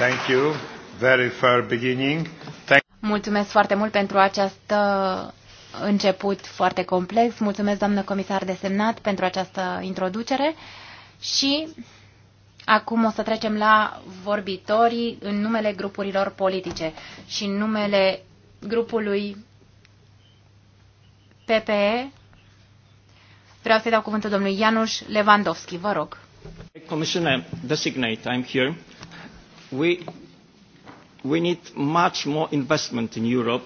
Thank you. Very fair beginning. Thank Mulțumesc foarte mult pentru această început foarte complex. Mulțumesc, doamnă comisar de semnat pentru această introducere și acum o să trecem la vorbitorii în numele grupurilor politice și în numele grupului PPE. Vreau să-i dau cuvântul domnului Ianuș Lewandowski, vă rog. Commissioner designate, I'm here we, we need much more investment in Europe,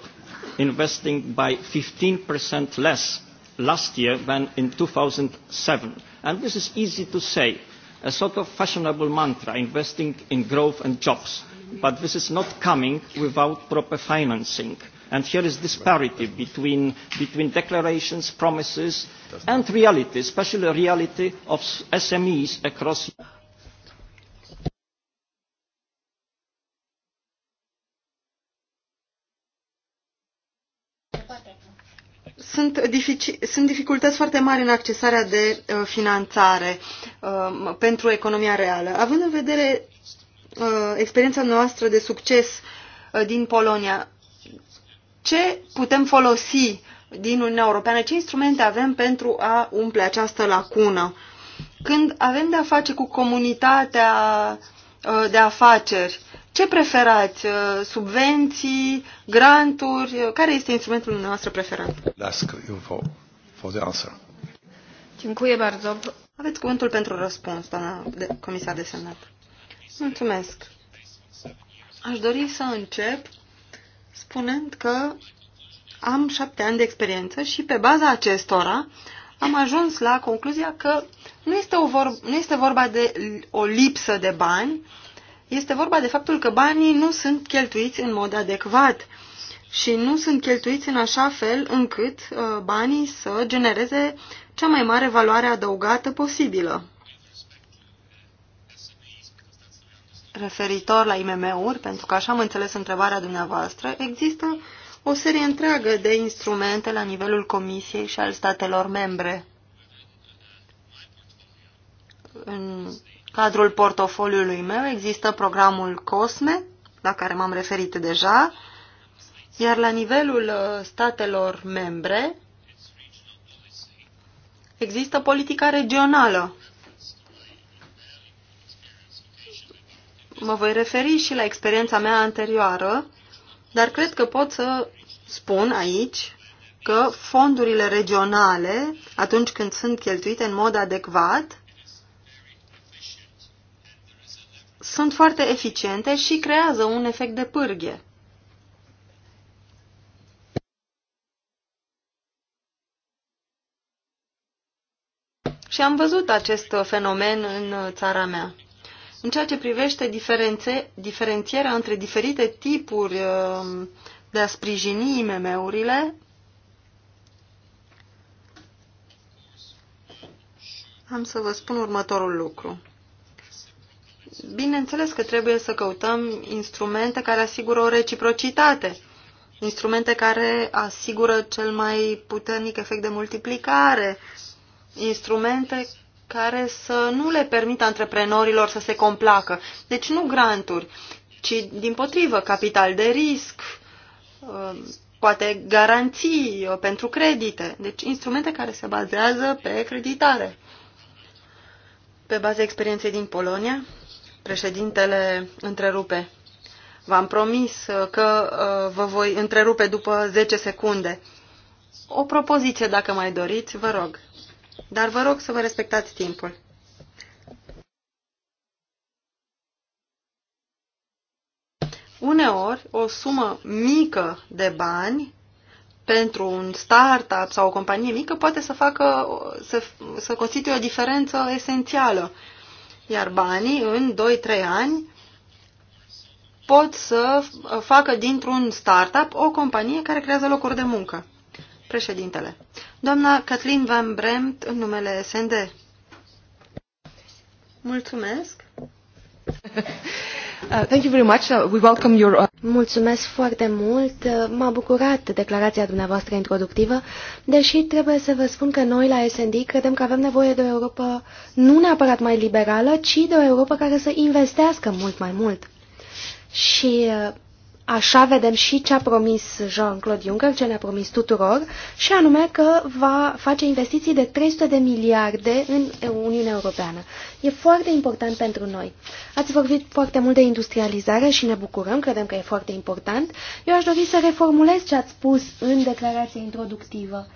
investing by 15% less last year than in 2007. And this is easy to say, a sort of fashionable mantra, investing in growth and jobs. But this is not coming without proper financing. And here is disparity between, between declarations, promises, and reality, especially reality of SMEs across Europe. sunt, difici, sunt dificultăți foarte mari în accesarea de uh, finanțare uh, pentru economia reală. Având în vedere uh, experiența noastră de succes uh, din Polonia, ce putem folosi din Uniunea Europeană, ce instrumente avem pentru a umple această lacună? Când avem de-a face cu comunitatea uh, de afaceri, uh, ce preferați? Uh, subvenții, granturi? Care este instrumentul dumneavoastră preferat? Ask you for, for the answer. Dziękuję bardzo. Aveți cuvântul pentru răspuns, doamna de, comisar de senat. Mulțumesc. Aș dori să încep spunând că am șapte ani de experiență și pe baza acestora am ajuns la concluzia că nu este, o vor, nu este vorba de o lipsă de bani, este vorba de faptul că banii nu sunt cheltuiți în mod adecvat și nu sunt cheltuiți în așa fel încât uh, banii să genereze cea mai mare valoare adăugată posibilă. Referitor la IMM-uri, pentru că așa am înțeles întrebarea dumneavoastră, există o serie întreagă de instrumente la nivelul Comisiei și al statelor membre. În cadrul portofoliului meu există programul COSME, la care m-am referit deja, iar la nivelul uh, statelor membre există politica regională. Mă voi referi și la experiența mea anterioară, dar cred că pot să spun aici că fondurile regionale, atunci când sunt cheltuite în mod adecvat, sunt foarte eficiente și creează un efect de pârghie. Și am văzut acest fenomen în țara mea. În ceea ce privește diferențierea între diferite tipuri um, de a sprijini IMM-urile, am să vă spun următorul lucru. Bineînțeles că trebuie să căutăm instrumente care asigură o reciprocitate, instrumente care asigură cel mai puternic efect de multiplicare, instrumente care să nu le permită antreprenorilor să se complacă. Deci nu granturi, ci din potrivă capital de risc, um, poate garanții uh, pentru credite. Deci instrumente care se bazează pe creditare. Pe baza experienței din Polonia, Președintele întrerupe. V-am promis uh, că uh, vă voi întrerupe după 10 secunde. O propoziție, dacă mai doriți, vă rog. Dar vă rog să vă respectați timpul. Uneori, o sumă mică de bani pentru un startup sau o companie mică poate să facă, să, să constituie o diferență esențială iar banii în 2-3 ani pot să facă dintr-un startup o companie care creează locuri de muncă. Președintele. Doamna Kathleen Van Bremt, în numele SND. Mulțumesc. Uh, thank you very much. Uh, we welcome your... Uh, Mulțumesc foarte mult. M-a bucurat declarația dumneavoastră introductivă, deși trebuie să vă spun că noi la SND credem că avem nevoie de o Europa nu neapărat mai liberală, ci de o Europa care să investească mult mai mult. Și Așa vedem și ce a promis Jean-Claude Juncker, ce ne-a promis tuturor, și anume că va face investiții de 300 de miliarde în Uniunea Europeană. E foarte important pentru noi. Ați vorbit foarte mult de industrializare și ne bucurăm, credem că e foarte important. Eu aș dori să reformulez ce ați spus în declarația introductivă.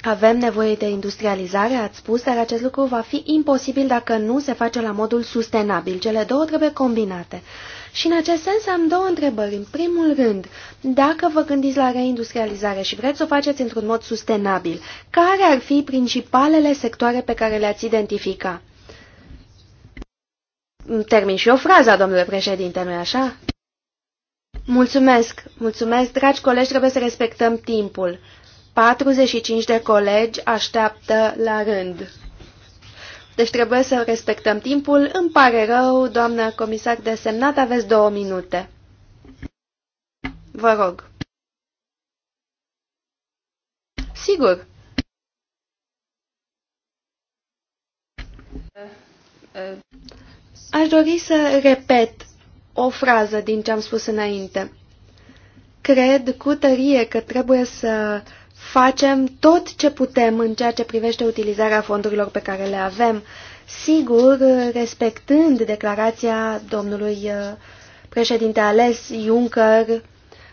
Avem nevoie de industrializare, ați spus, dar acest lucru va fi imposibil dacă nu se face la modul sustenabil. Cele două trebuie combinate. Și în acest sens am două întrebări. În primul rând, dacă vă gândiți la reindustrializare și vreți să o faceți într-un mod sustenabil, care ar fi principalele sectoare pe care le-ați identifica? Termin și o frază, domnule președinte, nu-i așa? Mulțumesc, mulțumesc, dragi colegi, trebuie să respectăm timpul. 45 de colegi așteaptă la rând. Deci trebuie să respectăm timpul. Îmi pare rău, doamnă comisar desemnat, aveți două minute. Vă rog. Sigur. Aș dori să repet o frază din ce am spus înainte. Cred cu tărie că trebuie să uh, facem tot ce putem în ceea ce privește utilizarea fondurilor pe care le avem, sigur respectând declarația domnului uh, președinte ales Juncker,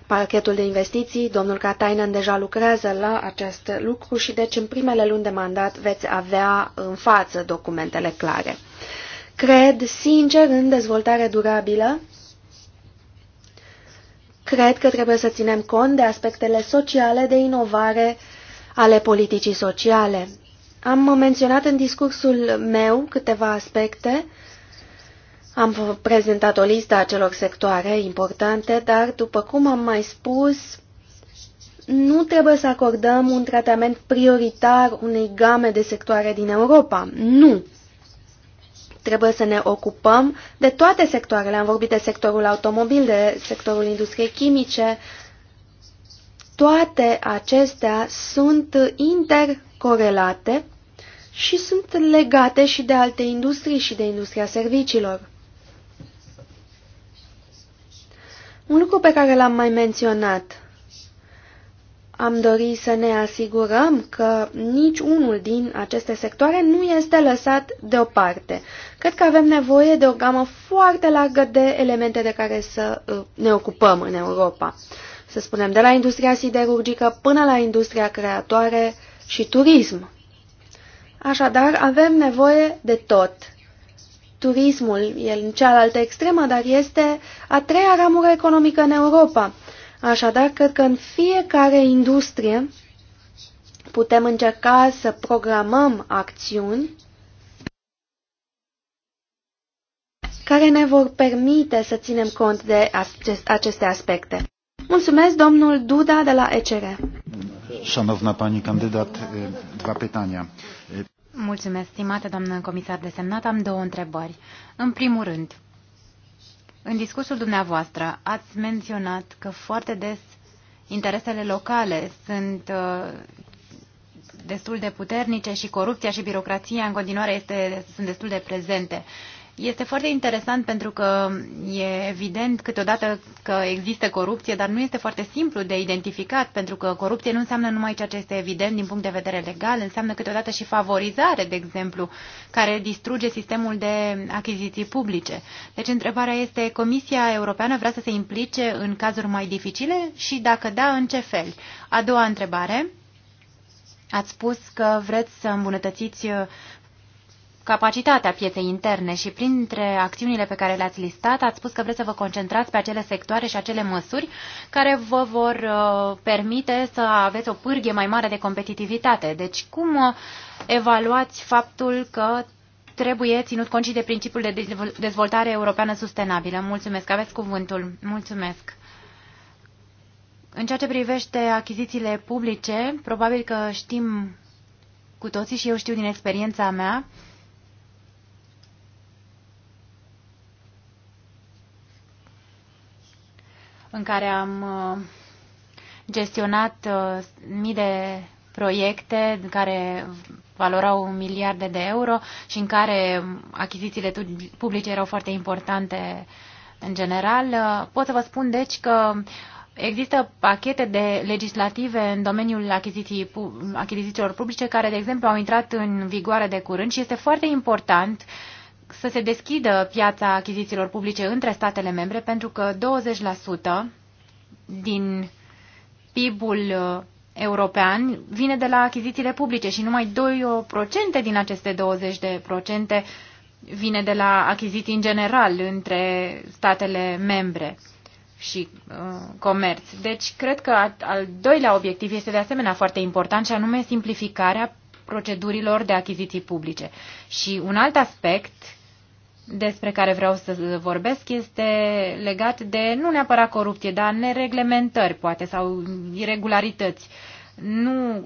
parchetul de investiții, domnul Katainen deja lucrează la acest lucru și deci în primele luni de mandat veți avea în față documentele clare. Cred sincer în dezvoltare durabilă Cred că trebuie să ținem cont de aspectele sociale de inovare ale politicii sociale. Am menționat în discursul meu câteva aspecte. Am prezentat o listă a celor sectoare importante, dar, după cum am mai spus, nu trebuie să acordăm un tratament prioritar unei game de sectoare din Europa. Nu! Trebuie să ne ocupăm de toate sectoarele. Am vorbit de sectorul automobil, de sectorul industriei chimice. Toate acestea sunt intercorelate și sunt legate și de alte industrii și de industria serviciilor. Un lucru pe care l-am mai menționat am dorit să ne asigurăm că nici unul din aceste sectoare nu este lăsat deoparte. Cred că avem nevoie de o gamă foarte largă de elemente de care să uh, ne ocupăm în Europa. Să spunem, de la industria siderurgică până la industria creatoare și turism. Așadar, avem nevoie de tot. Turismul e în cealaltă extremă, dar este a treia ramură economică în Europa Așadar, cred că în fiecare industrie putem încerca să programăm acțiuni care ne vor permite să ținem cont de aceste aspecte. Mulțumesc, domnul Duda de la ECR. Szanowna pani candidat, dwa pytania. Mulțumesc, stimată doamnă comisar desemnat. Am două întrebări. În primul rând, în discursul dumneavoastră ați menționat că foarte des interesele locale sunt uh, destul de puternice și corupția și birocrația în continuare este, sunt destul de prezente. Este foarte interesant pentru că e evident câteodată că există corupție, dar nu este foarte simplu de identificat, pentru că corupție nu înseamnă numai ceea ce este evident din punct de vedere legal, înseamnă câteodată și favorizare, de exemplu, care distruge sistemul de achiziții publice. Deci întrebarea este, Comisia Europeană vrea să se implice în cazuri mai dificile și dacă da, în ce fel? A doua întrebare. Ați spus că vreți să îmbunătățiți capacitatea pieței interne și printre acțiunile pe care le-ați listat, ați spus că vreți să vă concentrați pe acele sectoare și acele măsuri care vă vor uh, permite să aveți o pârghie mai mare de competitivitate. Deci cum uh, evaluați faptul că trebuie ținut cont și de principiul de dezvoltare europeană sustenabilă? Mulțumesc, aveți cuvântul. Mulțumesc. În ceea ce privește achizițiile publice, probabil că știm cu toții și eu știu din experiența mea în care am uh, gestionat uh, mii de proiecte care valorau miliarde de euro și în care achizițiile publice erau foarte importante în general. Uh, pot să vă spun deci că Există pachete de legislative în domeniul achizițiilor publice care, de exemplu, au intrat în vigoare de curând și este foarte important uh, să se deschidă piața achizițiilor publice între statele membre, pentru că 20% din PIB-ul uh, european vine de la achizițiile publice și numai 2% din aceste 20% vine de la achiziții în general între statele membre și uh, comerț. Deci, cred că a, al doilea obiectiv este de asemenea foarte important și anume simplificarea procedurilor de achiziții publice. Și un alt aspect despre care vreau să vorbesc este legat de nu neapărat corupție, dar nereglementări poate sau irregularități. Nu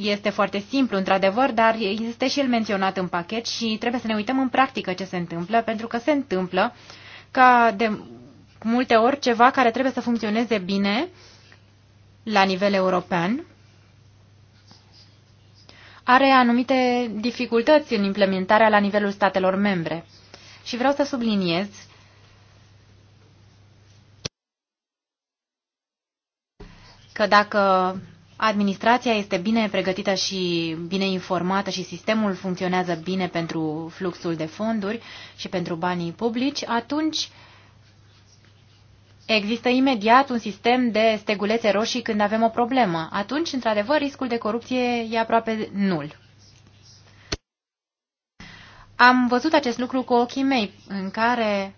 este foarte simplu, într-adevăr, dar este și el menționat în pachet și trebuie să ne uităm în practică ce se întâmplă, pentru că se întâmplă ca de multe ori ceva care trebuie să funcționeze bine la nivel european are anumite dificultăți în implementarea la nivelul statelor membre. Și vreau să subliniez că dacă administrația este bine pregătită și bine informată și sistemul funcționează bine pentru fluxul de fonduri și pentru banii publici, atunci există imediat un sistem de stegulețe roșii când avem o problemă. Atunci, într-adevăr, riscul de corupție e aproape nul. Am văzut acest lucru cu ochii mei, în care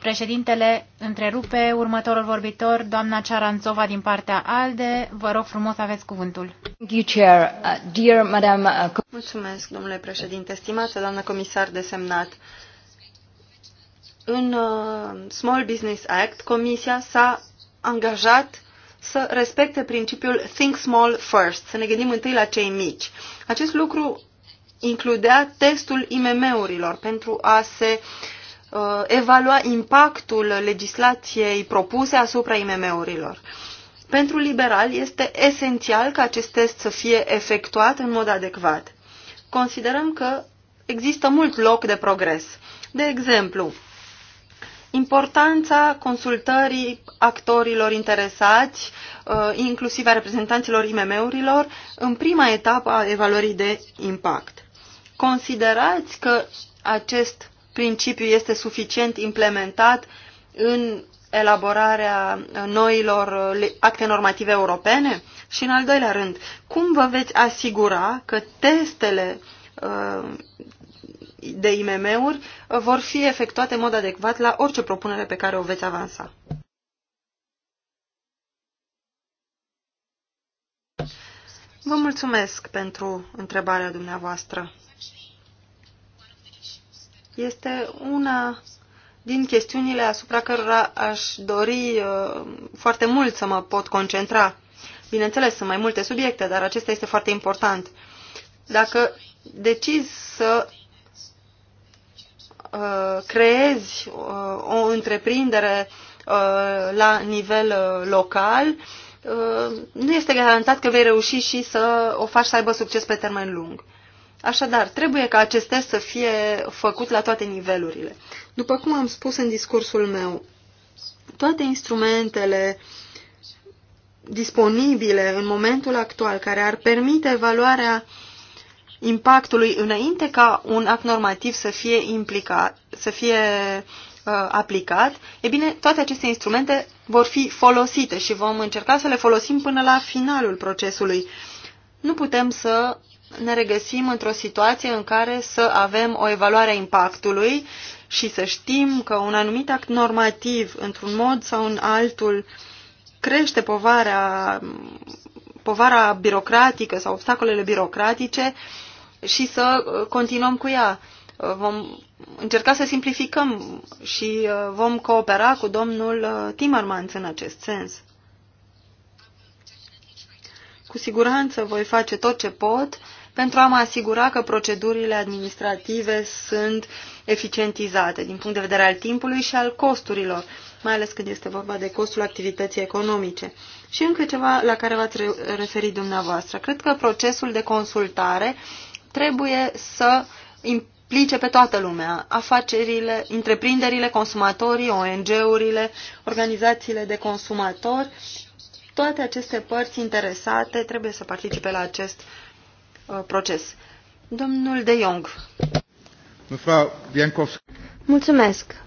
Președintele întrerupe următorul vorbitor, doamna Cearanțova din partea ALDE. Vă rog frumos, aveți cuvântul. Uh, uh, Mulțumesc, domnule președinte, stimată doamnă comisar desemnat. În uh, Small Business Act, Comisia s-a angajat să respecte principiul Think Small First, să ne gândim întâi la cei mici. Acest lucru includea testul IMM-urilor pentru a se uh, evalua impactul legislației propuse asupra IMM-urilor. Pentru liberal este esențial ca acest test să fie efectuat în mod adecvat. Considerăm că există mult loc de progres. De exemplu, importanța consultării actorilor interesați, uh, inclusiv a reprezentanților IMM-urilor, în prima etapă a evaluării de impact. Considerați că acest principiu este suficient implementat în elaborarea noilor acte normative europene? Și în al doilea rând, cum vă veți asigura că testele uh, de IMM-uri uh, vor fi efectuate în mod adecvat la orice propunere pe care o veți avansa? Vă mulțumesc pentru întrebarea dumneavoastră este una din chestiunile asupra cărora aș dori uh, foarte mult să mă pot concentra. Bineînțeles, sunt mai multe subiecte, dar acesta este foarte important. Dacă decizi să uh, creezi uh, o întreprindere la nivel local, nu este garantat că vei reuși și să o faci să aibă succes pe termen lung. Așadar, trebuie ca acest să fie făcut la toate nivelurile. După cum am spus în discursul meu, toate instrumentele disponibile în momentul actual care ar permite evaluarea impactului înainte ca un act normativ să fie implicat, să fie uh, aplicat, e bine, toate aceste instrumente vor fi folosite și vom încerca să le folosim până la finalul procesului. Nu putem să ne regăsim într-o situație în care să avem o evaluare a impactului și să știm că un anumit act normativ, într-un mod sau în altul, crește povara, povara birocratică sau obstacolele birocratice și să uh, continuăm cu ea. Uh, vom încerca să simplificăm și uh, vom coopera cu domnul Timmermans în acest sens. Cu siguranță voi face tot ce pot pentru a mă asigura că procedurile administrative sunt eficientizate din punct de vedere al timpului și al costurilor, mai ales când este vorba de costul activității economice. Și încă ceva la care v-ați referit dumneavoastră. Cred că procesul de consultare trebuie să implice pe toată lumea, afacerile, întreprinderile, consumatorii, ONG-urile, organizațiile de consumatori, toate aceste părți interesate trebuie să participe la acest Uh, proces. Domnul De Jong. Mulțumesc.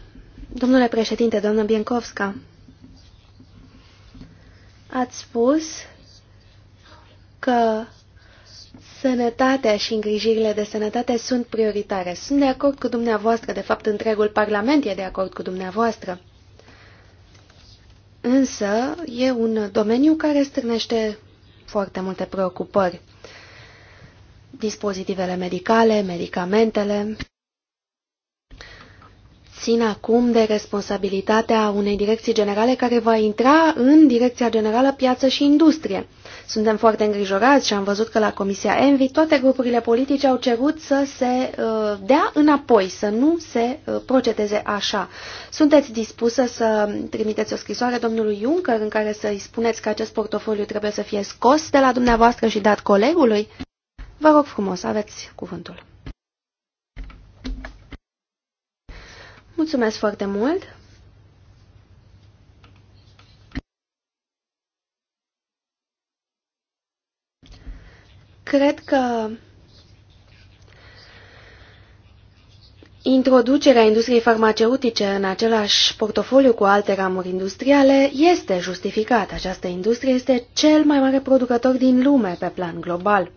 Domnule președinte, doamnă Biencovska. ați spus că sănătatea și îngrijirile de sănătate sunt prioritare. Sunt de acord cu dumneavoastră, de fapt întregul Parlament e de acord cu dumneavoastră. Însă e un domeniu care strânește foarte multe preocupări dispozitivele medicale, medicamentele, țin acum de responsabilitatea unei direcții generale care va intra în Direcția Generală Piață și Industrie. Suntem foarte îngrijorați și am văzut că la Comisia Envi toate grupurile politice au cerut să se uh, dea înapoi, să nu se uh, proceteze așa. Sunteți dispusă să trimiteți o scrisoare domnului Juncker în care să-i spuneți că acest portofoliu trebuie să fie scos de la dumneavoastră și dat colegului? Vă rog frumos, aveți cuvântul. Mulțumesc foarte mult! Cred că Introducerea industriei farmaceutice în același portofoliu cu alte ramuri industriale este justificată. Această industrie este cel mai mare producător din lume pe plan global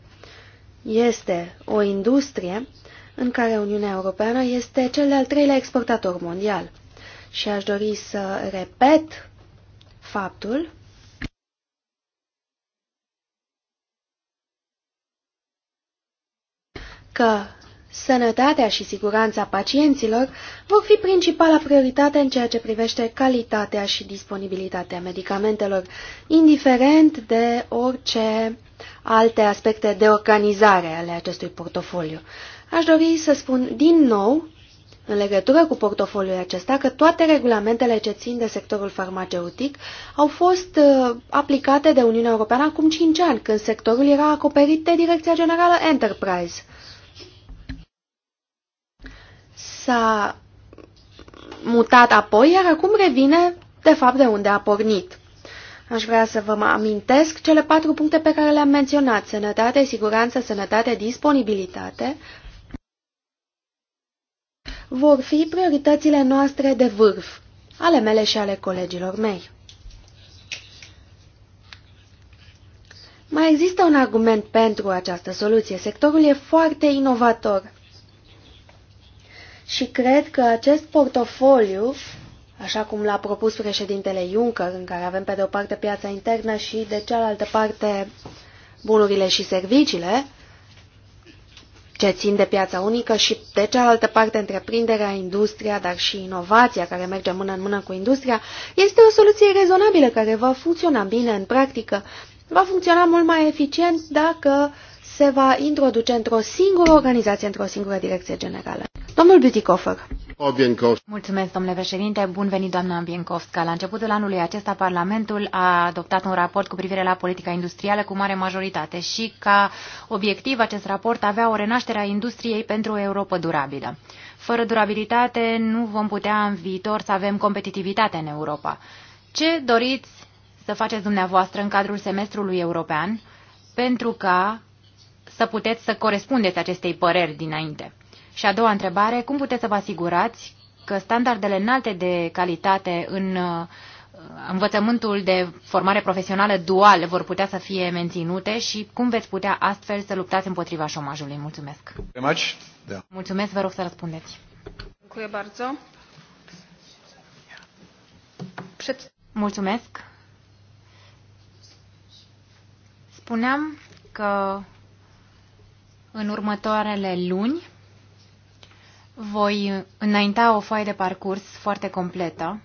este o industrie în care Uniunea Europeană este cel de-al treilea exportator mondial. Și aș dori să repet faptul că sănătatea și siguranța pacienților vor fi principala prioritate în ceea ce privește calitatea și disponibilitatea medicamentelor, indiferent de orice alte aspecte de organizare ale acestui portofoliu. Aș dori să spun din nou, în legătură cu portofoliul acesta, că toate regulamentele ce țin de sectorul farmaceutic au fost uh, aplicate de Uniunea Europeană acum 5 ani, când sectorul era acoperit de Direcția Generală Enterprise. S-a mutat apoi, iar acum revine de fapt de unde a pornit. Aș vrea să vă amintesc cele patru puncte pe care le-am menționat. Sănătate, siguranță, sănătate, disponibilitate. Vor fi prioritățile noastre de vârf, ale mele și ale colegilor mei. Mai există un argument pentru această soluție. Sectorul e foarte inovator. Și cred că acest portofoliu așa cum l-a propus președintele Juncker, în care avem pe de o parte piața internă și de cealaltă parte bunurile și serviciile, ce țin de piața unică și de cealaltă parte întreprinderea, industria, dar și inovația care merge mână în mână cu industria, este o soluție rezonabilă care va funcționa bine în practică, va funcționa mult mai eficient dacă se va introduce într-o singură organizație, într-o singură direcție generală. Domnul Bütikofer. Mulțumesc, domnule președinte. Bun venit, doamna Ambienkovska. La începutul anului acesta, Parlamentul a adoptat un raport cu privire la politica industrială cu mare majoritate și, ca obiectiv, acest raport avea o renaștere a industriei pentru o Europa durabilă. Fără durabilitate nu vom putea în viitor să avem competitivitate în Europa. Ce doriți să faceți dumneavoastră în cadrul semestrului european pentru ca să puteți să corespundeți acestei păreri dinainte. Și a doua întrebare, cum puteți să vă asigurați că standardele înalte de calitate în uh, învățământul de formare profesională dual vor putea să fie menținute și cum veți putea astfel să luptați împotriva șomajului? Mulțumesc! Da. Mulțumesc, vă rog să răspundeți! Mulțumesc! Spuneam că în următoarele luni voi înainta o foaie de parcurs foarte completă,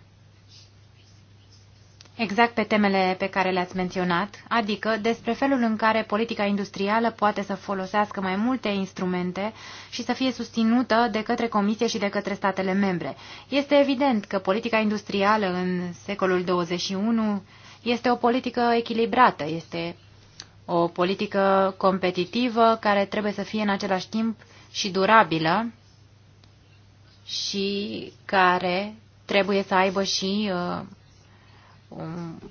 exact pe temele pe care le-ați menționat, adică despre felul în care politica industrială poate să folosească mai multe instrumente și să fie susținută de către Comisie și de către statele membre. Este evident că politica industrială în secolul 21 este o politică echilibrată, este o politică competitivă care trebuie să fie în același timp și durabilă și care trebuie să aibă și uh,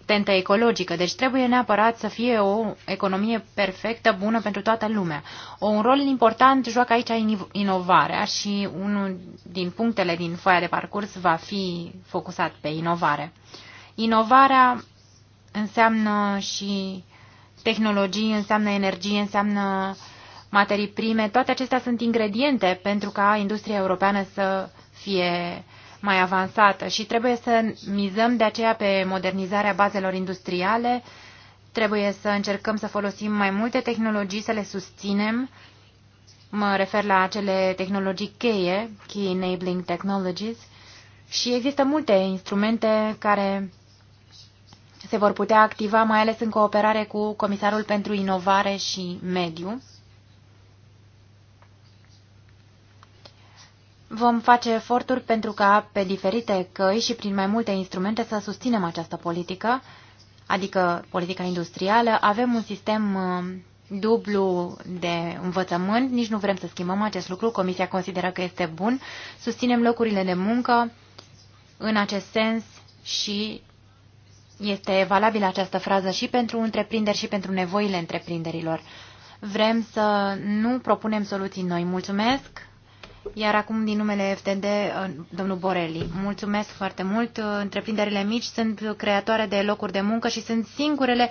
tentă ecologică. Deci trebuie neapărat să fie o economie perfectă, bună pentru toată lumea. O, un rol important joacă aici inovarea și unul din punctele din foaia de parcurs va fi focusat pe inovare. Inovarea înseamnă și tehnologii, înseamnă energie, înseamnă materii prime. Toate acestea sunt ingrediente pentru ca industria europeană să fie mai avansată și trebuie să mizăm de aceea pe modernizarea bazelor industriale, trebuie să încercăm să folosim mai multe tehnologii, să le susținem. Mă refer la acele tehnologii cheie, Key Enabling Technologies, și există multe instrumente care se vor putea activa, mai ales în cooperare cu Comisarul pentru Inovare și Mediu. Vom face eforturi pentru ca, pe diferite căi și prin mai multe instrumente, să susținem această politică, adică politica industrială. Avem un sistem uh, dublu de învățământ, nici nu vrem să schimbăm acest lucru, Comisia consideră că este bun. Susținem locurile de muncă în acest sens și este valabilă această frază și pentru întreprinderi și pentru nevoile întreprinderilor. Vrem să nu propunem soluții noi. Mulțumesc! Iar acum, din numele FTD, uh, domnul Borelli, mulțumesc foarte mult. Uh, întreprinderile mici sunt creatoare de locuri de muncă și sunt singurele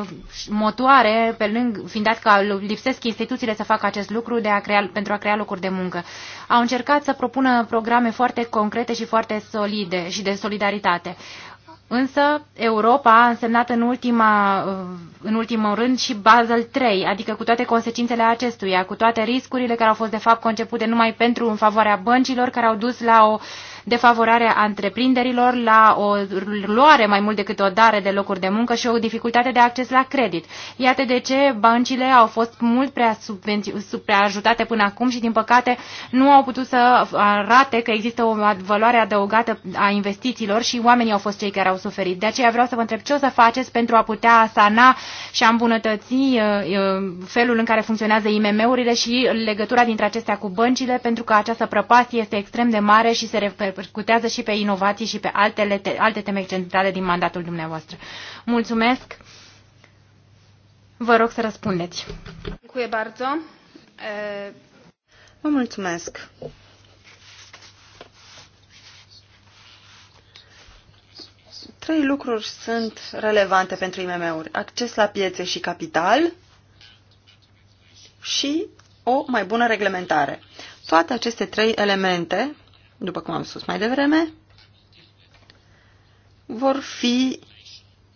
uh, motoare, pe lângă, fiind dat că lipsesc instituțiile să facă acest lucru de a crea, pentru a crea locuri de muncă. Au încercat să propună programe foarte concrete și foarte solide și de solidaritate. Însă Europa a însemnat în, ultima, în ultimul rând și Basel III, adică cu toate consecințele acestuia, cu toate riscurile care au fost de fapt concepute numai pentru în favoarea băncilor, care au dus la o uh, defavorarea întreprinderilor, la o luare mai mult decât o dare de locuri de muncă și o dificultate de acces la credit. Iată de ce băncile au fost mult prea, supraajutate până acum și, din păcate, nu au putut să arate că există o valoare adăugată a investițiilor și oamenii au fost cei care au suferit. De aceea vreau să vă întreb ce o să faceți pentru a putea sana și a îmbunătăți uh, uh, felul în care funcționează IMM-urile și legătura dintre acestea cu băncile, pentru că această prăpastie este extrem de mare și se refer repercutează și pe inovații și pe altele, te, alte teme centrale din mandatul dumneavoastră. Mulțumesc! Vă rog să răspundeți. bardzo. Vă mulțumesc. Trei lucruri sunt relevante pentru IMM-uri. Acces la piețe și capital și o mai bună reglementare. Toate aceste trei elemente după cum am spus mai devreme, vor fi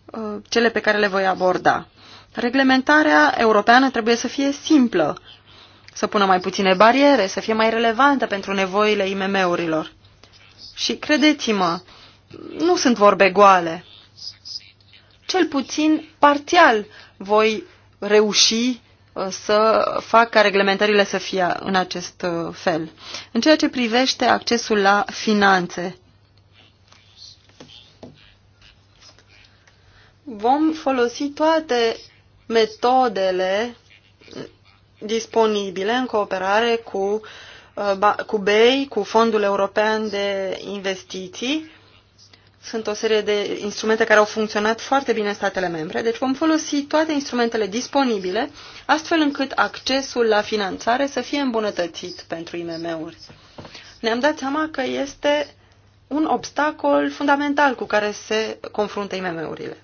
uh, cele pe care le voi aborda. Reglementarea europeană trebuie să fie simplă, să pună mai puține bariere, să fie mai relevantă pentru nevoile IMM-urilor. Și credeți-mă, nu sunt vorbe goale. Cel puțin parțial voi reuși să fac ca reglementările să fie în acest uh, fel. În ceea ce privește accesul la finanțe, vom folosi toate metodele uh, disponibile în cooperare cu, uh, cu BEI, cu Fondul European de Investiții, sunt o serie de instrumente care au funcționat foarte bine în statele membre, deci vom folosi toate instrumentele disponibile, astfel încât accesul la finanțare să fie îmbunătățit pentru IMM-uri. Ne-am dat seama că este un obstacol fundamental cu care se confruntă IMM-urile.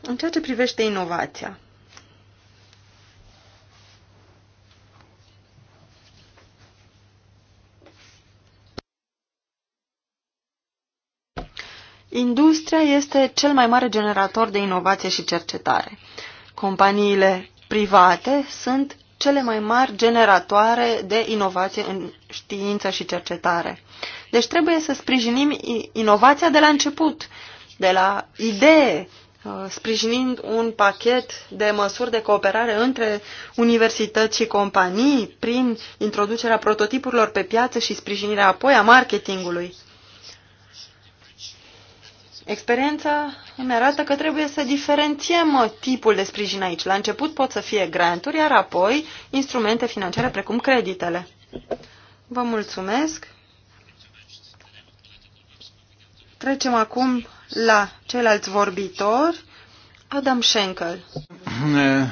În ceea ce privește inovația, Industria este cel mai mare generator de inovație și cercetare. Companiile private sunt cele mai mari generatoare de inovație în știință și cercetare. Deci trebuie să sprijinim inovația de la început, de la idee, uh, sprijinind un pachet de măsuri de cooperare între universități și companii prin introducerea prototipurilor pe piață și sprijinirea apoi a marketingului. Experiența îmi arată că trebuie să diferențiem tipul de sprijin aici. La început pot să fie granturi, iar apoi instrumente financiare precum creditele. Vă mulțumesc. Trecem acum la ceilalți vorbitori. Adam Schenkel.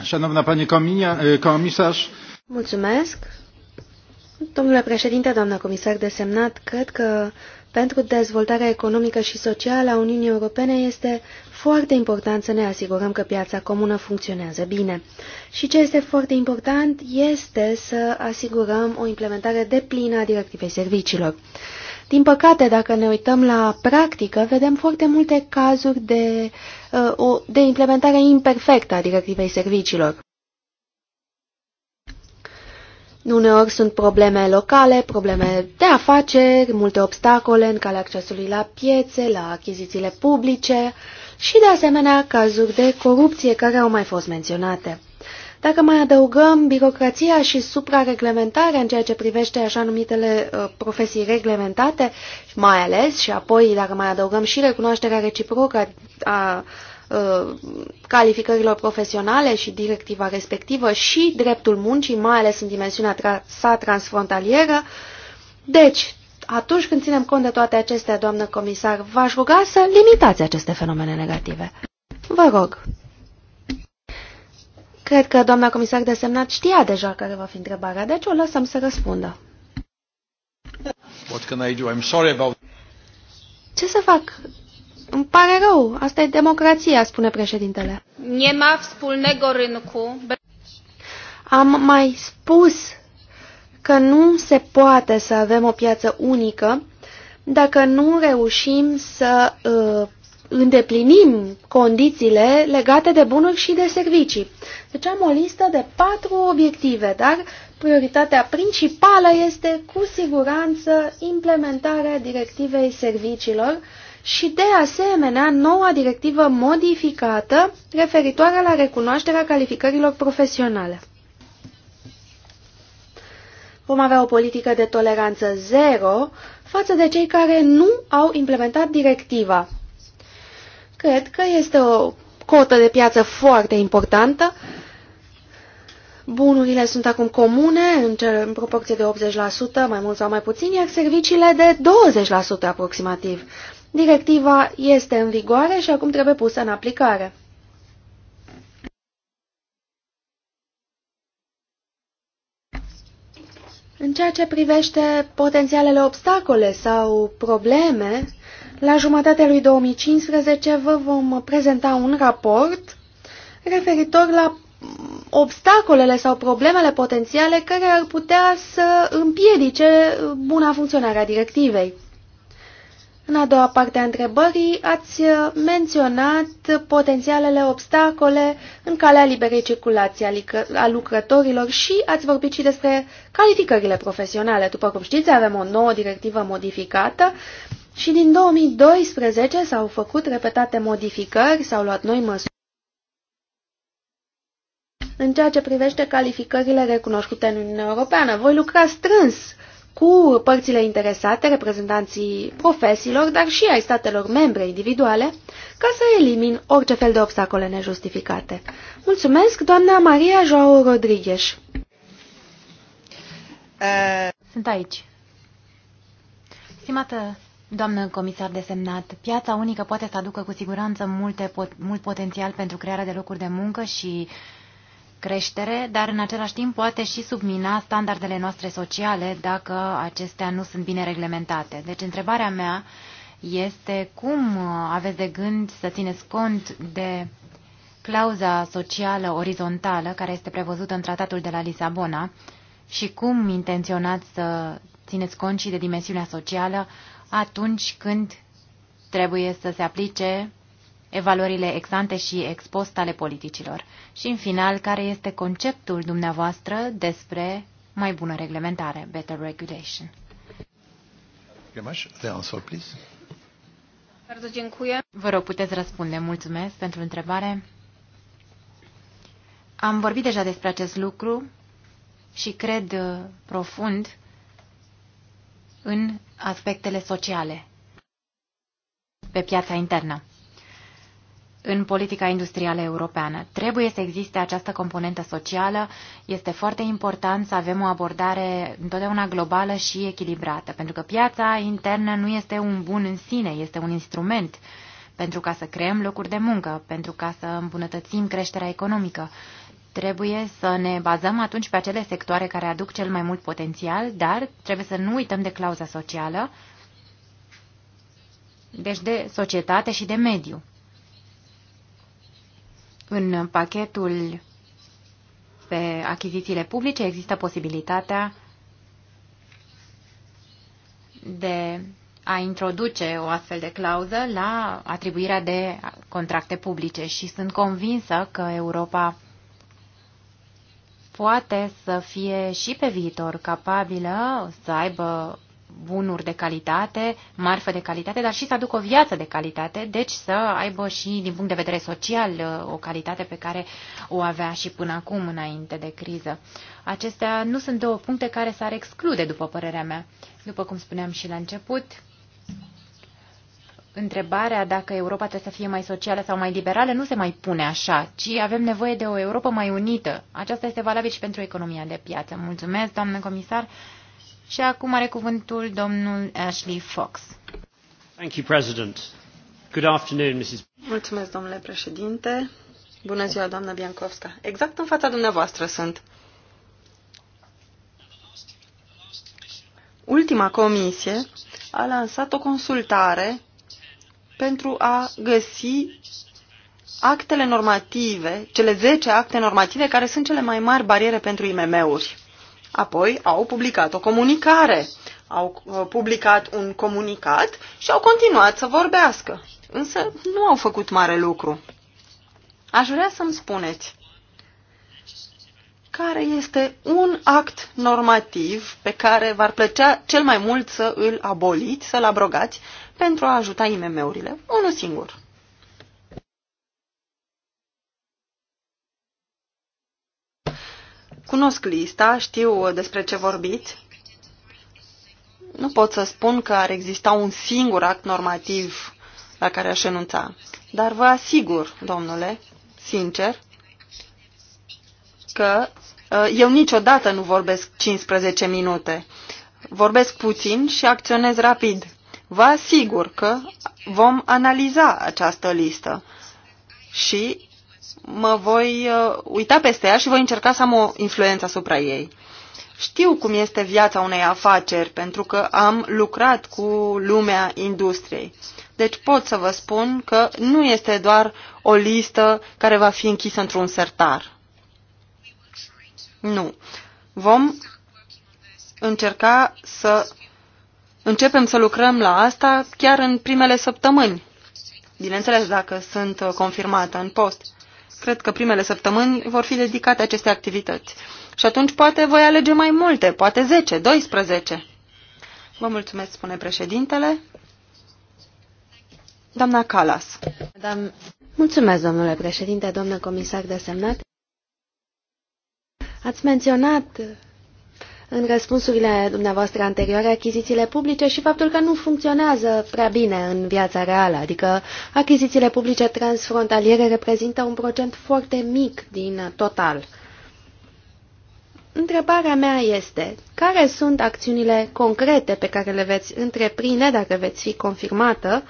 Șanovna pani comisar. Mulțumesc. Domnule președinte, doamna comisar desemnat, cred că pentru dezvoltarea economică și socială a Uniunii Europene este foarte important să ne asigurăm că piața comună funcționează bine. Și ce este foarte important este să asigurăm o implementare deplină a directivei serviciilor. Din păcate, dacă ne uităm la practică, vedem foarte multe cazuri de, uh, de implementare imperfectă a directivei serviciilor. Uneori sunt probleme locale, probleme de afaceri, multe obstacole în calea accesului la piețe, la achizițiile publice și, de asemenea, cazuri de corupție care au mai fost menționate. Dacă mai adăugăm birocrația și suprareglementarea în ceea ce privește așa numitele uh, profesii reglementate, mai ales, și apoi dacă mai adăugăm și recunoașterea reciprocă a Uh, calificărilor profesionale și directiva respectivă și dreptul muncii, mai ales în dimensiunea tra sa transfrontalieră. Deci, atunci când ținem cont de toate acestea, doamnă comisar, v-aș ruga să limitați aceste fenomene negative. Vă rog. Cred că doamna comisar desemnat știa deja care va fi întrebarea, deci o lăsăm să răspundă. What can I do? I'm sorry about... Ce să fac? Îmi pare rău, asta e democrația, spune președintele. Nie wspólnego rynku. Am mai spus că nu se poate să avem o piață unică dacă nu reușim să uh, îndeplinim condițiile legate de bunuri și de servicii. Deci am o listă de patru obiective, dar prioritatea principală este cu siguranță implementarea directivei serviciilor și de asemenea noua directivă modificată referitoare la recunoașterea calificărilor profesionale. Vom avea o politică de toleranță zero față de cei care nu au implementat directiva. Cred că este o cotă de piață foarte importantă. Bunurile sunt acum comune în, cel, în proporție de 80%, mai mult sau mai puțin, iar serviciile de 20% aproximativ. Directiva este în vigoare și acum trebuie pusă în aplicare. În ceea ce privește potențialele obstacole sau probleme, la jumătatea lui 2015 vă vom prezenta un raport referitor la obstacolele sau problemele potențiale care ar putea să împiedice buna funcționare a directivei. În a doua parte a întrebării ați uh, menționat potențialele obstacole în calea liberei circulații a lucrătorilor și ați vorbit și despre calificările profesionale. După cum știți, avem o nouă directivă modificată și din 2012 s-au făcut repetate modificări, s-au luat noi măsuri în ceea ce privește calificările recunoscute în Uniunea Europeană. Voi lucra strâns cu părțile interesate, reprezentanții profesiilor, dar și ai statelor membre individuale, ca să elimin orice fel de obstacole nejustificate. Mulțumesc, doamna Maria Joao Rodriguez. Uh. Sunt aici. Stimată Doamnă comisar desemnat, piața unică poate să aducă cu siguranță multe, pot, mult potențial pentru crearea de locuri de muncă și creștere, dar în același timp poate și submina standardele noastre sociale dacă acestea nu sunt bine reglementate. Deci întrebarea mea este cum aveți de gând să țineți cont de clauza socială orizontală care este prevăzută în tratatul de la Lisabona și cum intenționați să țineți cont și de dimensiunea socială atunci când trebuie să se aplice evaluările exante și expost ale politicilor? Și, în final, care este conceptul dumneavoastră despre mai bună reglementare, better regulation? Vă rog, puteți răspunde. Mulțumesc pentru întrebare. Am vorbit deja despre acest lucru și cred uh, profund în aspectele sociale pe piața internă în politica industrială europeană. Trebuie să existe această componentă socială. Este foarte important să avem o abordare întotdeauna globală și echilibrată, pentru că piața internă nu este un bun în sine, este un instrument pentru ca să creăm locuri de muncă, pentru ca să îmbunătățim creșterea economică. Trebuie să ne bazăm atunci pe acele sectoare care aduc cel mai mult potențial, dar trebuie să nu uităm de clauza socială, deci de societate și de mediu. În pachetul pe achizițiile publice există posibilitatea de a introduce o astfel de clauză la atribuirea de contracte publice și sunt convinsă că Europa poate să fie și pe viitor capabilă să aibă bunuri de calitate, marfă de calitate, dar și să aducă o viață de calitate, deci să aibă și din punct de vedere social o calitate pe care o avea și până acum înainte de criză. Acestea nu sunt două puncte care s-ar exclude, după părerea mea. După cum spuneam și la început, întrebarea dacă Europa trebuie să fie mai socială sau mai liberală nu se mai pune așa, ci avem nevoie de o Europa mai unită. Aceasta este valabil și pentru economia de piață. Mulțumesc, doamnă comisar. Și acum are cuvântul domnul Ashley Fox. Thank you, President. Good afternoon, Mrs. Mulțumesc, domnule președinte. Bună ziua, doamna Biancovska. Exact în fața dumneavoastră sunt. Ultima comisie a lansat o consultare pentru a găsi actele normative, cele 10 acte normative care sunt cele mai mari bariere pentru IMM-uri. Apoi au publicat o comunicare, au uh, publicat un comunicat și au continuat să vorbească. Însă nu au făcut mare lucru. Aș vrea să-mi spuneți care este un act normativ pe care v-ar plăcea cel mai mult să îl aboliți, să-l abrogați pentru a ajuta IMM-urile. Unul singur. Cunosc lista, știu despre ce vorbiți. Nu pot să spun că ar exista un singur act normativ la care aș enunța, dar vă asigur, domnule, sincer, că uh, eu niciodată nu vorbesc 15 minute. Vorbesc puțin și acționez rapid. Vă asigur că vom analiza această listă și mă voi uh, uita peste ea și voi încerca să am o influență asupra ei. Știu cum este viața unei afaceri, pentru că am lucrat cu lumea industriei. Deci pot să vă spun că nu este doar o listă care va fi închisă într-un sertar. Nu. Vom încerca să începem să lucrăm la asta chiar în primele săptămâni. Bineînțeles, dacă sunt uh, confirmată în post cred că primele săptămâni vor fi dedicate aceste activități. Și atunci poate voi alege mai multe, poate 10, 12. Vă mulțumesc, spune președintele. Doamna Calas. Madame... Mulțumesc, domnule președinte, domnule comisar de semnat. Ați menționat în răspunsurile dumneavoastră anterioare achizițiile publice și faptul că nu funcționează prea bine în viața reală, adică achizițiile publice transfrontaliere reprezintă un procent foarte mic din total. Întrebarea mea este, care sunt acțiunile concrete pe care le veți întreprinde, dacă veți fi confirmată,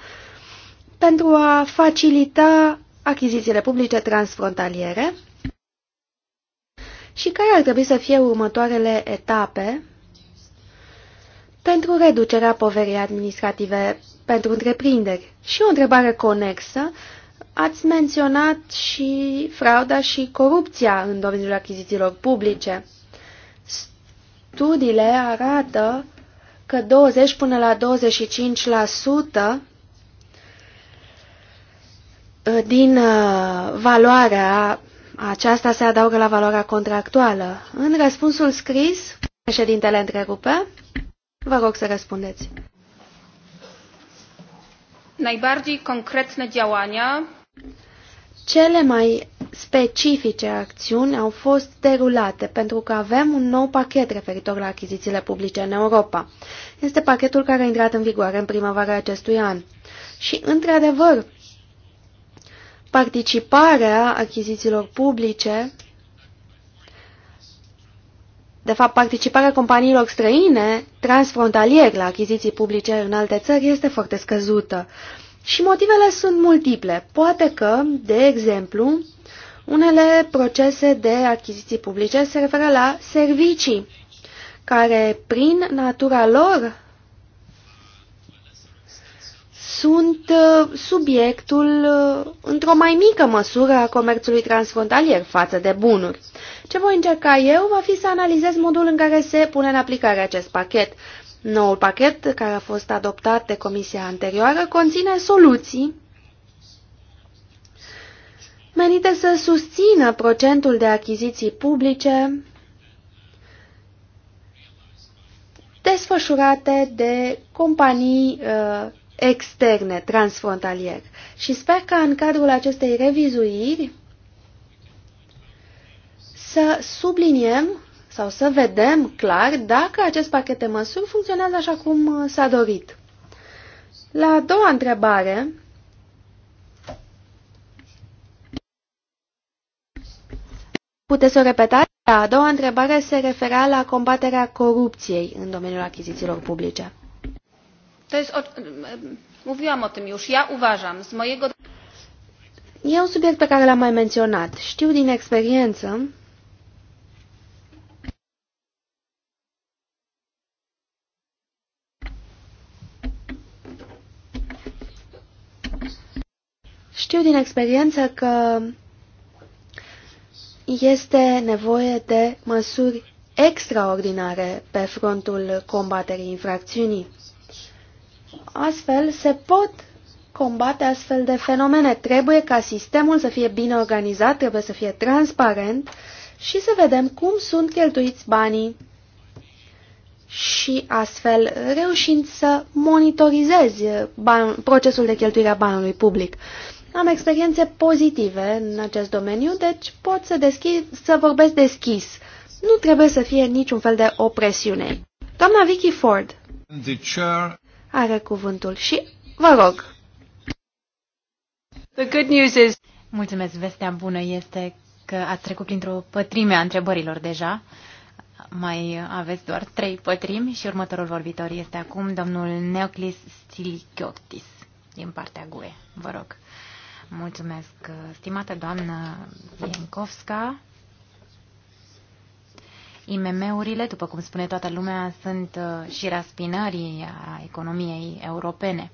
pentru a facilita achizițiile publice transfrontaliere și care ar trebui să fie următoarele etape pentru reducerea poverii administrative pentru întreprinderi. Și o întrebare conexă, ați menționat și frauda și corupția în domeniul achizițiilor publice. Studiile arată că 20 până la 25% din uh, valoarea aceasta se adaugă la valoarea contractuală. În răspunsul scris, președintele întrerupe, vă rog să răspundeți. Najbardziej konkretne działania. Cele mai specifice acțiuni au fost derulate pentru că avem un nou pachet referitor la achizițiile publice în Europa. Este pachetul care a intrat în vigoare în primăvara acestui an. Și, într-adevăr, participarea achizițiilor publice, de fapt participarea companiilor străine transfrontalier la achiziții publice în alte țări este foarte scăzută. Și motivele sunt multiple. Poate că, de exemplu, unele procese de achiziții publice se referă la servicii, care, prin natura lor, sunt uh, subiectul, uh, într-o mai mică măsură, a comerțului transfrontalier față de bunuri. Ce voi încerca eu va fi să analizez modul în care se pune în aplicare acest pachet. Noul pachet, care a fost adoptat de comisia anterioară, conține soluții menite să susțină procentul de achiziții publice desfășurate de companii uh, externe transfrontalier. Și sper că în cadrul acestei revizuiri să subliniem sau să vedem clar dacă acest pachet de măsuri funcționează așa cum s-a dorit. La a doua întrebare, puteți o repetați? La a doua întrebare se referea la combaterea corupției în domeniul achizițiilor publice mówiłam o tym już, ja uważam z mojego... E un subiect pe care l-am mai menționat. Știu din experiență Știu din experiență că este nevoie de măsuri extraordinare pe frontul combaterii infracțiunii. Astfel se pot combate astfel de fenomene. Trebuie ca sistemul să fie bine organizat, trebuie să fie transparent și să vedem cum sunt cheltuiți banii și astfel reușind să monitorizezi procesul de cheltuire a banului public. Am experiențe pozitive în acest domeniu, deci pot să, să vorbesc deschis. Nu trebuie să fie niciun fel de opresiune. Doamna Vicky Ford. The chair are cuvântul și vă rog. The good news is... Mulțumesc, vestea bună este că ați trecut printr-o pătrime a întrebărilor deja. Mai aveți doar trei pătrimi și următorul vorbitor este acum domnul Neoclis Stilichiotis din partea GUE. Vă rog. Mulțumesc, stimată doamnă Vienkovska. IMM-urile, după cum spune toată lumea, sunt uh, și raspinării a economiei europene.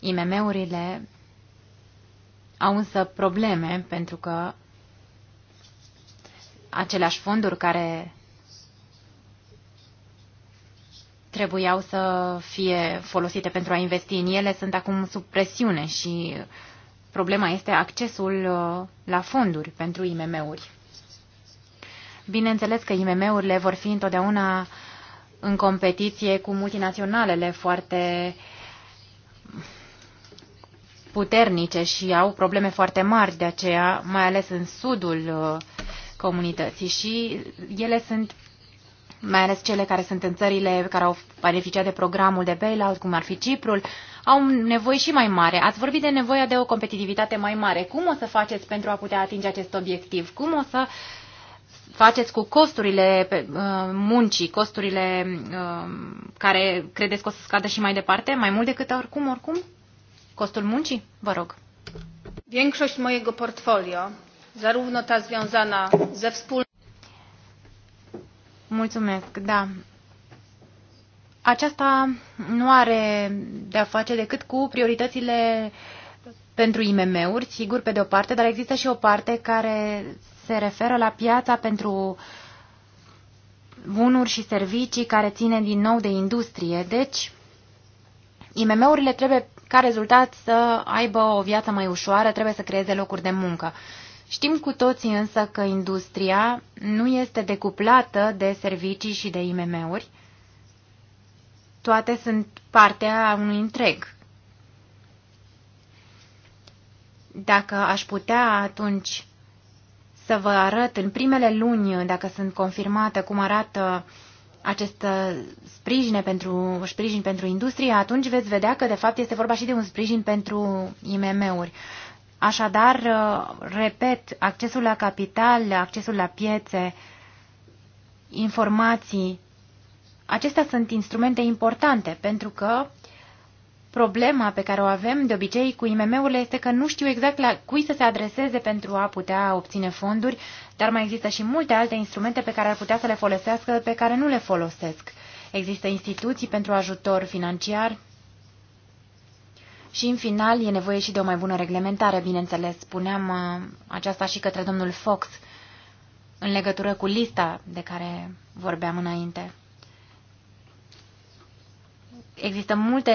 IMM-urile au însă probleme pentru că aceleași fonduri care trebuiau să fie folosite pentru a investi în ele sunt acum sub presiune și problema este accesul uh, la fonduri pentru IMM-uri. Bineînțeles că IMM-urile vor fi întotdeauna în competiție cu multinaționalele foarte puternice și au probleme foarte mari de aceea, mai ales în sudul uh, comunității și ele sunt mai ales cele care sunt în țările care au beneficiat de programul de bailout, cum ar fi Ciprul, au nevoi și mai mare. Ați vorbit de nevoia de o competitivitate mai mare. Cum o să faceți pentru a putea atinge acest obiectiv? Cum o să uh, faceți cu costurile pe, uh, muncii, costurile uh, care credeți că o să scadă și mai departe, mai mult decât oricum, oricum? Costul muncii? Vă rog. Większość mojego portfolio, zarówno ta związana ze wspólną... Mulțumesc, da. Aceasta nu are de-a face decât cu prioritățile pentru IMM-uri, sigur, pe de o parte, dar există și o parte care se referă la piața pentru bunuri și servicii care ține din nou de industrie. Deci, IMM-urile trebuie ca rezultat să aibă o viață mai ușoară, trebuie să creeze locuri de muncă. Știm cu toții însă că industria nu este decuplată de servicii și de IMM-uri. Toate sunt partea unui întreg. Dacă aș putea atunci să vă arăt în primele luni, dacă sunt confirmată, cum arată acest sprijin pentru, sprijin pentru industrie, atunci veți vedea că de fapt este vorba și de un sprijin pentru IMM-uri. Așadar, repet, accesul la capital, accesul la piețe, informații, acestea sunt instrumente importante pentru că Problema pe care o avem de obicei cu IMM-urile este că nu știu exact la cui să se adreseze pentru a putea obține fonduri, dar mai există și multe alte instrumente pe care ar putea să le folosească, pe care nu le folosesc. Există instituții pentru ajutor financiar și, în final, e nevoie și de o mai bună reglementare, bineînțeles. Spuneam uh, aceasta și către domnul Fox în legătură cu lista de care vorbeam înainte. Există multe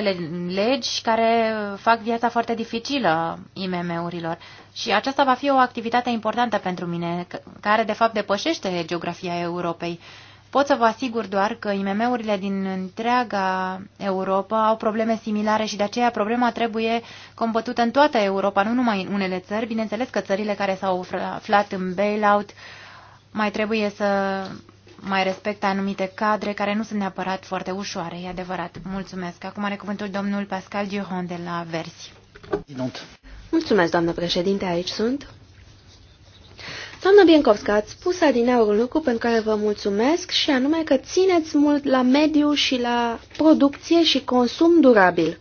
legi care fac viața foarte dificilă IMM-urilor și aceasta va fi o activitate importantă pentru mine, care de fapt depășește geografia Europei. Pot să vă asigur doar că IMM-urile din întreaga Europa au probleme similare și de aceea problema trebuie combătută în toată Europa, nu numai în unele țări. Bineînțeles că țările care s-au aflat în bailout mai trebuie să mai respectă anumite cadre care nu sunt neapărat foarte ușoare, e adevărat. Mulțumesc. Acum are cuvântul domnul Pascal Duron de la Versi. Mulțumesc, doamnă președinte, aici sunt. Doamnă Biencovska, ați spus adineaur un lucru pentru care vă mulțumesc și anume că țineți mult la mediu și la producție și consum durabil.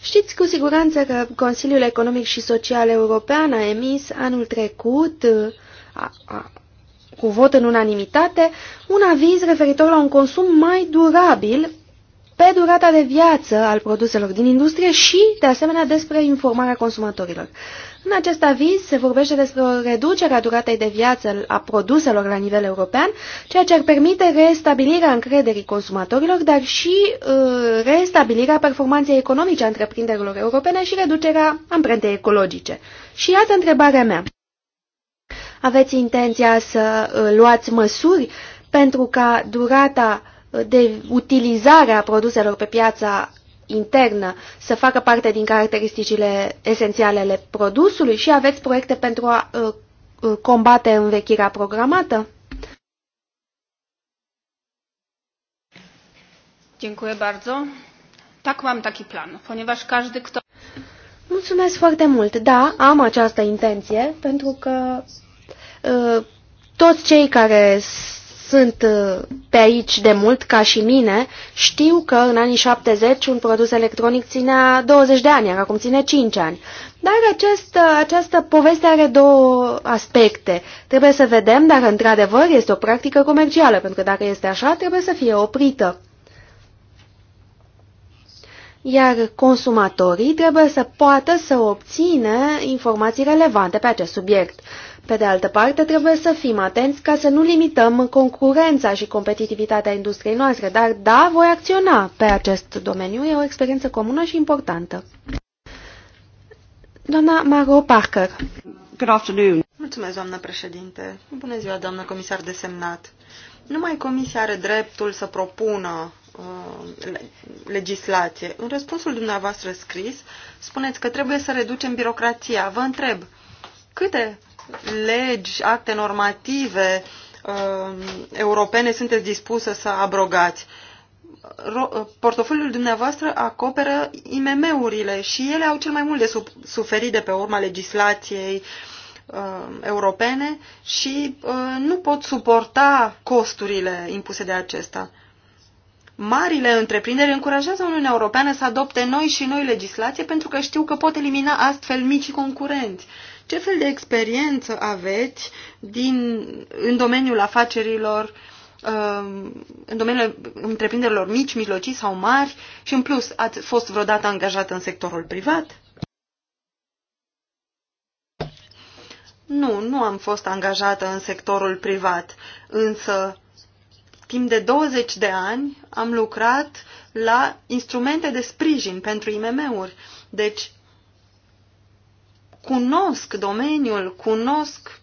Știți cu siguranță că Consiliul Economic și Social European a emis anul trecut, a, a, cu vot în unanimitate un aviz referitor la un consum mai durabil pe durata de viață al produselor din industrie și, de asemenea, despre informarea consumatorilor. În acest aviz se vorbește despre o reducere a duratei de viață a produselor la nivel european, ceea ce ar permite restabilirea încrederii consumatorilor, dar și uh, restabilirea performanței economice a întreprinderilor europene și reducerea amprentei ecologice. Și iată întrebarea mea. Aveți intenția să uh, luați măsuri pentru ca durata uh, de utilizare a produselor pe piața internă să facă parte din caracteristicile esențiale ale produsului și aveți proiecte pentru a uh, combate învechirea programată? Dziękuję bardzo. Tak, mam taki plan, ponieważ każdy, kto... Mulțumesc foarte mult. Da, am această intenție, pentru că Uh, toți cei care sunt uh, pe aici de mult, ca și mine, știu că în anii 70 un produs electronic ținea 20 de ani, iar acum ține 5 ani. Dar această, uh, această poveste are două aspecte. Trebuie să vedem dacă într-adevăr este o practică comercială, pentru că dacă este așa, trebuie să fie oprită iar consumatorii trebuie să poată să obțină informații relevante pe acest subiect. Pe de altă parte, trebuie să fim atenți ca să nu limităm concurența și competitivitatea industriei noastre, dar da, voi acționa pe acest domeniu, e o experiență comună și importantă. Doamna Maro Parker. Good afternoon. Mulțumesc, doamnă președinte. Bună ziua, doamnă comisar desemnat. Numai comisia are dreptul să propună Uh, legislație. În răspunsul dumneavoastră scris, spuneți că trebuie să reducem birocrația. Vă întreb, câte legi, acte normative uh, europene sunteți dispusă să abrogați? Uh, portofoliul dumneavoastră acoperă IMM-urile și ele au cel mai mult de suferit de pe urma legislației uh, europene și uh, nu pot suporta costurile impuse de acesta. Uh, marile întreprinderi încurajează Uniunea Europeană să adopte noi și noi legislație pentru că știu că pot elimina astfel mici concurenți. Ce fel de experiență aveți din, în domeniul afacerilor, um, în domeniul întreprinderilor mici, mijlocii sau mari și în plus ați fost vreodată angajată în sectorul privat? Nu, nu am fost angajată în sectorul privat, însă Timp de 20 de ani am lucrat la instrumente de sprijin pentru IMM-uri. Deci, cunosc domeniul, cunosc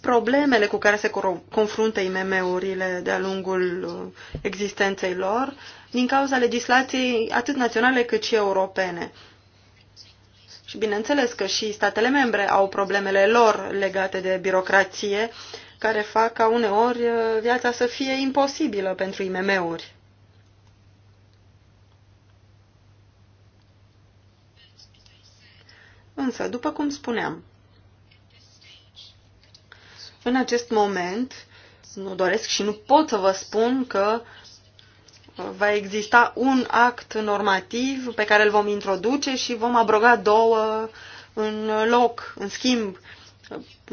problemele cu care se confruntă IMM-urile de-a lungul uh, existenței lor din cauza legislației atât naționale cât și europene. Și bineînțeles că și statele membre au problemele lor legate de birocrație care fac ca uneori uh, viața să fie imposibilă pentru IMM-uri. Însă, după cum spuneam, în acest moment nu doresc și nu pot să vă spun că uh, va exista un act normativ pe care îl vom introduce și vom abroga două în loc. În schimb,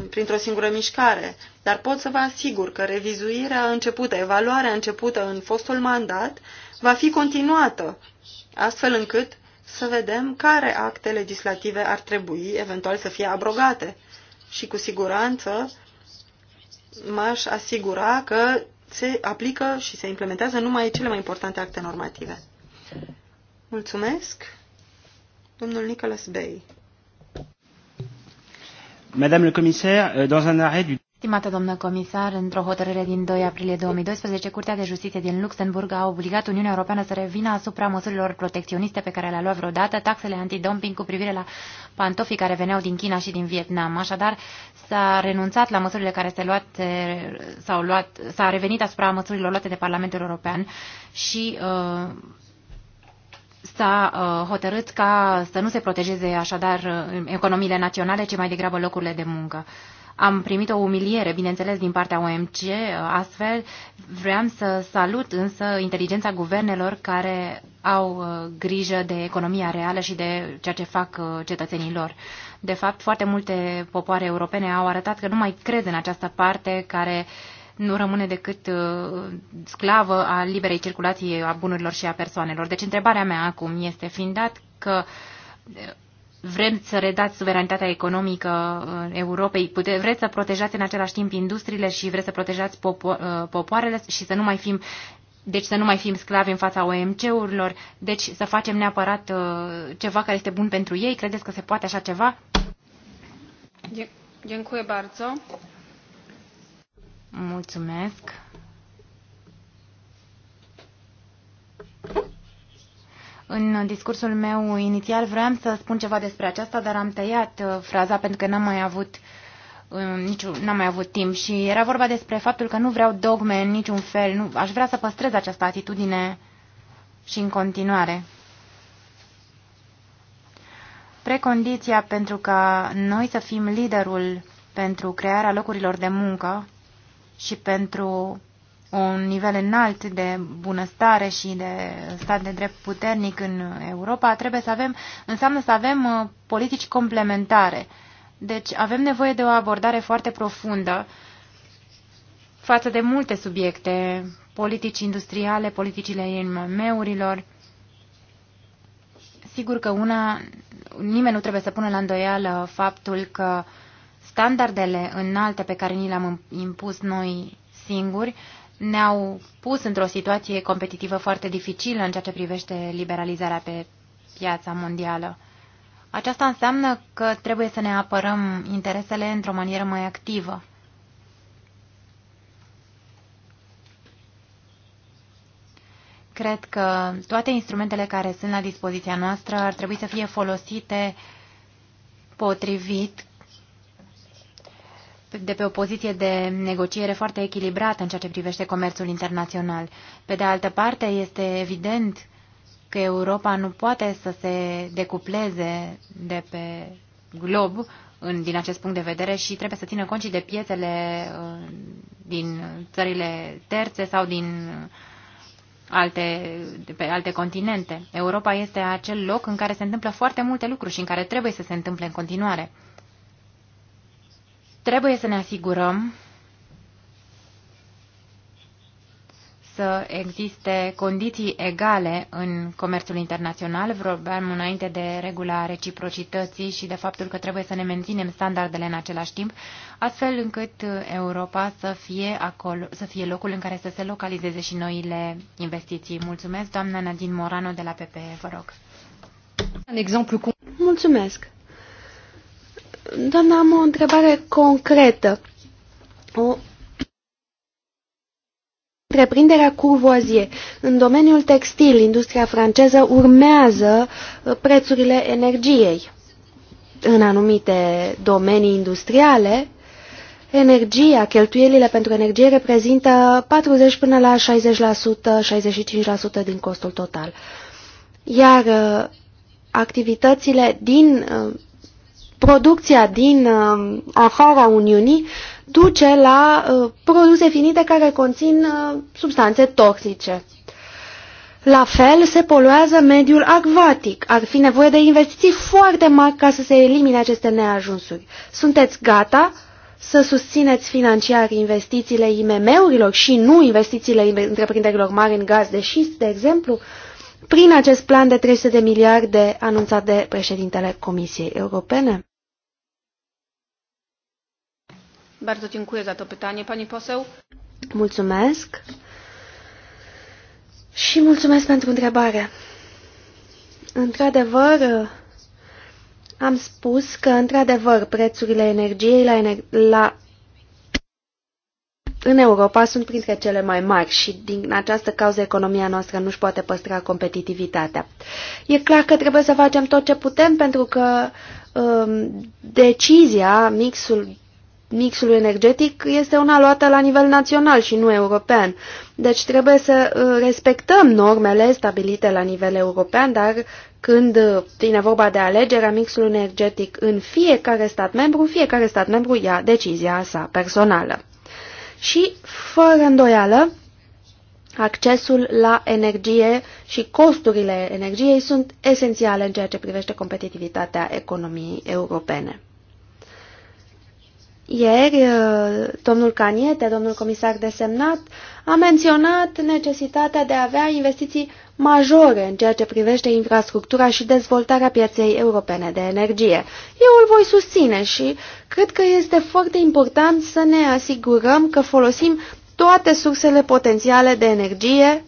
printr-o singură mișcare, dar pot să vă asigur că revizuirea începută, evaluarea începută în fostul mandat va fi continuată, astfel încât să vedem care acte legislative ar trebui eventual să fie abrogate. Și cu siguranță m-aș asigura că se aplică și se implementează numai cele mai importante acte normative. Mulțumesc, domnul Nicholas Bay. Madame le commissaire, euh, dans un arrêt du... Stimată doamnă comisar, într-o hotărâre din 2 aprilie 2012, Curtea de Justiție din Luxemburg a obligat Uniunea Europeană să revină asupra măsurilor protecționiste pe care le-a luat vreodată taxele antidumping cu privire la pantofii care veneau din China și din Vietnam. Așadar, s-a renunțat la măsurile care s-au luat, s-a revenit asupra măsurilor luate de Parlamentul European și uh, s-a uh, hotărât ca să nu se protejeze așadar uh, economiile naționale, ci mai degrabă locurile de muncă. Am primit o umiliere, bineînțeles, din partea OMC, uh, astfel vreau să salut însă inteligența guvernelor care au grijă de economia reală și de ceea ce fac cetățenilor. De fapt, foarte multe popoare europene au arătat că nu mai cred în această parte care uh, nu rămâne decât uh, sclavă a liberei circulației a bunurilor și a persoanelor. Deci întrebarea mea acum este, fiind dat că uh, vrem să redați suveranitatea economică uh, Europei, pute, vreți să protejați în același timp industriile și vreți să protejați popo, popoarele și să nu mai fim deci să nu mai fim sclavi în fața OMC-urilor, deci să facem neapărat uh, ceva care este bun pentru ei. Credeți că se poate așa ceva? Dziękuję bardzo. Mulțumesc. În discursul meu inițial vreau să spun ceva despre aceasta, dar am tăiat uh, fraza pentru că n-am mai avut um, niciun, n-am mai avut timp și era vorba despre faptul că nu vreau dogme în niciun fel, nu, aș vrea să păstrez această atitudine și în continuare. Precondiția pentru ca noi să fim liderul pentru crearea locurilor de muncă și pentru un nivel înalt de bunăstare și de stat de drept puternic în Europa, trebuie să avem, înseamnă să avem uh, politici complementare. Deci avem nevoie de o abordare foarte profundă față de multe subiecte, politici industriale, politicile IMM-urilor. Sigur că una, nimeni nu trebuie să pună la îndoială faptul că uh, Standardele înalte pe care ni le-am impus noi singuri ne-au pus într-o situație competitivă foarte dificilă în ceea ce privește liberalizarea pe piața mondială. Aceasta înseamnă că trebuie să ne apărăm interesele într-o manieră mai activă. Cred că toate instrumentele care sunt la dispoziția noastră ar trebui să fie folosite potrivit de pe o poziție de negociere foarte echilibrată în ceea ce privește comerțul internațional. Pe de altă parte, este evident că Europa nu poate să se decupleze de pe glob în, din acest punct de vedere și trebuie să țină cont și de piețele uh, din țările terțe sau din alte, pe alte continente. Europa este acel loc în care se întâmplă foarte multe lucruri și în care trebuie să se întâmple în continuare. Trebuie să ne asigurăm să existe condiții egale în comerțul internațional. Vorbeam înainte de regula reciprocității și de faptul că trebuie să ne menținem standardele în același timp, astfel încât Europa să fie, acolo, să fie locul în care să se localizeze și noile investiții. Mulțumesc, doamna Nadine Morano de la PPE, vă rog. Un exemplu cu... Mulțumesc. Doamna, am o întrebare concretă. O Întreprinderea Courvoisier în domeniul textil, industria franceză urmează uh, prețurile energiei. În anumite domenii industriale, energia, cheltuielile pentru energie reprezintă 40 până la 60%, 65% din costul total. Iar uh, activitățile din uh, producția din uh, afara Uniunii duce la uh, produse finite care conțin uh, substanțe toxice. La fel se poluează mediul acvatic. Ar fi nevoie de investiții foarte mari ca să se elimine aceste neajunsuri. Sunteți gata să susțineți financiar investițiile IMM-urilor și nu investițiile întreprinderilor mari în gaz de șist, de exemplu, prin acest plan de 300 de miliarde anunțat de președintele Comisiei Europene? Bardzo dziękuję za to pytanie, pani poseł. Mulțumesc. Și mulțumesc pentru întrebare. Într-adevăr, am spus că, într-adevăr, prețurile energiei la, ener la în Europa sunt printre cele mai mari și din această cauză economia noastră nu-și poate păstra competitivitatea. E clar că trebuie să facem tot ce putem pentru că um, decizia, mixul mixul energetic este una luată la nivel național și nu european. Deci trebuie să uh, respectăm normele stabilite la nivel european, dar când uh, vine vorba de alegerea mixului energetic în fiecare stat membru, fiecare stat membru ia decizia sa personală. Și, fără îndoială, accesul la energie și costurile energiei sunt esențiale în ceea ce privește competitivitatea economiei europene. Ieri, uh, domnul Caniete, domnul comisar desemnat, a menționat necesitatea de a avea investiții majore în ceea ce privește infrastructura și dezvoltarea pieței europene de energie. Eu îl voi susține și cred că este foarte important să ne asigurăm că folosim toate sursele potențiale de energie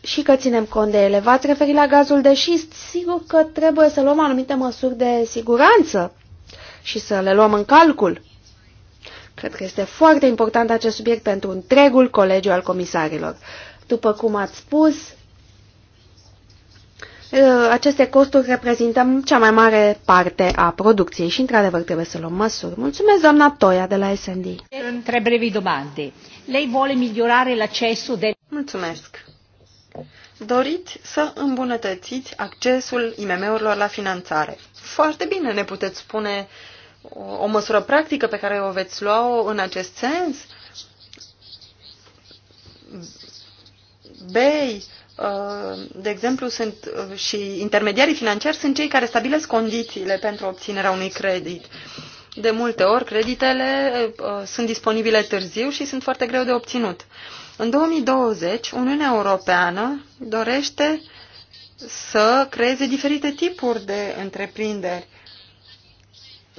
și că ținem cont de ele. V-ați referit la gazul de șist? Sigur că trebuie să luăm anumite măsuri de siguranță și să le luăm în calcul. Cred că este foarte important acest subiect pentru întregul colegiu al comisarilor. După cum ați spus, ă, aceste costuri reprezintă cea mai mare parte a producției și, într-adevăr, trebuie să luăm măsuri. Mulțumesc, doamna Toia, de la S&D. Între brevi domande. Lei vole migliorare l'accesso de... Mulțumesc. Doriți să îmbunătățiți accesul IMM-urilor la finanțare. Foarte bine ne puteți spune uh, o măsură practică pe care o veți lua în acest sens? Bei, uh, de exemplu, sunt uh, și intermediarii financiari sunt cei care stabilesc condițiile pentru obținerea unui credit. De multe ori, creditele uh, sunt disponibile târziu și sunt foarte greu de obținut. În 2020, Uniunea Europeană dorește să creeze diferite tipuri de întreprinderi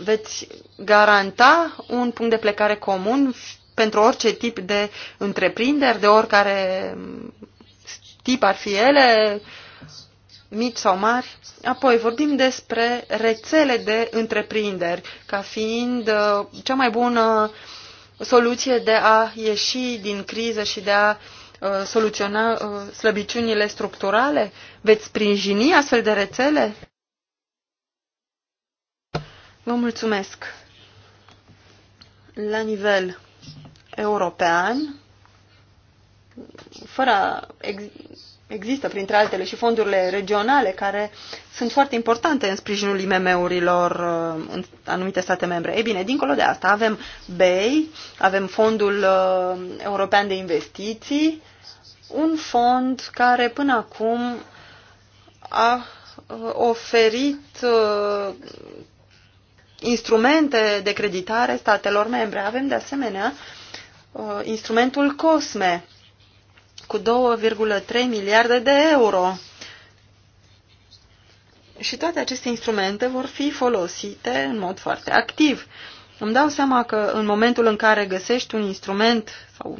veți garanta un punct de plecare comun pentru orice tip de întreprinderi, de oricare tip ar fi ele, mici sau mari. Apoi vorbim despre rețele de întreprinderi ca fiind uh, cea mai bună soluție de a ieși din criză și de a uh, soluționa uh, slăbiciunile structurale? Veți sprijini astfel de rețele? Vă mulțumesc. La nivel european, fără ex există printre altele și fondurile regionale care sunt foarte importante în sprijinul IMM-urilor uh, în anumite state membre. Ei bine, dincolo de asta avem BEI, avem Fondul uh, European de Investiții, un fond care până acum a uh, oferit instrumente de creditare statelor membre. Avem de asemenea uh, instrumentul COSME cu 2,3 miliarde de euro. Și toate aceste instrumente vor fi folosite în mod foarte activ. Îmi dau seama că în momentul în care găsești un instrument sau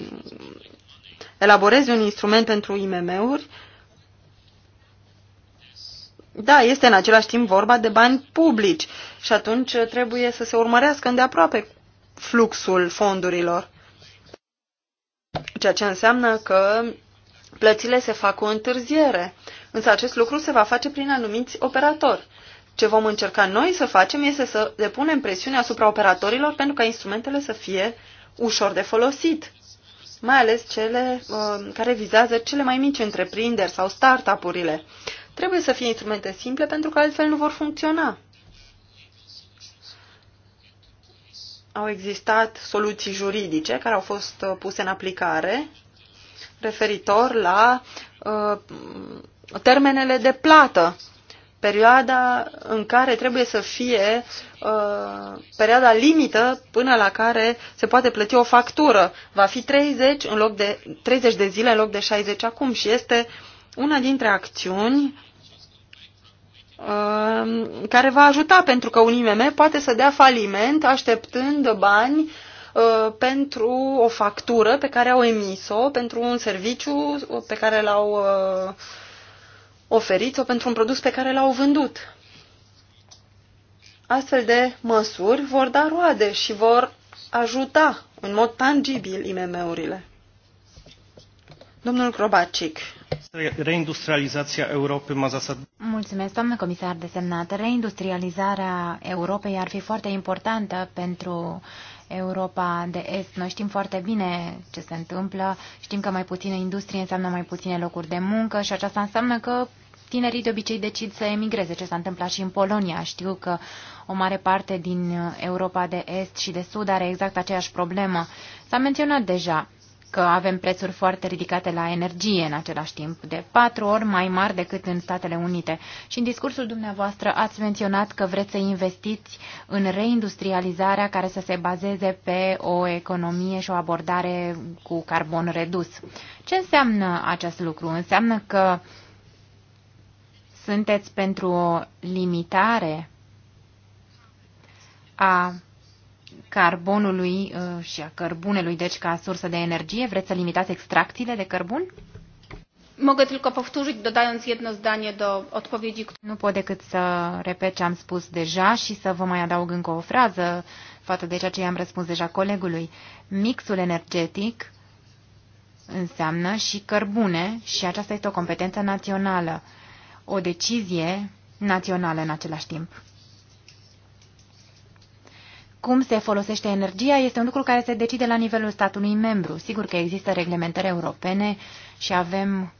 elaborezi un instrument pentru IMM-uri, da, este în același timp vorba de bani publici și atunci trebuie să se urmărească îndeaproape fluxul fondurilor. Ceea ce înseamnă că plățile se fac cu întârziere, însă acest lucru se va face prin anumiți operatori. Ce vom încerca noi să facem este să depunem presiune asupra operatorilor pentru ca instrumentele să fie ușor de folosit, mai ales cele uh, care vizează cele mai mici întreprinderi sau start-up-urile. Trebuie să fie instrumente simple pentru că altfel nu vor funcționa. Au existat soluții juridice care au fost uh, puse în aplicare referitor la uh, termenele de plată, perioada în care trebuie să fie uh, perioada limită până la care se poate plăti o factură. Va fi 30, în loc de, 30 de zile în loc de 60 acum și este una dintre acțiuni Um, care va ajuta pentru că un IMM poate să dea faliment așteptând bani uh, pentru o factură pe care au emis-o, pentru un serviciu pe care l-au uh, oferit sau pentru un produs pe care l-au vândut. Astfel de măsuri vor da roade și vor ajuta în mod tangibil IMM-urile. Domnul Krobacic. Reindustrializația Europei ma zasad... Mulțumesc, doamnă comisar desemnată. Reindustrializarea Europei ar fi foarte importantă pentru Europa de Est. Noi știm foarte bine ce se întâmplă, știm că mai puține industrie înseamnă mai puține locuri de muncă și aceasta înseamnă că tinerii de obicei decid să emigreze, ce s-a întâmplat și în Polonia. Știu că o mare parte din Europa de Est și de Sud are exact aceeași problemă. S-a menționat deja că avem prețuri foarte ridicate la energie în același timp, de patru ori mai mari decât în Statele Unite. Și în discursul dumneavoastră ați menționat că vreți să investiți în reindustrializarea care să se bazeze pe o economie și o abordare cu carbon redus. Ce înseamnă acest lucru? Înseamnă că sunteți pentru o limitare a carbonului uh, și a cărbunelui, deci ca sursă de energie? Vreți să limitați extracțiile de cărbun? Mogę tylko powtórzyć, dodając jedno zdanie do odpowiedzi. Nu pot decât să repet ce am spus deja și să vă mai adaug încă o frază față de ceea ce i-am răspuns deja colegului. Mixul energetic înseamnă și cărbune și aceasta este o competență națională, o decizie națională în același timp cum se folosește energia este un lucru care se decide la nivelul statului membru. Sigur că există reglementări europene și avem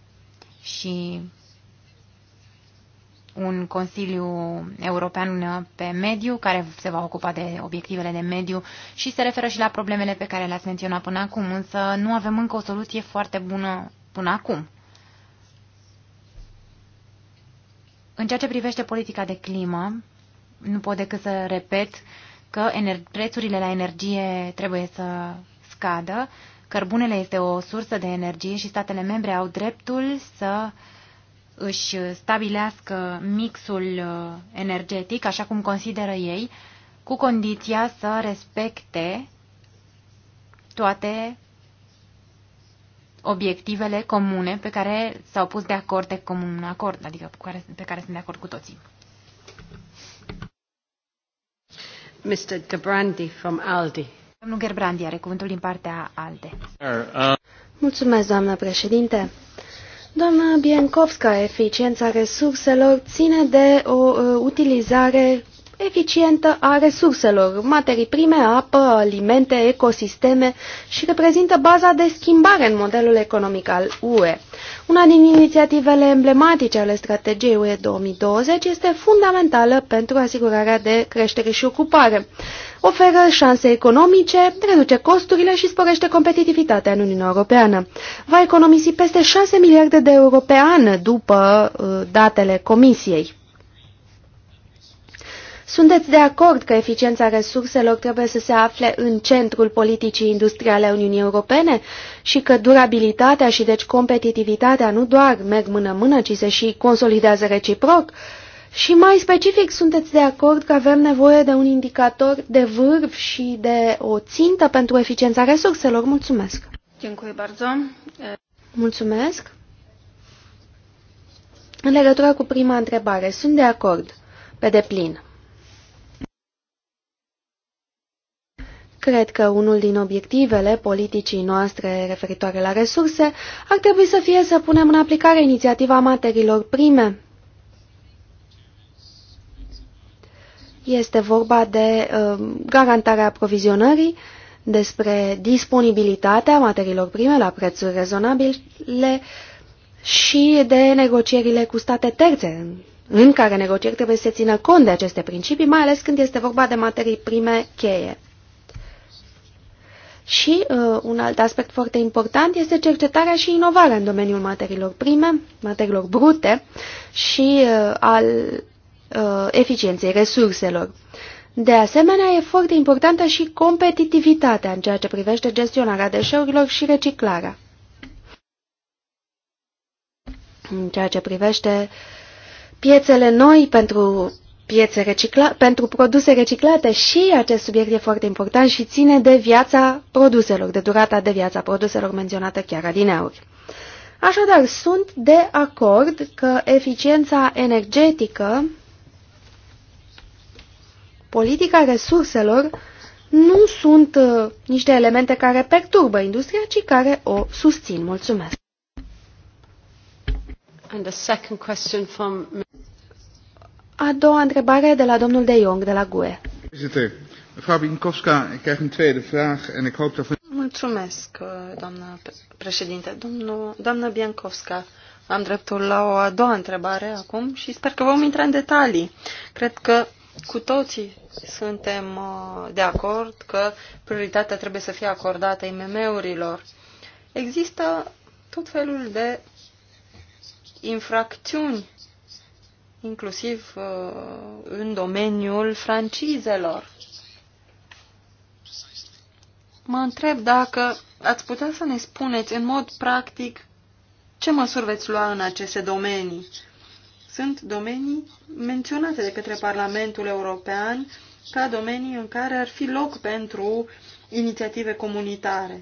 și un Consiliu European pe mediu care se va ocupa de obiectivele de mediu și se referă și la problemele pe care le-ați menționat până acum, însă nu avem încă o soluție foarte bună până acum. În ceea ce privește politica de climă, nu pot decât să repet uh, că prețurile la energie trebuie să scadă, cărbunele este o sursă de energie și statele membre au dreptul să își stabilească mixul uh, energetic, așa cum consideră ei, cu condiția să respecte toate obiectivele comune pe care s-au pus de acord de comun acord, adică pe care, pe care sunt de acord cu toții. Domnul Gerbrandi are cuvântul din partea ALDE. Uh, Mulțumesc, doamnă președinte. Doamna Biencovska, eficiența resurselor ține de o uh, utilizare eficientă a resurselor, materii prime, apă, alimente, ecosisteme și reprezintă baza de schimbare în modelul economic al UE. Una din inițiativele emblematice ale strategiei UE 2020 este fundamentală pentru asigurarea de creștere și ocupare. Oferă șanse economice, reduce costurile și sporește competitivitatea în Uniunea Europeană. Va economisi peste 6 miliarde de euro pe an după uh, datele Comisiei. Sunteți de acord că eficiența resurselor trebuie să se afle în centrul politicii industriale a Uniunii Europene și că durabilitatea și deci competitivitatea nu doar merg mână-mână, ci se și consolidează reciproc? Și mai specific, sunteți de acord că avem nevoie de un indicator de vârf și de o țintă pentru eficiența resurselor? Mulțumesc! Mulțumesc! În legătură cu prima întrebare, sunt de acord, pe deplin. Cred că unul din obiectivele politicii noastre referitoare la resurse ar trebui să fie să punem în aplicare inițiativa materiilor prime. Este vorba de uh, garantarea aprovizionării, despre disponibilitatea materiilor prime la prețuri rezonabile și de negocierile cu state terțe, în care negocieri trebuie să se țină cont de aceste principii, mai ales când este vorba de materii prime cheie. Și uh, un alt aspect foarte important este cercetarea și inovarea în domeniul materiilor prime, materiilor brute și uh, al uh, eficienței resurselor. De asemenea, e foarte importantă și competitivitatea în ceea ce privește gestionarea deșeurilor și reciclarea. În ceea ce privește piețele noi pentru piețe recicla pentru produse reciclate și acest subiect e foarte important și ține de viața produselor, de durata de viața produselor menționată chiar adineauri. Așadar, sunt de acord că eficiența energetică, politica resurselor, nu sunt uh, niște elemente care perturbă industria, ci care o susțin. Mulțumesc. And a second question from... A doua întrebare de la domnul De Jong, de la GUE. Mulțumesc, uh, doamnă președinte. Domnul, doamnă Biancovska, am dreptul la o a doua întrebare acum și sper că vom intra în detalii. Cred că cu toții suntem uh, de acord că prioritatea trebuie să fie acordată IMM-urilor. Există tot felul de infracțiuni inclusiv uh, în domeniul francizelor. Mă întreb dacă ați putea să ne spuneți în mod practic ce măsuri veți lua în aceste domenii. Sunt domenii menționate de către Parlamentul European ca domenii în care ar fi loc pentru inițiative comunitare.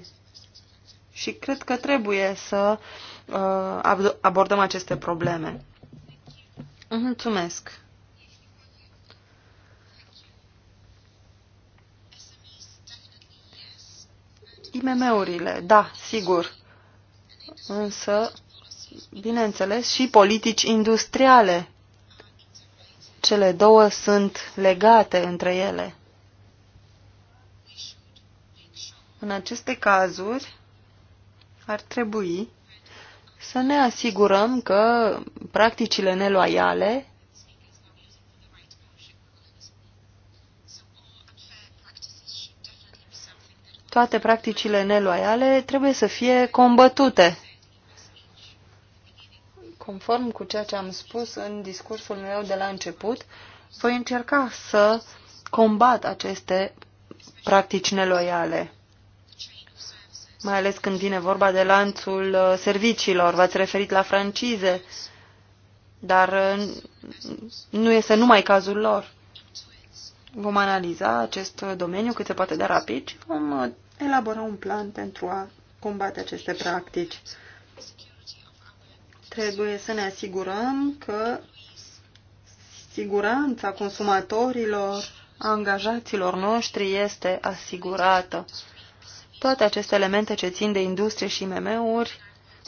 Și cred că trebuie să uh, abordăm aceste probleme. Mulțumesc. IMM-urile, da, sigur. Însă, bineînțeles, și politici industriale. Cele două sunt legate între ele. În aceste cazuri, ar trebui să ne asigurăm că practicile neloiale toate practicile neloiale trebuie să fie combătute. Conform cu ceea ce am spus în discursul meu de la început, voi încerca să combat aceste practici neloiale mai ales când vine vorba de lanțul uh, serviciilor. V-ați referit la francize, dar uh, nu este numai cazul lor. Vom analiza acest uh, domeniu cât se poate de rapid și vom elabora un plan pentru a combate aceste practici. Trebuie să ne asigurăm că siguranța consumatorilor, a angajaților noștri este asigurată. Toate aceste elemente ce țin de industrie și MM-uri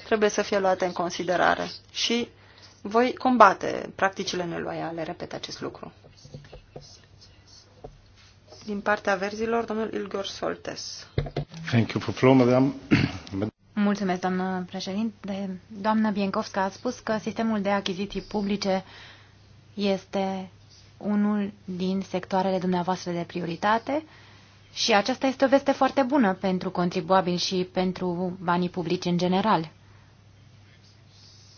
trebuie să fie luate în considerare și voi combate practicile neloiale, repet acest lucru. Din partea verzilor, domnul Ilgor Soltes. Thank you for flow, madame. Mulțumesc, doamnă președinte. Doamna Biencovska a spus că sistemul de achiziții publice este unul din sectoarele dumneavoastră de prioritate și aceasta este o veste foarte bună pentru contribuabil și pentru banii publici în general.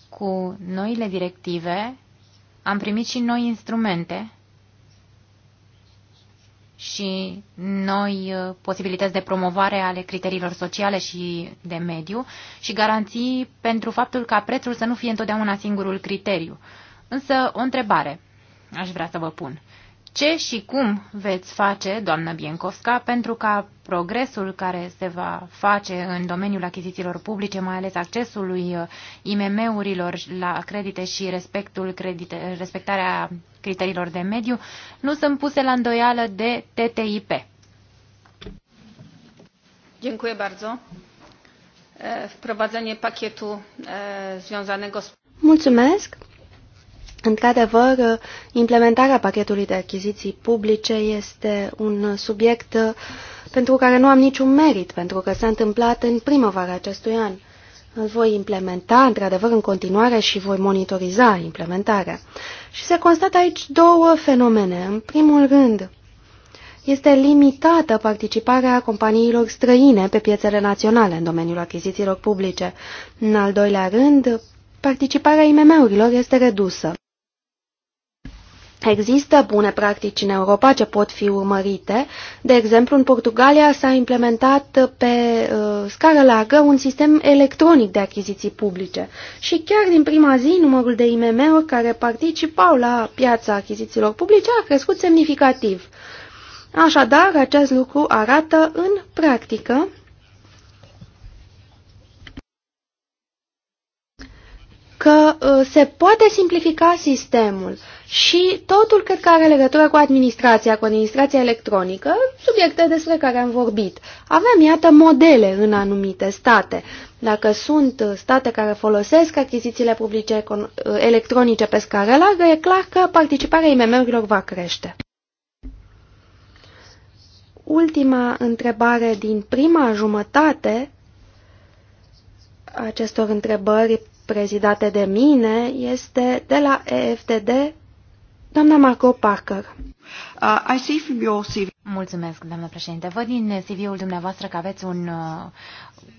Cu noile directive am primit și noi instrumente și noi uh, posibilități de promovare ale criteriilor sociale și de mediu și garanții pentru faptul ca prețul să nu fie întotdeauna singurul criteriu. Însă, o întrebare aș vrea să vă pun. Ce și cum veți face, doamnă Biencovska, pentru ca progresul care se va face în domeniul achizițiilor publice, mai ales accesului uh, IMM-urilor la credite și respectul credite, respectarea criteriilor de mediu, nu sunt puse la îndoială de TTIP? Dziękuję bardzo. Wprowadzenie pakietu związanego z... Mulțumesc. Într-adevăr, implementarea pachetului de achiziții publice este un subiect uh, pentru care nu am niciun merit, pentru că s-a întâmplat în primăvara acestui an. Îl voi implementa, într-adevăr, în continuare și voi monitoriza implementarea. Și se constată aici două fenomene. În primul rând, este limitată participarea companiilor străine pe piețele naționale în domeniul achizițiilor publice. În al doilea rând, participarea IMM-urilor este redusă. Există bune practici în Europa ce pot fi urmărite. De exemplu, în Portugalia s-a implementat pe uh, scară largă un sistem electronic de achiziții publice și chiar din prima zi numărul de IMM-uri care participau la piața achizițiilor publice a crescut semnificativ. Așadar, acest lucru arată în practică că uh, se poate simplifica sistemul și totul cred că are legătură cu administrația, cu administrația electronică, subiecte despre care am vorbit. Avem, iată, modele în anumite state. Dacă sunt state care folosesc achizițiile publice electronice pe scară largă, e clar că participarea IMM-urilor va crește. Ultima întrebare din prima jumătate acestor întrebări prezidate de mine este de la EFTD Doamna Marco Parker. Uh, I see from your CV. Mulțumesc, doamnă președinte. Văd din CV-ul dumneavoastră că aveți un uh,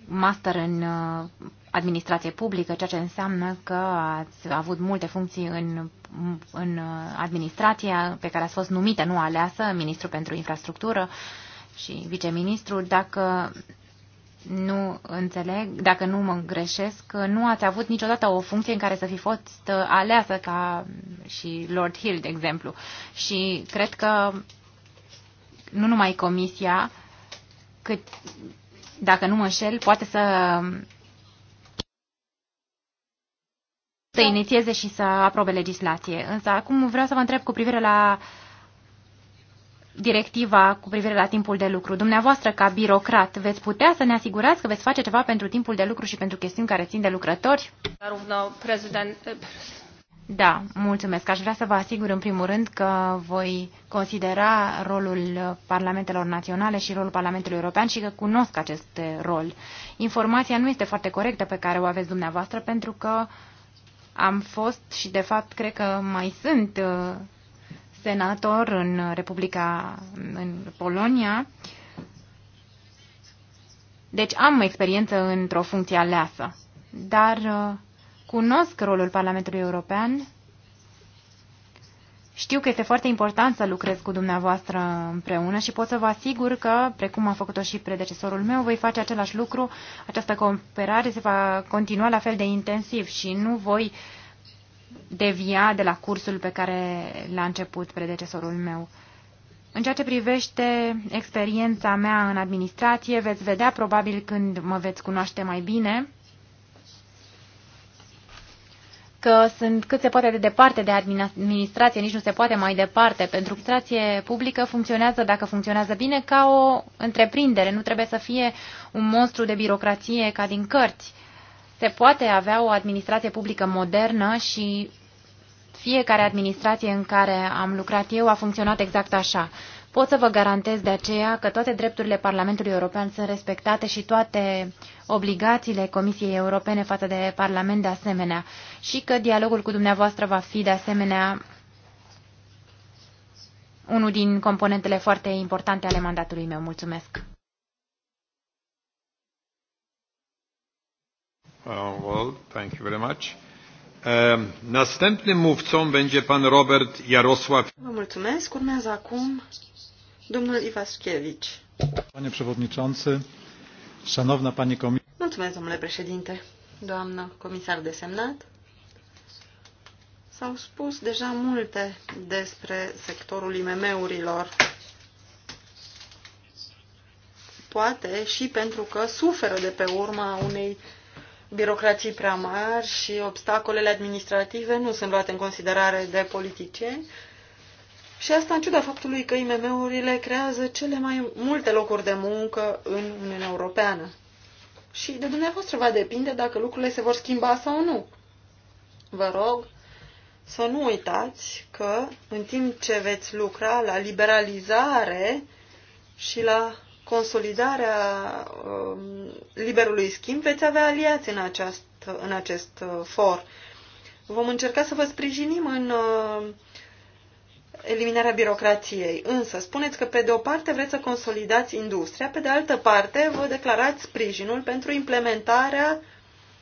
master în uh, administrație publică, ceea ce înseamnă că ați avut multe funcții în, în uh, administrația pe care ați fost numită, nu aleasă, ministru pentru infrastructură și viceministru. Dacă nu înțeleg, dacă nu mă greșesc, nu ați avut niciodată o funcție în care să fi fost aleasă ca și Lord Hill, de exemplu. Și cred că nu numai comisia, cât, dacă nu mă șel, poate să să inițieze și să aprobe legislație. Însă acum vreau să vă întreb cu privire la uh, directiva cu privire la timpul de lucru. Dumneavoastră, ca birocrat, veți putea să ne asigurați că veți face ceva pentru timpul de lucru și pentru chestiuni care țin de lucrători? Da, mulțumesc. Aș vrea să vă asigur în primul rând că voi considera rolul parlamentelor naționale și rolul Parlamentului European și că cunosc acest rol. Informația nu este foarte corectă pe care o aveți dumneavoastră pentru că am fost și de fapt cred că mai sunt senator în Republica, în Polonia. Deci am experiență într-o funcție aleasă, dar uh, cunosc rolul Parlamentului European. Știu că este foarte important să lucrez cu dumneavoastră împreună și pot să vă asigur că, precum a făcut-o și predecesorul meu, voi face același lucru. Această cooperare se va continua la fel de intensiv și nu voi uh, devia de la cursul pe care l-a început predecesorul meu. În ceea ce privește experiența mea în administrație, veți vedea probabil când mă veți cunoaște mai bine că sunt cât se poate de departe de administrație, nici nu se poate mai departe, pentru că administrație publică funcționează, dacă funcționează bine, ca o întreprindere. Nu trebuie să fie un monstru de birocrație ca din cărți se poate avea o administrație publică modernă și fiecare administrație în care am lucrat eu a funcționat exact așa. Pot să vă garantez de aceea că toate drepturile Parlamentului European sunt respectate și toate obligațiile Comisiei Europene față de Parlament de asemenea și că dialogul cu dumneavoastră va fi de asemenea unul din componentele foarte importante ale mandatului meu. Mulțumesc! Oh, well, thank you very much. Um, następnym mówcą będzie pan Robert Jarosław. Vă mulțumesc. Urmează acum domnul Iwaszkiewicz. Panie przewodniczący, szanowna pani komisarz. Mulțumesc, domnule președinte. Doamnă comisar desemnat. S-au spus deja multe despre sectorul IMM-urilor. Poate și pentru că suferă de pe urma unei birocrații prea mari și obstacolele administrative nu sunt luate în considerare de politicieni. Și asta în ciuda faptului că IMM-urile creează cele mai multe locuri de muncă în Uniunea Europeană. Și de dumneavoastră va depinde dacă lucrurile se vor schimba sau nu. Vă rog să nu uitați că în timp ce veți lucra la liberalizare și la consolidarea um, liberului schimb, veți avea aliați în, aceast, în acest uh, for. Vom încerca să vă sprijinim în uh, eliminarea birocrației. Însă, spuneți că pe de o parte vreți să consolidați industria, pe de altă parte vă declarați sprijinul pentru implementarea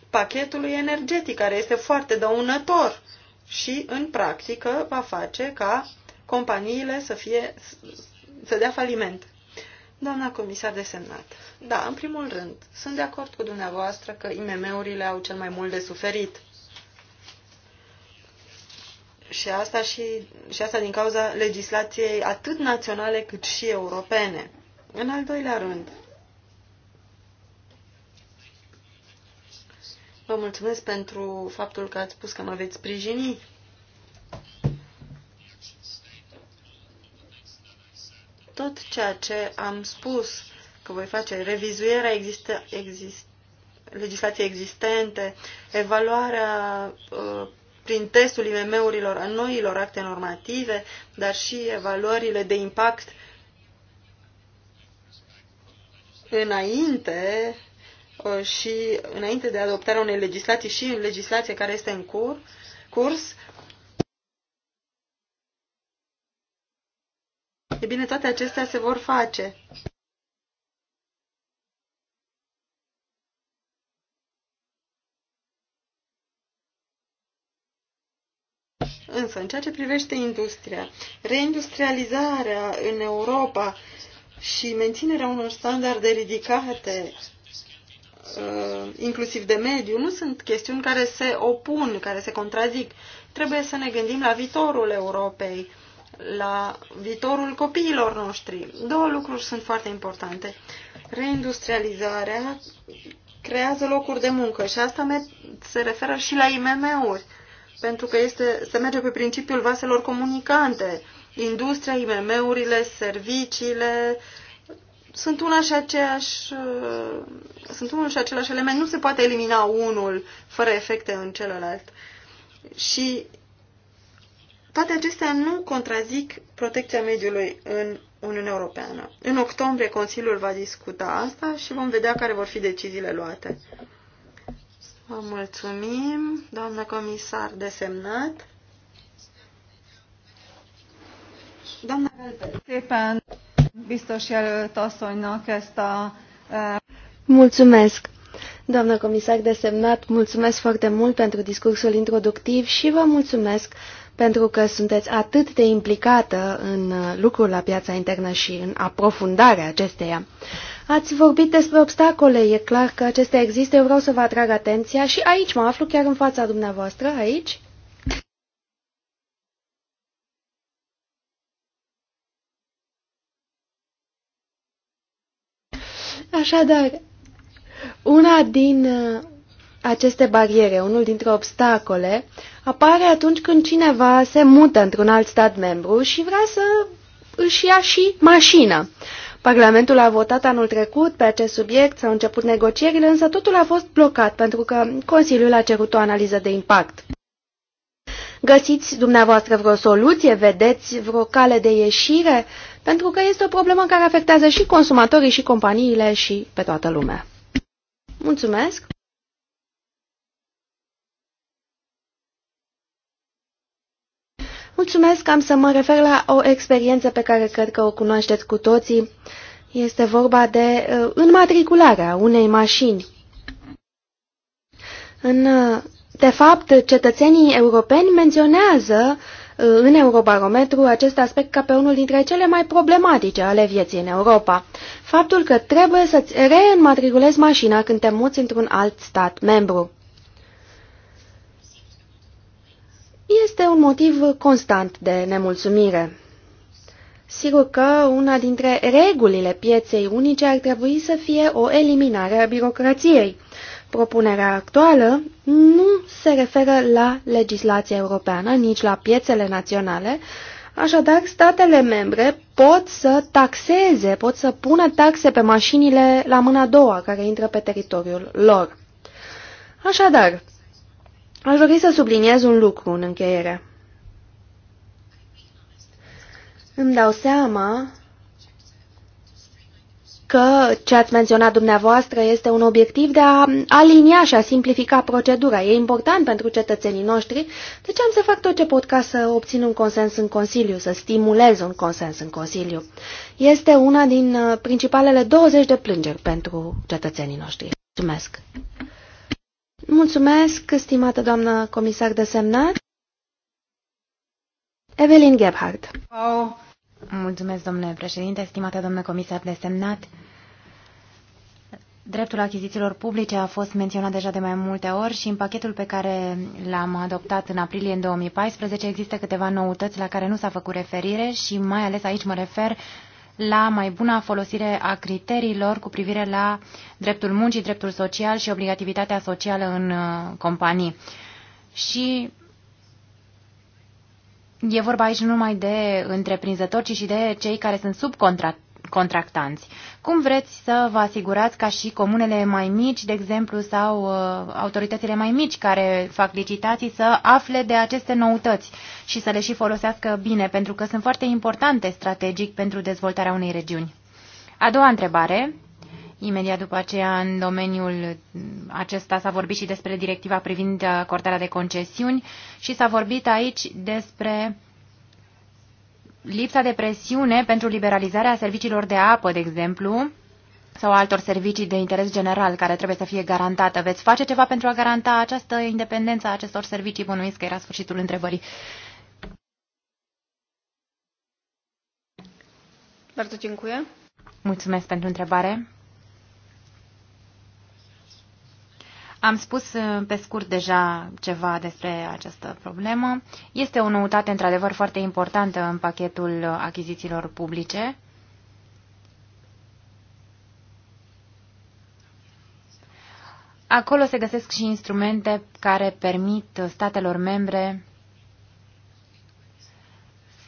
pachetului energetic, care este foarte dăunător și, în practică, va face ca companiile să, fie, să dea faliment. Doamna comisar de semnat. da, în primul rând, sunt de acord cu dumneavoastră că IMM-urile au cel mai mult de suferit. Și asta, și, și asta din cauza legislației atât naționale cât și europene. În al doilea rând, vă mulțumesc pentru faptul că ați spus că mă veți sprijini tot ceea ce am spus că voi face, revizuirea există, exist, legislației existente, evaluarea uh, prin testul IMM-urilor a noilor acte normative, dar și evaluările de impact înainte uh, și înainte de adoptarea unei legislații și în legislație care este în curs E bine, toate acestea se vor face. Însă, în ceea ce privește industria, reindustrializarea în Europa și menținerea unor standarde ridicate, uh, inclusiv de mediu, nu sunt chestiuni care se opun, care se contrazic. Trebuie să ne gândim la viitorul Europei la viitorul copiilor noștri. Două lucruri sunt foarte importante. Reindustrializarea creează locuri de muncă și asta se referă și la IMM-uri, pentru că este, se merge pe principiul vaselor comunicante. Industria, IMM-urile, serviciile sunt una și aceeași, uh, sunt unul și același element. Nu se poate elimina unul fără efecte în celălalt. Și toate acestea nu contrazic protecția mediului în Uniunea Europeană. În octombrie Consiliul va discuta asta și vom vedea care vor fi deciziile luate. Vă mulțumim, doamnă comisar desemnat. Doamna Szépen biztos asszonynak ezt a... Mulțumesc! Doamnă comisar desemnat, mulțumesc foarte mult pentru discursul introductiv și vă mulțumesc pentru că sunteți atât de implicată în lucrul la piața internă și în aprofundarea acesteia. Ați vorbit despre obstacole, e clar că acestea există, eu vreau să vă atrag atenția și aici mă aflu chiar în fața dumneavoastră, aici. Așadar, una din uh, aceste bariere, unul dintre obstacole, apare atunci când cineva se mută într-un alt stat membru și vrea să își ia și mașină. Parlamentul a votat anul trecut pe acest subiect, s-au început negocierile, însă totul a fost blocat pentru că Consiliul a cerut o analiză de impact. Găsiți dumneavoastră vreo soluție, vedeți vreo cale de ieșire, pentru că este o problemă care afectează și consumatorii, și companiile, și pe toată lumea. Mulțumesc! Mulțumesc, am să mă refer la o experiență pe care cred că o cunoașteți cu toții. Este vorba de uh, înmatricularea unei mașini. În, uh, de fapt, cetățenii europeni menționează uh, în Eurobarometru acest aspect ca pe unul dintre cele mai problematice ale vieții în Europa. Faptul că trebuie să-ți reînmatriculezi mașina când te muți într-un alt stat membru. este un motiv constant de nemulțumire. Sigur că una dintre regulile pieței unice ar trebui să fie o eliminare a birocrației. Propunerea actuală nu se referă la legislația europeană, nici la piețele naționale, așadar statele membre pot să taxeze, pot să pună taxe pe mașinile la mâna a doua care intră pe teritoriul lor. Așadar, Aș dori să subliniez un lucru în încheiere. Îmi dau seama că ce ați menționat dumneavoastră este un obiectiv de a alinia și a simplifica procedura. E important pentru cetățenii noștri, deci am să fac tot ce pot ca să obțin un consens în Consiliu, să stimulez un consens în Consiliu. Este una din uh, principalele 20 de plângeri pentru cetățenii noștri. Mulțumesc! Mulțumesc, stimată doamnă comisar de semnat. Evelyn Gebhardt. Oh. Mulțumesc, domnule președinte, stimată doamnă comisar de semnat. Dreptul achizițiilor publice a fost menționat deja de mai multe ori și în pachetul pe care l-am adoptat în aprilie în 2014 există câteva noutăți la care nu s-a făcut referire și mai ales aici mă refer la mai buna folosire a criteriilor cu privire la dreptul muncii, dreptul social și obligativitatea socială în uh, companii. Și E vorba aici nu numai de întreprinzători, ci și de cei care sunt subcontractori contractanți. Cum vreți să vă asigurați ca și comunele mai mici, de exemplu, sau uh, autoritățile mai mici care fac licitații să afle de aceste noutăți și să le și folosească bine, pentru că sunt foarte importante strategic pentru dezvoltarea unei regiuni? A doua întrebare, Imediat după aceea, în domeniul acesta s-a vorbit și despre directiva privind acordarea de concesiuni și s-a vorbit aici despre lipsa de presiune pentru liberalizarea serviciilor de apă, de exemplu, sau altor servicii de interes general care trebuie să fie garantată. Veți face ceva pentru a garanta această independență a acestor servicii? Bănuiesc că era sfârșitul întrebării. Bardzo dziękuję. Mulțumesc pentru întrebare. Am spus uh, pe scurt deja ceva despre această problemă. Este o noutate într-adevăr foarte importantă în pachetul achizițiilor publice. Acolo se găsesc și instrumente care permit statelor membre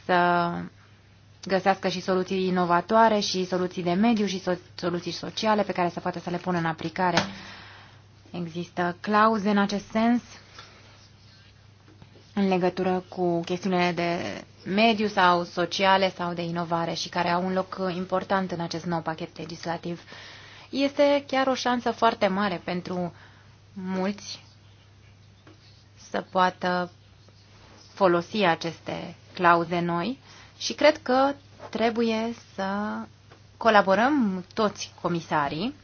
să găsească și soluții inovatoare și soluții de mediu și soluții sociale pe care să poată să le pună în aplicare Există clauze în acest sens în legătură cu chestiunile de mediu sau sociale sau de inovare și care au un loc important în acest nou pachet legislativ. Este chiar o șansă foarte mare pentru mulți să poată folosi aceste clauze noi și cred că trebuie să colaborăm toți comisarii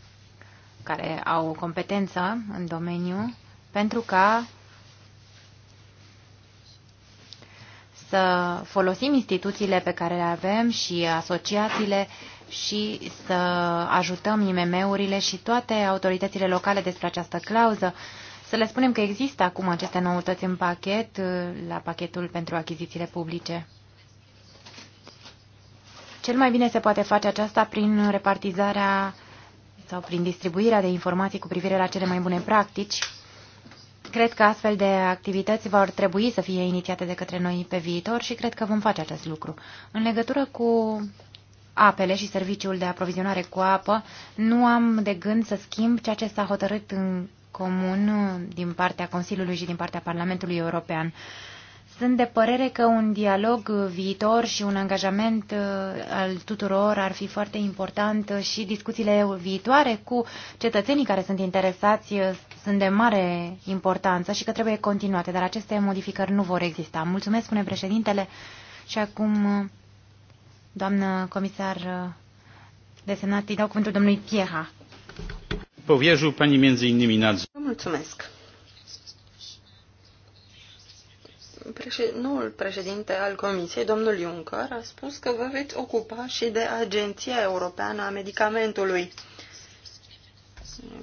care au o competență în domeniu pentru ca să folosim instituțiile pe care le avem și asociațiile și să ajutăm IMM-urile și toate autoritățile locale despre această clauză. Să le spunem că există acum aceste noutăți în pachet, la pachetul pentru achizițiile publice. Cel mai bine se poate face aceasta prin repartizarea sau prin distribuirea de informații cu privire la cele mai bune practici. Cred că astfel de activități vor trebui să fie inițiate de către noi pe viitor și cred că vom face acest lucru. În legătură cu apele și serviciul de aprovizionare cu apă, nu am de gând să schimb ceea ce s-a hotărât în comun din partea Consiliului și din partea Parlamentului European. Sunt de părere că un dialog viitor și un angajament uh, al tuturor ar fi foarte important și discuțiile viitoare cu cetățenii care sunt interesați uh, sunt de mare importanță și că trebuie continuate, dar aceste modificări nu vor exista. Mulțumesc, spune președintele, și acum, uh, doamnă comisar desemnat, îi dau cuvântul domnului Pieha. między innymi Mulțumesc. noul președinte al Comisiei, domnul Juncker, a spus că vă veți ocupa și de Agenția Europeană a Medicamentului.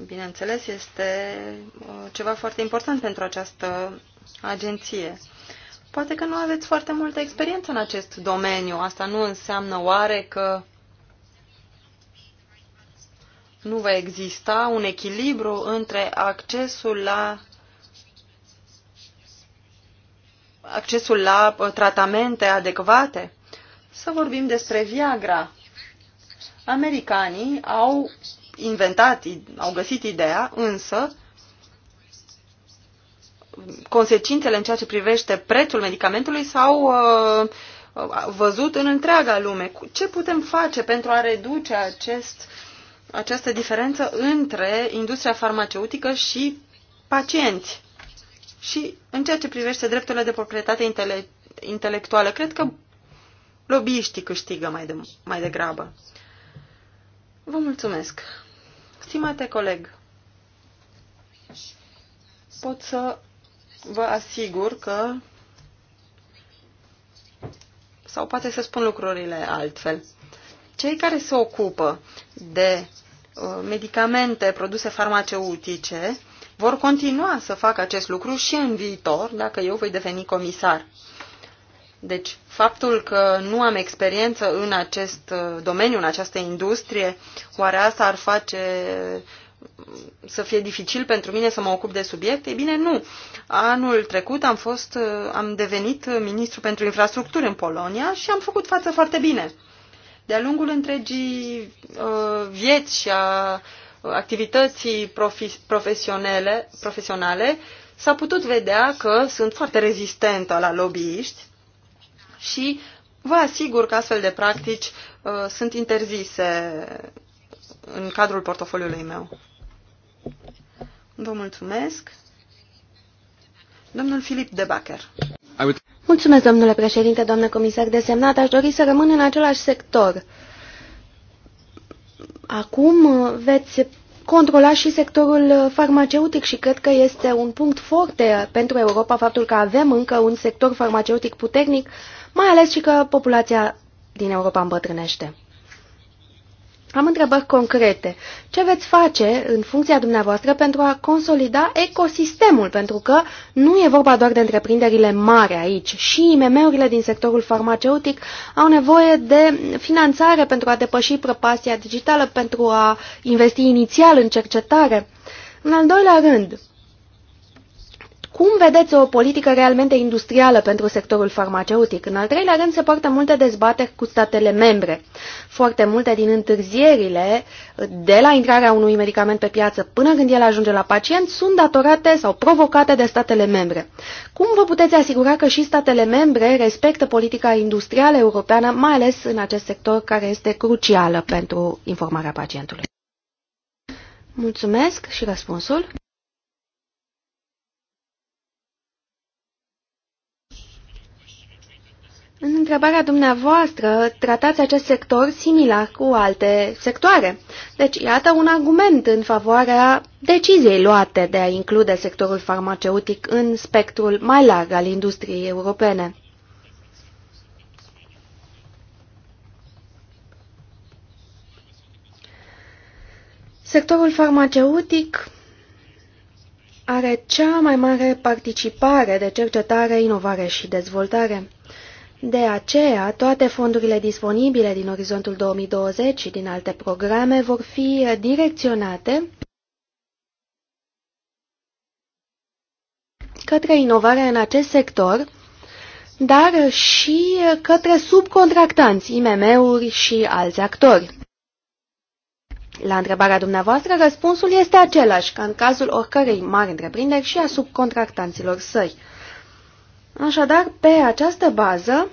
Bineînțeles, este uh, ceva foarte important pentru această agenție. Poate că nu aveți foarte multă experiență în acest domeniu. Asta nu înseamnă oare că nu va exista un echilibru între accesul la accesul la uh, tratamente adecvate. Să vorbim despre Viagra. Americanii au inventat, au găsit ideea, însă consecințele în ceea ce privește prețul medicamentului s-au uh, văzut în întreaga lume. Ce putem face pentru a reduce acest, această diferență între industria farmaceutică și pacienți? Și în ceea ce privește drepturile de proprietate intele intelectuală, cred că lobbyiștii câștigă mai, de, mai degrabă. Vă mulțumesc. Stimate coleg, pot să vă asigur că sau poate să spun lucrurile altfel. Cei care se ocupă de uh, medicamente, produse farmaceutice, vor continua să facă acest lucru și în viitor, dacă eu voi deveni comisar. Deci, faptul că nu am experiență în acest uh, domeniu, în această industrie, oare asta ar face uh, să fie dificil pentru mine să mă ocup de subiect? Ei bine, nu. Anul trecut am, fost, uh, am devenit ministru pentru infrastructură în Polonia și am făcut față foarte bine. De-a lungul întregii uh, vieți și a uh, activității profesionale, profesionale s-a putut vedea că sunt foarte rezistentă la lobbyiști și vă asigur că astfel de practici uh, sunt interzise în cadrul portofoliului meu. Vă mulțumesc. Domnul Filip Debacher. Mulțumesc, domnule președinte, doamnă comisar desemnat. Aș dori să rămân în același sector. Uh, Acum uh, veți controla și sectorul uh, farmaceutic și cred că este un punct foarte uh, pentru Europa faptul că avem încă un sector farmaceutic puternic, mai ales și că populația din Europa îmbătrânește. Am întrebări concrete. Ce veți face în funcția dumneavoastră pentru a consolida ecosistemul? Pentru că nu e vorba doar de întreprinderile mari aici. Și IMM-urile din sectorul farmaceutic au nevoie de finanțare pentru a depăși prăpastia digitală, pentru a investi inițial în cercetare. În al doilea rând, cum vedeți o politică realmente industrială pentru sectorul farmaceutic? În al treilea rând, se poartă multe dezbateri cu statele membre. Foarte multe din întârzierile de la intrarea unui medicament pe piață până când el ajunge la pacient sunt datorate sau provocate de statele membre. Cum vă puteți asigura că și statele membre respectă politica industrială europeană, mai ales în acest sector care este crucială pentru informarea pacientului? Mulțumesc și răspunsul. În întrebarea dumneavoastră, tratați acest sector similar cu alte sectoare. Deci, iată un argument în favoarea deciziei luate de a include sectorul farmaceutic în spectrul mai larg al industriei europene. Sectorul farmaceutic are cea mai mare participare de cercetare, inovare și dezvoltare. De aceea, toate fondurile disponibile din Orizontul 2020 și din alte programe vor fi direcționate către inovarea în acest sector, dar și către subcontractanți, IMM-uri și alți actori. La întrebarea dumneavoastră, răspunsul este același ca în cazul oricărei mari întreprinderi și a subcontractanților săi. Așadar, pe această bază,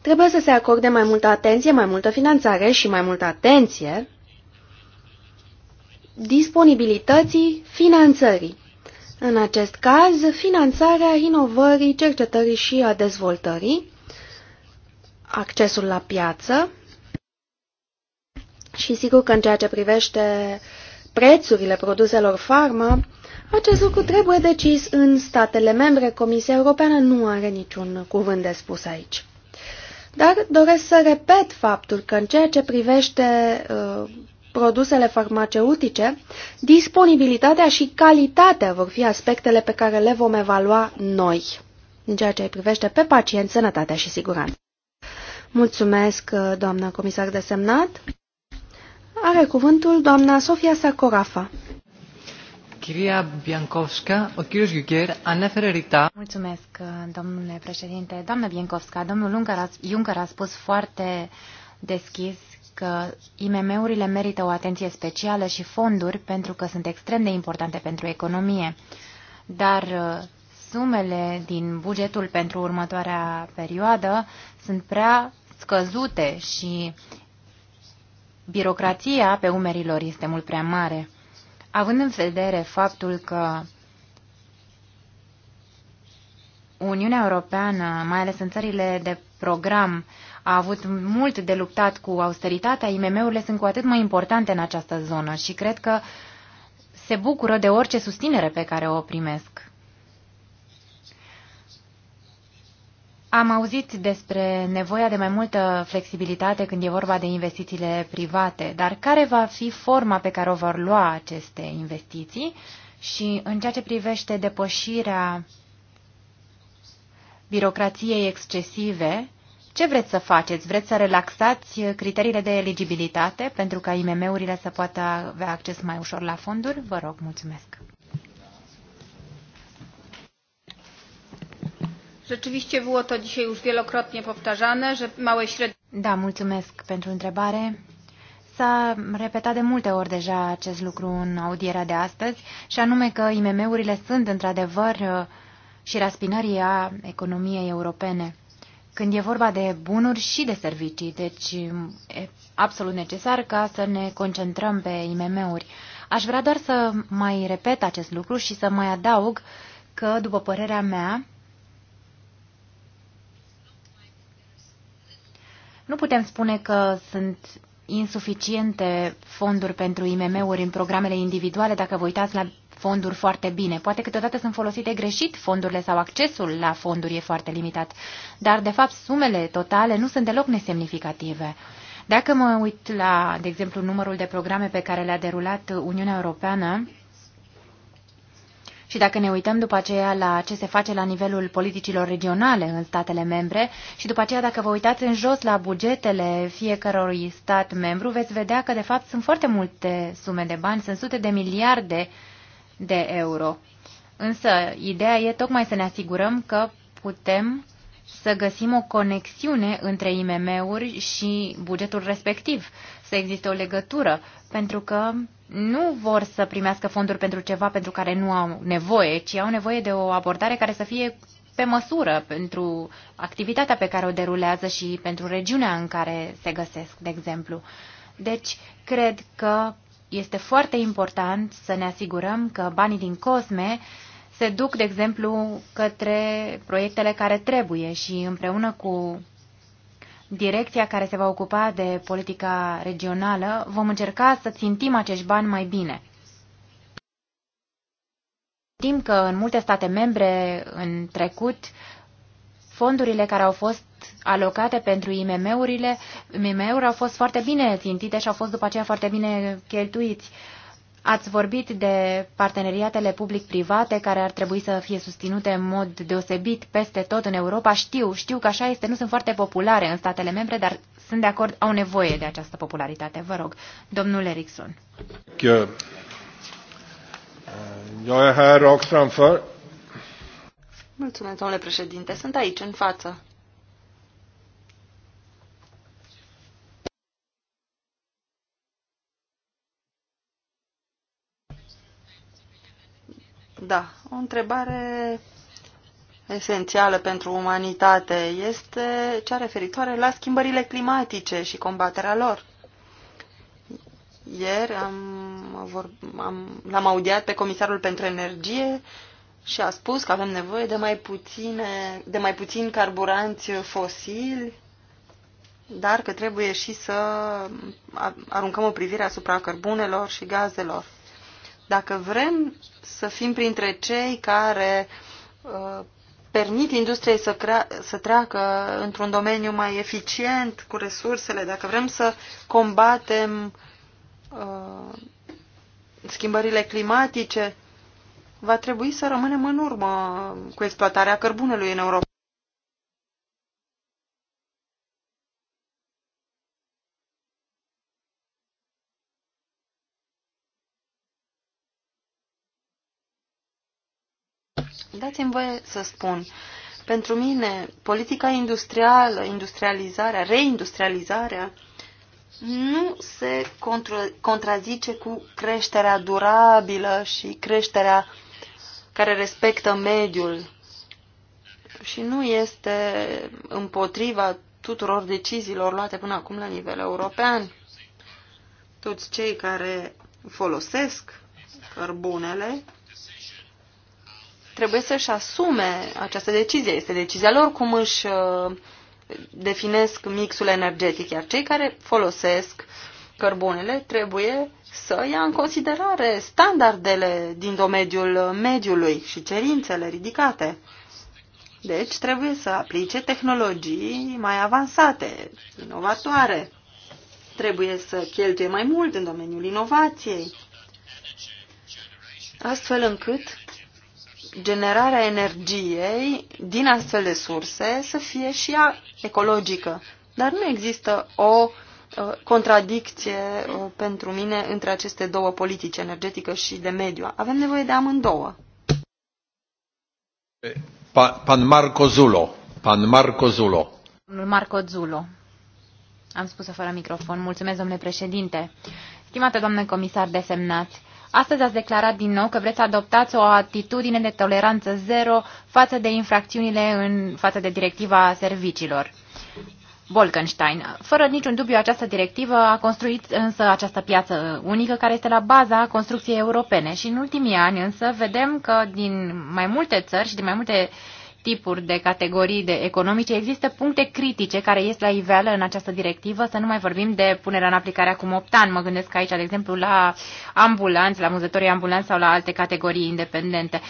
trebuie să se acorde mai multă atenție, mai multă finanțare și mai multă atenție disponibilității finanțării. În acest caz, finanțarea inovării, cercetării și a dezvoltării, accesul la piață și sigur că în ceea ce privește prețurile produselor farmă. Acest lucru trebuie decis în statele membre. Comisia Europeană nu are niciun cuvânt de spus aici. Dar doresc să repet faptul că în ceea ce privește uh, produsele farmaceutice, disponibilitatea și calitatea vor fi aspectele pe care le vom evalua noi, în ceea ce privește pe pacient, sănătatea și siguranța. Mulțumesc, uh, doamnă comisar desemnat. Are cuvântul doamna Sofia Sacorafa. Mulțumesc, domnule președinte. Doamna Biancovska, domnul Juncker a spus foarte deschis că IMM-urile merită o atenție specială și fonduri pentru că sunt extrem de importante pentru economie. Dar uh, sumele din bugetul pentru următoarea perioadă sunt prea scăzute și birocrația pe umerilor este mult prea mare. Având în vedere faptul că Uniunea Europeană, mai ales în țările de program, a avut mult de luptat cu austeritatea, IMM-urile sunt cu atât mai importante în această zonă și cred că se bucură de orice susținere pe care o primesc. Am auzit despre nevoia de mai multă flexibilitate când e vorba de investițiile private, dar care va fi forma pe care o vor lua aceste investiții și în ceea ce privește depășirea birocrației excesive, ce vreți să faceți? Vreți să relaxați criteriile de eligibilitate pentru ca IMM-urile să poată avea acces mai ușor la fonduri? Vă rog, mulțumesc! Rzeczywiście było to dzisiaj już wielokrotnie powtarzane, że małe średnie... Da, mulțumesc pentru întrebare. S-a repetat de multe ori deja acest lucru în audierea de astăzi, și anume că IMM-urile sunt într-adevăr și raspinării a economiei europene. Când e vorba de bunuri și de servicii, deci e absolut necesar ca să ne concentrăm pe IMM-uri. Aș vrea doar să mai repet acest lucru și să mai adaug că, după părerea mea, Nu putem spune că sunt insuficiente fonduri pentru IMM-uri în programele individuale, dacă vă uitați la fonduri foarte bine. Poate câteodată sunt folosite greșit fondurile sau accesul la fonduri e foarte limitat, dar de fapt sumele totale nu sunt deloc nesemnificative. Dacă mă uit la, de exemplu, numărul de programe pe care le-a derulat Uniunea Europeană și dacă ne uităm după aceea la ce se face la nivelul politicilor regionale în statele membre și după aceea dacă vă uitați în jos la bugetele fiecărui stat membru, veți vedea că de fapt sunt foarte multe sume de bani, sunt sute de miliarde de euro. Însă ideea e tocmai să ne asigurăm că putem să găsim o conexiune între IMM-uri și bugetul respectiv, să existe o legătură, pentru că nu vor să primească fonduri pentru ceva pentru care nu au nevoie, ci au nevoie de o abordare care să fie pe măsură pentru activitatea pe care o derulează și pentru regiunea în care se găsesc, de exemplu. Deci, cred că este foarte important să ne asigurăm că banii din COSME se duc, de exemplu, către proiectele care trebuie și împreună cu direcția care se va ocupa de politica regională, vom încerca să țintim acești bani mai bine. Știm că în multe state membre în trecut fondurile care au fost alocate pentru IMM-urile, IMM-uri au fost foarte bine țintite și au fost după aceea foarte bine cheltuiți. Uh, Ați vorbit de parteneriatele public-private care ar trebui să fie susținute în mod deosebit peste tot în Europa. Știu, știu că așa este, nu sunt foarte populare în statele membre, dar sunt de acord, au nevoie de această popularitate. Vă rog, domnul Erickson. Eu uh, Mulțumesc, domnule președinte. Sunt aici, în față. Da, o întrebare esențială pentru umanitate este cea referitoare la schimbările climatice și combaterea lor. Ieri am, am, l-am audiat pe comisarul pentru energie și a spus că avem nevoie de mai, puține, de mai puțin carburanți fosili, dar că trebuie și să aruncăm o privire asupra cărbunelor și gazelor. Dacă vrem să fim printre cei care uh, permit industriei să, crea, să treacă într-un domeniu mai eficient cu resursele, dacă vrem să combatem uh, schimbările climatice, va trebui să rămânem în urmă cu exploatarea cărbunelui în Europa. Dați-mi voie să spun. Pentru mine, politica industrială, industrializarea, reindustrializarea, nu se contra contrazice cu creșterea durabilă și creșterea care respectă mediul și nu este împotriva tuturor deciziilor luate până acum la nivel european. Toți cei care folosesc cărbunele trebuie să-și asume această decizie. Este decizia lor cum își uh, definesc mixul energetic, iar cei care folosesc cărbunele trebuie să ia în considerare standardele din domeniul mediului și cerințele ridicate. Deci trebuie să aplice tehnologii mai avansate, inovatoare. Trebuie să cheltuie mai mult în domeniul inovației, astfel încât generarea energiei din astfel de surse să fie și ea ecologică. Dar nu există o uh, contradicție uh, pentru mine între aceste două politici, energetică și de mediu. Avem nevoie de amândouă. Pa, pan Marco Zulo. Pan Marco Zulo. Marco Zulo. Am spus-o fără microfon. Mulțumesc, domnule președinte. Stimată doamnă comisar desemnați, Astăzi ați declarat din nou că vreți să adoptați o atitudine de toleranță zero față de infracțiunile în față de directiva serviciilor. Wolkenstein. Fără niciun dubiu, această directivă a construit însă această piață unică care este la baza construcției europene și în ultimii ani însă vedem că din mai multe țări și din mai multe uh, tipuri de categorii de economice, există puncte critice care ies la iveală în această directivă, să nu mai vorbim de punerea în aplicare acum 8 ani. Mă gândesc aici, de exemplu, la ambulanți, la muzătorii ambulanți sau la alte categorii independente.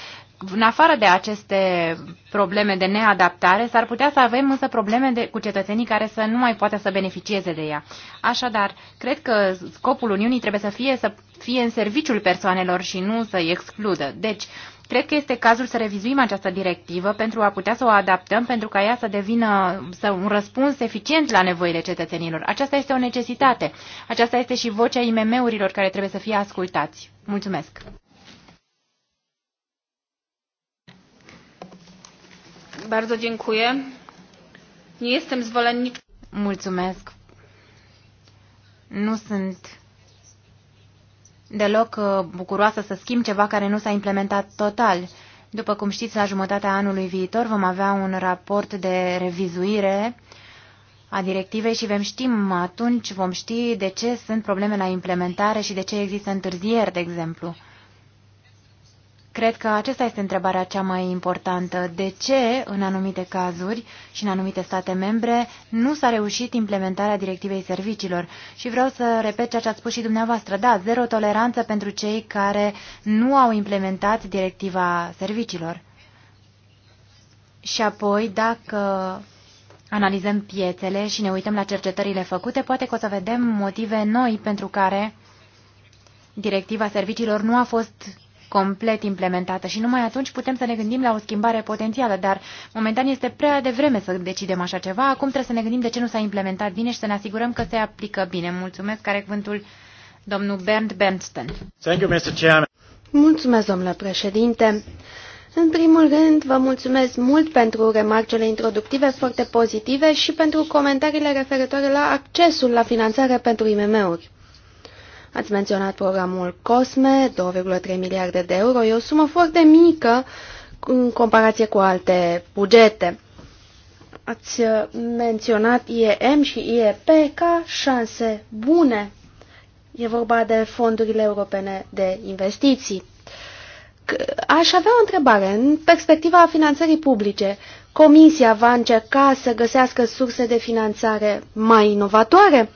În afară de aceste probleme de neadaptare, s-ar putea să avem însă probleme de, cu cetățenii care să nu mai poată să beneficieze de ea. Așadar, cred că scopul Uniunii trebuie să fie să fie în serviciul persoanelor și nu să-i excludă. Deci, Cred că este cazul să revizuim această directivă pentru a putea să o adaptăm, pentru ca ea să devină să un răspuns eficient la nevoile cetățenilor. Aceasta este o necesitate. Aceasta este și vocea IMM-urilor care trebuie să fie ascultați. Mulțumesc! Bardzo dziękuję. Nie jestem zwolennikiem. Mulțumesc. Nu sunt deloc uh, bucuroasă să schimb ceva care nu s-a implementat total. După cum știți, la jumătatea anului viitor vom avea un raport de revizuire a directivei și vom ști atunci vom ști de ce sunt probleme la implementare și de ce există întârzieri, de exemplu. Cred că acesta este întrebarea cea mai importantă. De ce, în anumite cazuri și în anumite state membre, nu s-a reușit implementarea directivei serviciilor? Și vreau să repet ceea ce ați spus și dumneavoastră. Da, zero toleranță pentru cei care nu au implementat directiva serviciilor. Și apoi, dacă analizăm piețele și ne uităm la cercetările făcute, poate că o să vedem motive noi pentru care directiva serviciilor nu a fost complet implementată și numai atunci putem să ne gândim la o schimbare potențială, dar momentan este prea devreme să decidem așa ceva. Acum trebuie să ne gândim de ce nu s-a implementat bine și să ne asigurăm că se aplică bine. Mulțumesc, care cuvântul domnul Bernd Bernstein. Thank you, Mr. Chairman. Mulțumesc, domnule președinte. În primul rând, vă mulțumesc mult pentru remarcele introductive foarte pozitive și pentru comentariile referitoare la accesul la finanțare pentru IMM-uri. Ați menționat programul COSME, 2,3 miliarde de euro. E o sumă foarte mică în comparație cu alte bugete. Ați uh, menționat IEM și IEP ca șanse bune. E vorba de fondurile europene de investiții. Aș avea o întrebare. În perspectiva finanțării publice, Comisia va încerca să găsească surse de finanțare mai inovatoare?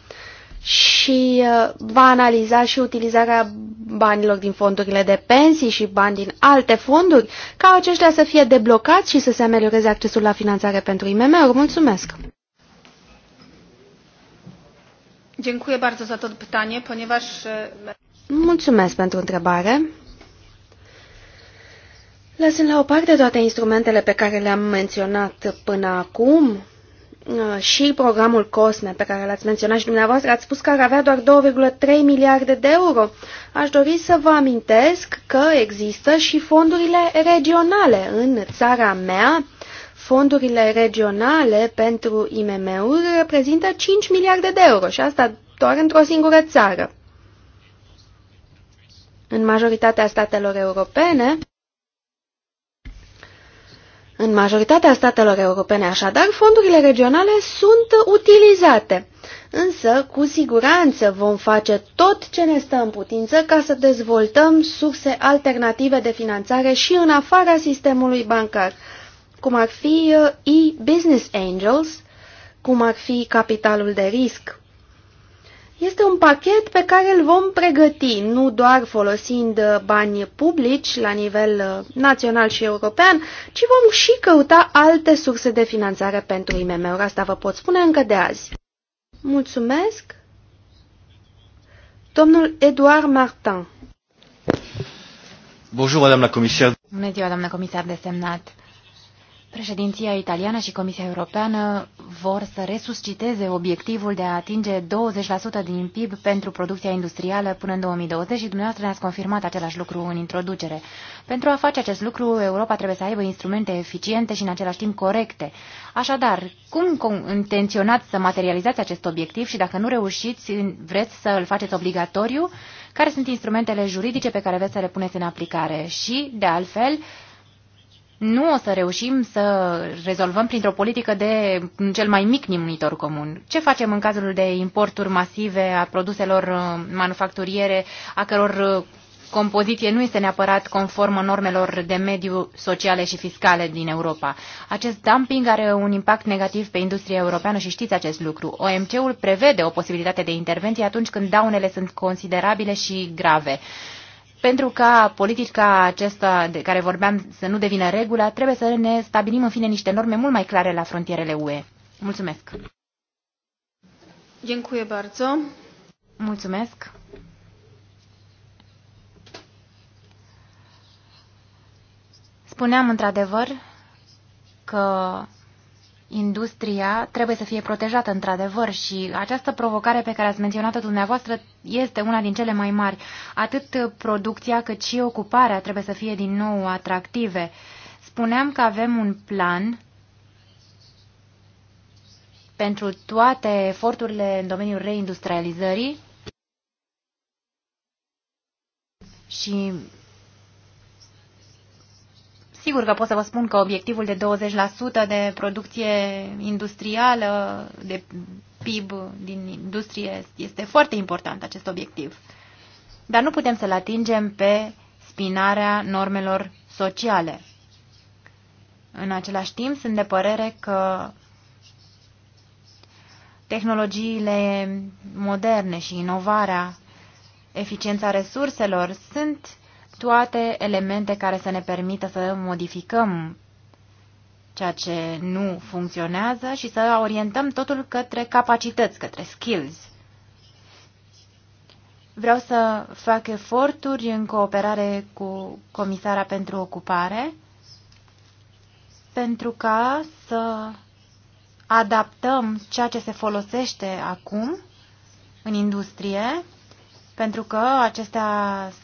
și uh, va analiza și utilizarea banilor din fondurile de pensii și bani din alte fonduri, ca aceștia să fie deblocați și să se amelioreze accesul la finanțare pentru IMM-uri. Mulțumesc! Dziękuję bardzo za to pytanie, ponieważ... Mulțumesc pentru întrebare. Lăsând la o parte toate instrumentele pe care le-am menționat până acum, Uh, și programul COSME pe care l-ați menționat și dumneavoastră, ați spus că ar avea doar 2,3 miliarde de euro. Aș dori să vă amintesc că există și fondurile regionale în țara mea. Fondurile regionale pentru IMM-uri reprezintă 5 miliarde de euro și asta doar într-o singură țară. În majoritatea statelor europene, în majoritatea statelor europene, așadar, fondurile regionale sunt utilizate. Însă, cu siguranță vom face tot ce ne stă în putință ca să dezvoltăm surse alternative de finanțare și în afara sistemului bancar, cum ar fi uh, e-business angels, cum ar fi capitalul de risc. Este un pachet pe care îl vom pregăti, nu doar folosind bani publici la nivel uh, național și european, ci vom și căuta alte surse de finanțare pentru IMM-uri. Asta vă pot spune încă de azi. Mulțumesc! Domnul Eduard Martin. Bună ziua, doamna comisar. Bună ziua, doamna comisar desemnat. Președinția italiană și Comisia Europeană vor să resusciteze obiectivul de a atinge 20% din PIB pentru producția industrială până în 2020 și dumneavoastră ne-ați confirmat același lucru în introducere. Pentru a face acest lucru, Europa trebuie să aibă instrumente eficiente și în același timp corecte. Așadar, cum intenționați să materializați acest obiectiv și dacă nu reușiți, vreți să îl faceți obligatoriu? Care sunt instrumentele juridice pe care veți să le puneți în aplicare? Și, de altfel, nu o să reușim să rezolvăm printr-o politică de cel mai mic numitor comun. Ce facem în cazul de importuri masive a produselor uh, manufacturiere, a căror uh, compoziție nu este neapărat conformă normelor de mediu sociale și fiscale din Europa. Acest dumping are un impact negativ pe industria europeană și știți acest lucru. OMC-ul prevede o posibilitate de intervenție atunci când daunele sunt considerabile și grave pentru ca politica acesta de care vorbeam să nu devină regulă trebuie să ne stabilim în fine niște norme mult mai clare la frontierele UE. Mulțumesc! Dziękuję bardzo. Mulțumesc! Spuneam într-adevăr că industria trebuie să fie protejată într-adevăr și această provocare pe care ați menționat-o dumneavoastră este una din cele mai mari. Atât producția cât și ocuparea trebuie să fie din nou atractive. Spuneam că avem un plan pentru toate eforturile în domeniul reindustrializării și Sigur că pot să vă spun că obiectivul de 20% de producție industrială, de PIB din industrie, este foarte important acest obiectiv. Dar nu putem să-l atingem pe spinarea normelor sociale. În același timp, sunt de părere că tehnologiile moderne și inovarea, eficiența resurselor sunt toate elemente care să ne permită să modificăm ceea ce nu funcționează și să orientăm totul către capacități, către skills. Vreau să fac eforturi în cooperare cu Comisara pentru Ocupare pentru ca să adaptăm ceea ce se folosește acum în industrie pentru că acestea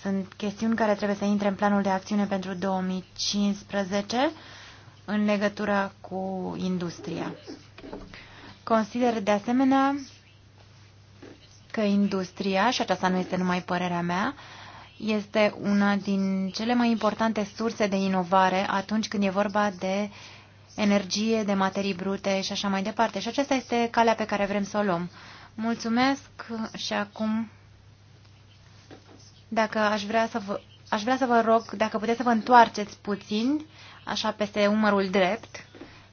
sunt chestiuni care trebuie să intre în planul de acțiune pentru 2015 în legătură cu industria. Consider de asemenea că industria, și aceasta nu este numai părerea mea, este una din cele mai importante surse de inovare atunci când e vorba de energie, de materii brute și așa mai departe. Și aceasta este calea pe care vrem să o luăm. Mulțumesc și acum dacă aș vrea să vă, aș vrea să vă rog, dacă puteți să vă întoarceți puțin, așa peste umărul drept,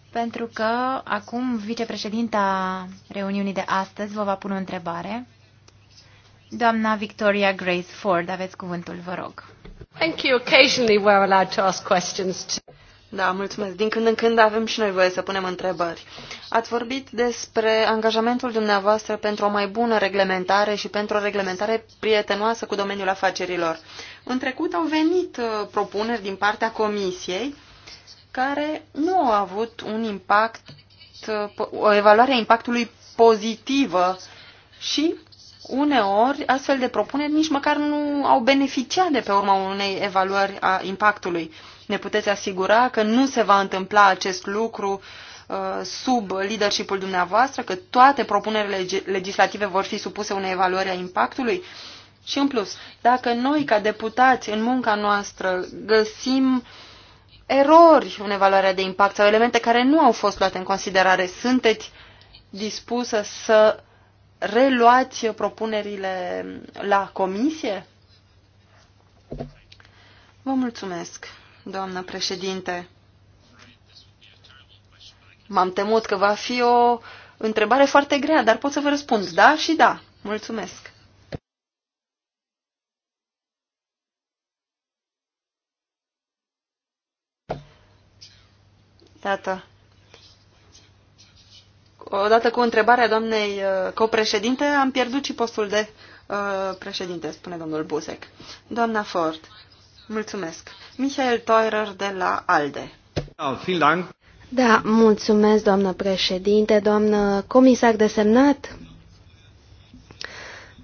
pentru că acum vicepreședinta reuniunii de astăzi vă va pune o întrebare. Doamna Victoria Grace Ford, aveți cuvântul, vă rog. Thank you. Occasionally we're allowed to ask questions. To... Da, mulțumesc. Din când în când avem și noi voie să punem întrebări. Ați vorbit despre angajamentul dumneavoastră pentru o mai bună reglementare și pentru o reglementare prietenoasă cu domeniul afacerilor. În trecut au venit uh, propuneri din partea Comisiei care nu au avut un impact, uh, o evaluare a impactului pozitivă și uneori astfel de propuneri nici măcar nu au beneficiat de pe urma unei evaluări a impactului ne puteți asigura că nu se va întâmpla acest lucru uh, sub leadership dumneavoastră, că toate propunerile legislative vor fi supuse unei evaluări a impactului? Și în plus, dacă noi ca deputați în munca noastră găsim erori în evaluarea de impact sau elemente care nu au fost luate în considerare, sunteți dispusă să reluați propunerile la comisie? Vă mulțumesc doamnă președinte. M-am temut că va fi o întrebare foarte grea, dar pot să vă răspund da și da. Mulțumesc. Iată. Odată cu întrebarea doamnei uh, copreședinte, am pierdut și postul de uh, președinte, spune domnul Buzek. Doamna Ford, Mulțumesc. Michael Teurer de la ALDE. Da, da, mulțumesc, doamnă președinte, doamnă comisar desemnat.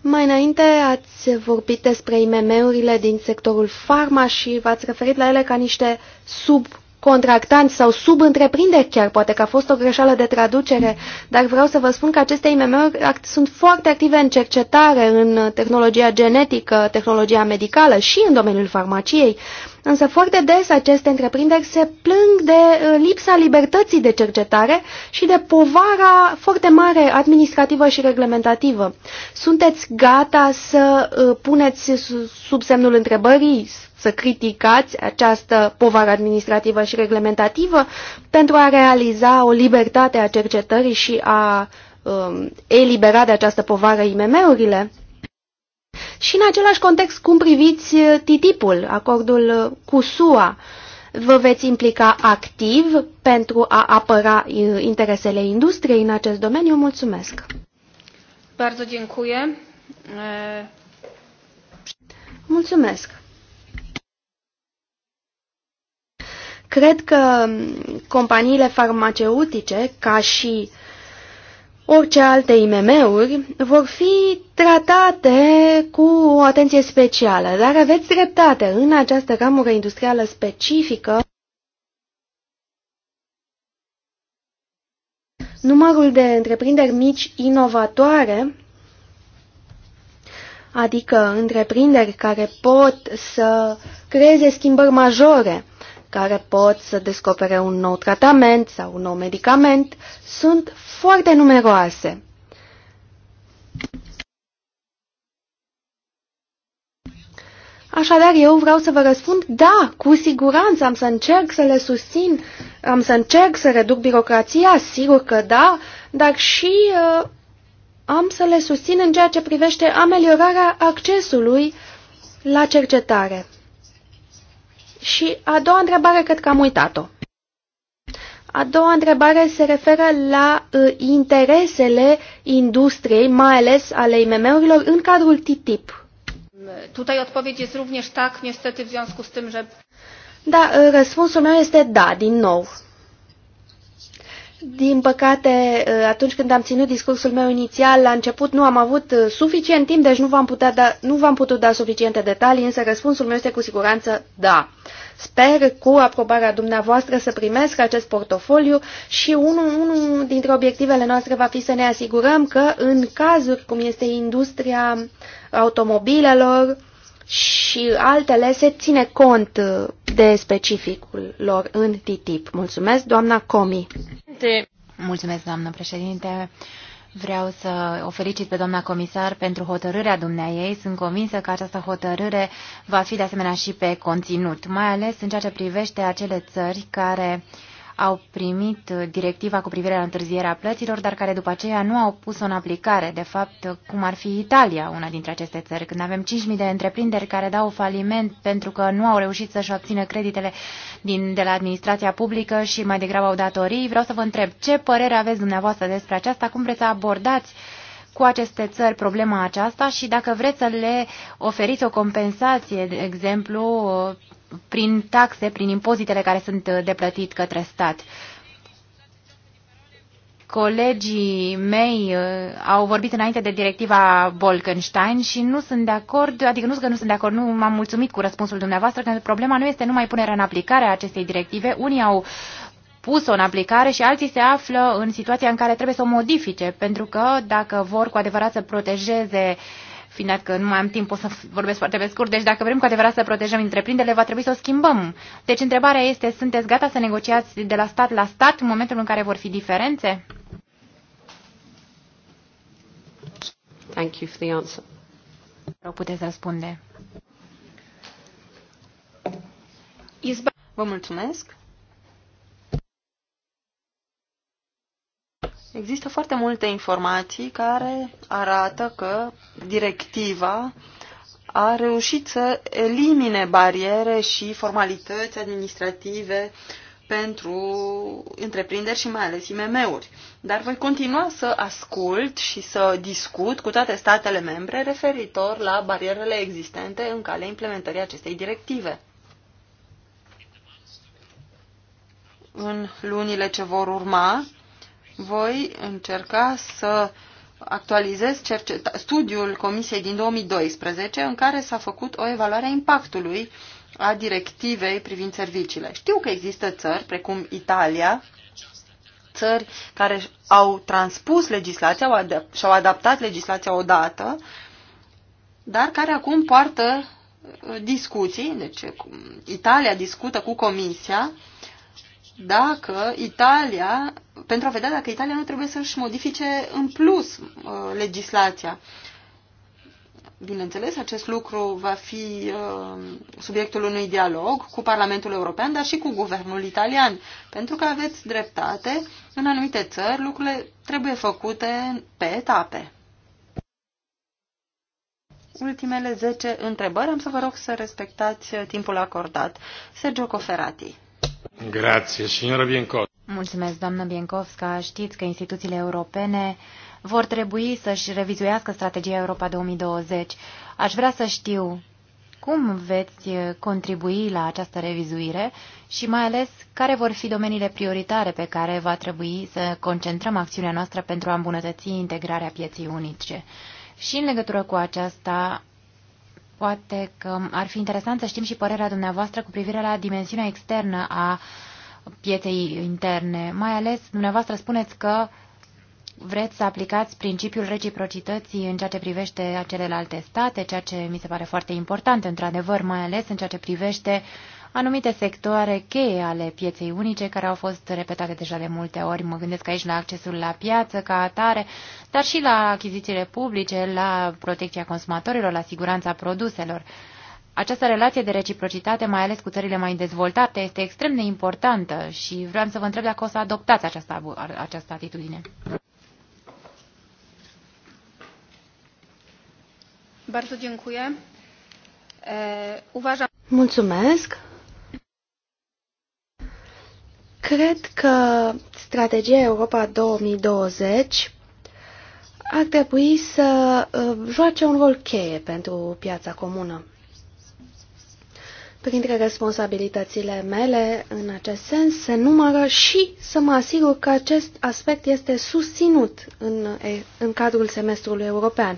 Mai înainte ați vorbit despre IMM-urile din sectorul farma și v-ați referit la ele ca niște sub contractanți sau sub întreprinderi chiar, poate că a fost o greșeală de traducere, dar vreau să vă spun că aceste IMM-uri sunt foarte active în cercetare, în tehnologia genetică, tehnologia medicală și în domeniul farmaciei. Însă foarte des aceste întreprinderi se plâng de uh, lipsa libertății de cercetare și de povara foarte mare administrativă și reglementativă. Sunteți gata să uh, puneți sub semnul întrebării, să criticați această povară administrativă și reglementativă pentru a realiza o libertate a cercetării și a um, elibera de această povară IMM-urile? Și în același context, cum priviți uh, TTIP-ul, acordul uh, cu SUA? Vă veți implica activ pentru a apăra uh, interesele industriei în acest domeniu? Mulțumesc! Bardzo dziękuję. Mulțumesc! Cred că mm, companiile farmaceutice, ca și orice alte IMM-uri vor fi tratate cu o atenție specială, dar aveți dreptate, în această ramură industrială specifică, numărul de întreprinderi mici inovatoare, adică întreprinderi care pot să creeze schimbări majore care pot să descopere un nou tratament sau un nou medicament, sunt foarte numeroase. Așadar, eu vreau să vă răspund, da, cu siguranță am să încerc să le susțin, am să încerc să reduc birocrația, sigur că da, dar și uh, am să le susțin în ceea ce privește ameliorarea accesului la cercetare. Și a doua întrebare, cred că am uitat-o. A doua întrebare se referă la uh, interesele industriei, mai ales ale IMM-urilor, în cadrul TTIP. Tutaj odpowiedź jest również tak, niestety w związku z tym, że... Da, uh, răspunsul meu este da, din nou. Din păcate, ă, atunci când am ținut discursul meu inițial, la început nu am avut ă, suficient timp, deci nu v-am, da, putut da suficiente detalii, însă răspunsul meu este cu siguranță da. Sper cu aprobarea dumneavoastră să primesc acest portofoliu și unul, unul dintre obiectivele noastre va fi să ne asigurăm că în cazuri cum este industria automobilelor și altele se ține cont ă, de specificul lor în TTIP. Mulțumesc, doamna Comi președinte. Mulțumesc, doamnă președinte. Vreau să o felicit pe doamna comisar pentru hotărârea dumneaei. Sunt convinsă că această hotărâre va fi de asemenea și pe conținut, mai ales în ceea ce privește acele țări care uh, au primit directiva cu privire la întârzierea plăților, dar care după aceea nu au pus-o în aplicare, de fapt, cum ar fi Italia, una dintre aceste țări, când avem 5.000 de întreprinderi care dau faliment pentru că nu au reușit să-și obțină creditele din, de la administrația publică și mai degrabă au datorii. Vreau să vă întreb ce părere aveți dumneavoastră despre aceasta, cum vreți să abordați cu aceste țări problema aceasta și dacă vreți să le oferiți o compensație, de exemplu, prin taxe, prin impozitele care sunt uh, de plătit către stat. Colegii mei uh, au vorbit înainte de directiva Bolkenstein și nu sunt de acord, adică nu că nu sunt de acord, nu m-am mulțumit cu răspunsul dumneavoastră, că problema nu este numai punerea în aplicare a acestei directive. Unii au pus-o în aplicare și alții se află în situația în care trebuie să o modifice, pentru că dacă vor cu adevărat să protejeze uh, fiind că nu mai am timp, o să vorbesc foarte pe scurt. Deci dacă vrem cu adevărat să protejăm întreprinderile, va trebui să o schimbăm. Deci întrebarea este, sunteți gata să negociați de la stat la stat în momentul în care vor fi diferențe? Thank you for the answer. Vă puteți răspunde. Vă mulțumesc. Există foarte multe informații care arată că directiva a reușit să elimine bariere și formalități administrative pentru întreprinderi și mai ales IMM-uri. Dar voi continua să ascult și să discut cu toate statele membre referitor la barierele existente în calea implementării acestei directive. În lunile ce vor urma, voi încerca să actualizez cerceta, studiul Comisiei din 2012 în care s-a făcut o evaluare a impactului a directivei privind serviciile. Știu că există țări, precum Italia, țări care au transpus legislația și-au adaptat legislația odată, dar care acum poartă uh, discuții, deci Italia discută cu Comisia dacă Italia, pentru a vedea dacă Italia nu trebuie să-și modifice în plus uh, legislația. Bineînțeles, acest lucru va fi uh, subiectul unui dialog cu Parlamentul European, dar și cu guvernul italian, pentru că aveți dreptate, în anumite țări lucrurile trebuie făcute pe etape. Ultimele 10 întrebări, am să vă rog să respectați uh, timpul acordat. Sergio Coferati. Mulțumesc, doamnă Biencovska. Știți că instituțiile europene vor trebui să-și revizuiască strategia Europa 2020. Aș vrea să știu cum veți contribui la această revizuire și mai ales care vor fi domeniile prioritare pe care va trebui să concentrăm acțiunea noastră pentru a îmbunătăți integrarea pieței unice. Și în legătură cu aceasta Poate că ar fi interesant să știm și părerea dumneavoastră cu privire la dimensiunea externă a pieței interne. Mai ales, dumneavoastră spuneți că vreți să aplicați principiul reciprocității în ceea ce privește celelalte state, ceea ce mi se pare foarte important, într-adevăr, mai ales în ceea ce privește uh, anumite sectoare cheie ale pieței unice care au fost repetate deja de multe ori. Mă gândesc aici la accesul la piață ca atare, dar și la achizițiile publice, la protecția consumatorilor, la siguranța produselor. Această relație de reciprocitate, mai ales cu țările mai dezvoltate, este extrem de importantă și vreau să vă întreb dacă o să adoptați această, această atitudine. Mulțumesc. Cred că strategia Europa 2020 ar trebui să uh, joace un rol cheie pentru piața comună. Printre responsabilitățile mele în acest sens se numără și să mă asigur că acest aspect este susținut în, în cadrul semestrului european.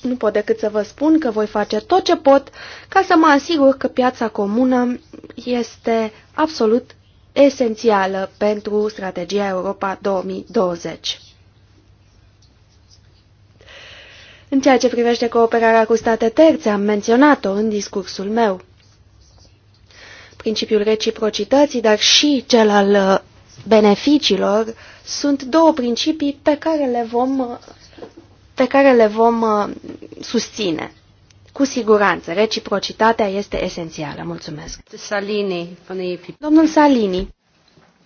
Nu pot decât să vă spun că voi face tot ce pot ca să mă asigur că piața comună este absolut esențială pentru strategia Europa 2020. În ceea ce privește cooperarea cu state terțe, am menționat-o în discursul meu. Principiul reciprocității, dar și cel al beneficiilor, sunt două principii pe care le vom pe care le vom uh, susține. Cu siguranță, reciprocitatea este esențială. Mulțumesc. Salini, Domnul Salini.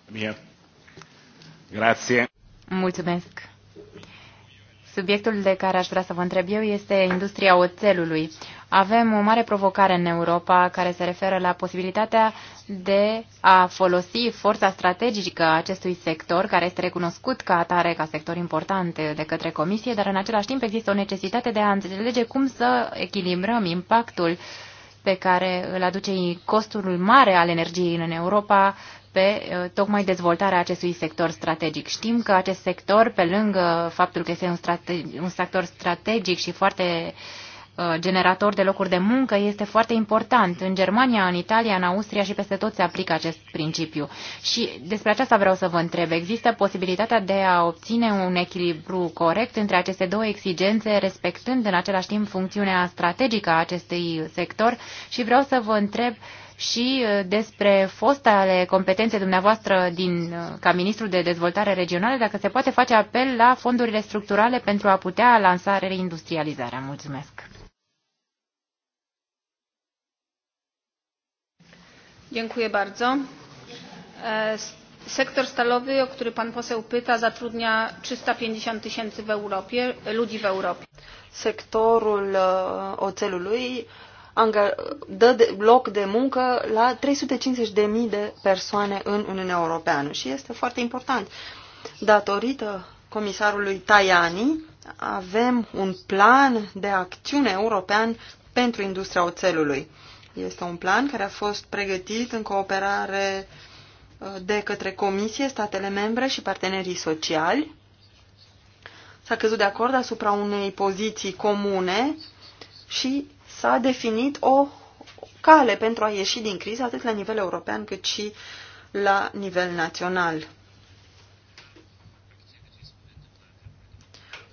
Mie. Grazie. Mulțumesc. Subiectul de care aș vrea să vă întreb eu este industria oțelului. Avem o mare provocare în Europa care se referă la posibilitatea de a folosi forța strategică a acestui sector, care este recunoscut ca atare, ca sector important de către Comisie, dar în același timp există o necesitate de a înțelege cum să echilibrăm impactul pe care îl aduce costul mare al energiei în Europa pe uh, tocmai dezvoltarea acestui sector strategic. Știm că acest sector, pe lângă faptul că este un, strate- un sector strategic și foarte uh, Uh, generator de locuri de muncă este foarte important. În Germania, în Italia, în Austria și peste tot se aplică acest principiu. Și despre aceasta vreau să vă întreb. Există posibilitatea de a obține un echilibru corect între aceste două exigențe, respectând în același timp funcțiunea strategică a acestui sector? Și vreau să vă întreb și uh, despre fostale competențe dumneavoastră din, uh, ca ministru de dezvoltare regională, dacă se poate face apel la fondurile structurale pentru a putea lansa reindustrializarea. Mulțumesc! Dziękuję bardzo. Sektor stalowy, o który pan poseł pyta, zatrudnia 350 tysięcy w Europie, ludzi w Europie. Sectorul oțelului dă loc de muncă la 350.000 de persoane în Uniunea Europeană și este foarte important. Datorită comisarului Tajani, avem un plan de acțiune european pentru industria oțelului. Este un plan care a fost pregătit în cooperare uh, de către Comisie, statele membre și partenerii sociali. S-a căzut de acord asupra unei poziții comune și s-a definit o cale pentru a ieși din criză atât la nivel european cât și la nivel național.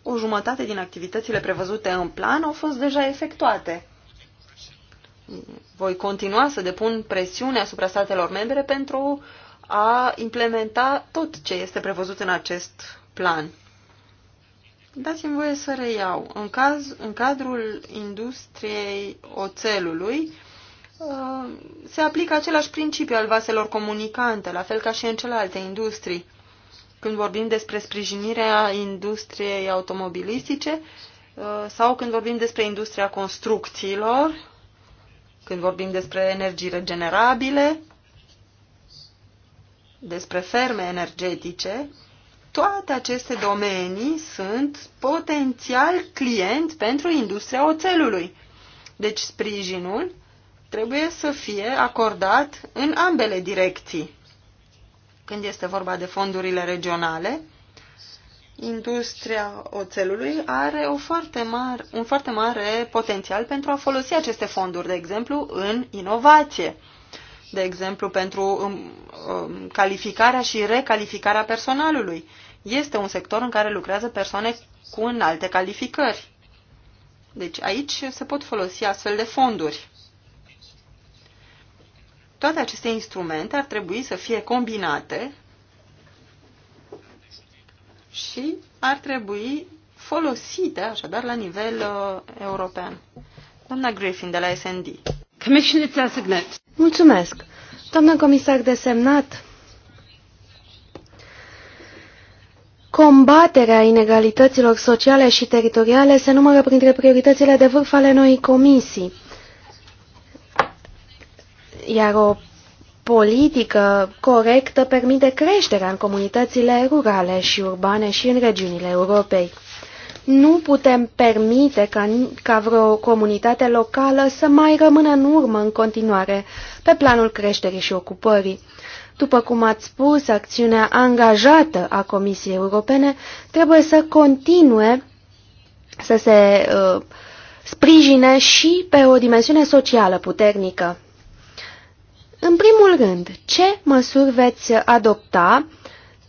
O jumătate din activitățile prevăzute în plan au fost deja efectuate voi continua să depun presiune asupra statelor membre pentru a implementa tot ce este prevăzut în acest plan. Dați-mi voie să reiau. În, caz, în cadrul industriei oțelului uh, se aplică același principiu al vaselor comunicante, la fel ca și în celelalte industrii. Când vorbim despre sprijinirea industriei automobilistice uh, sau când vorbim despre industria construcțiilor, când vorbim despre energii regenerabile, despre ferme energetice, toate aceste domenii sunt potențial client pentru industria oțelului. Deci sprijinul trebuie să fie acordat în ambele direcții. Când este vorba de fondurile regionale, industria oțelului are o foarte mare, un foarte mare potențial pentru a folosi aceste fonduri, de exemplu, în inovație, de exemplu, pentru um, um, calificarea și recalificarea personalului. Este un sector în care lucrează persoane cu înalte calificări. Deci aici se pot folosi astfel de fonduri. Toate aceste instrumente ar trebui să fie combinate și ar trebui folosite, așadar, la nivel uh, european. Doamna Griffin de la SND. Mulțumesc. Doamna comisar desemnat, Combaterea inegalităților sociale și teritoriale se numără printre prioritățile de vârf ale noii comisii. Iar o politică corectă permite creșterea în comunitățile rurale și urbane și în regiunile Europei. Nu putem permite ca, ca vreo comunitate locală să mai rămână în urmă în continuare pe planul creșterii și ocupării. După cum ați spus, acțiunea angajată a Comisiei Europene trebuie să continue să se uh, sprijine și pe o dimensiune socială puternică. În primul rând, ce măsuri veți adopta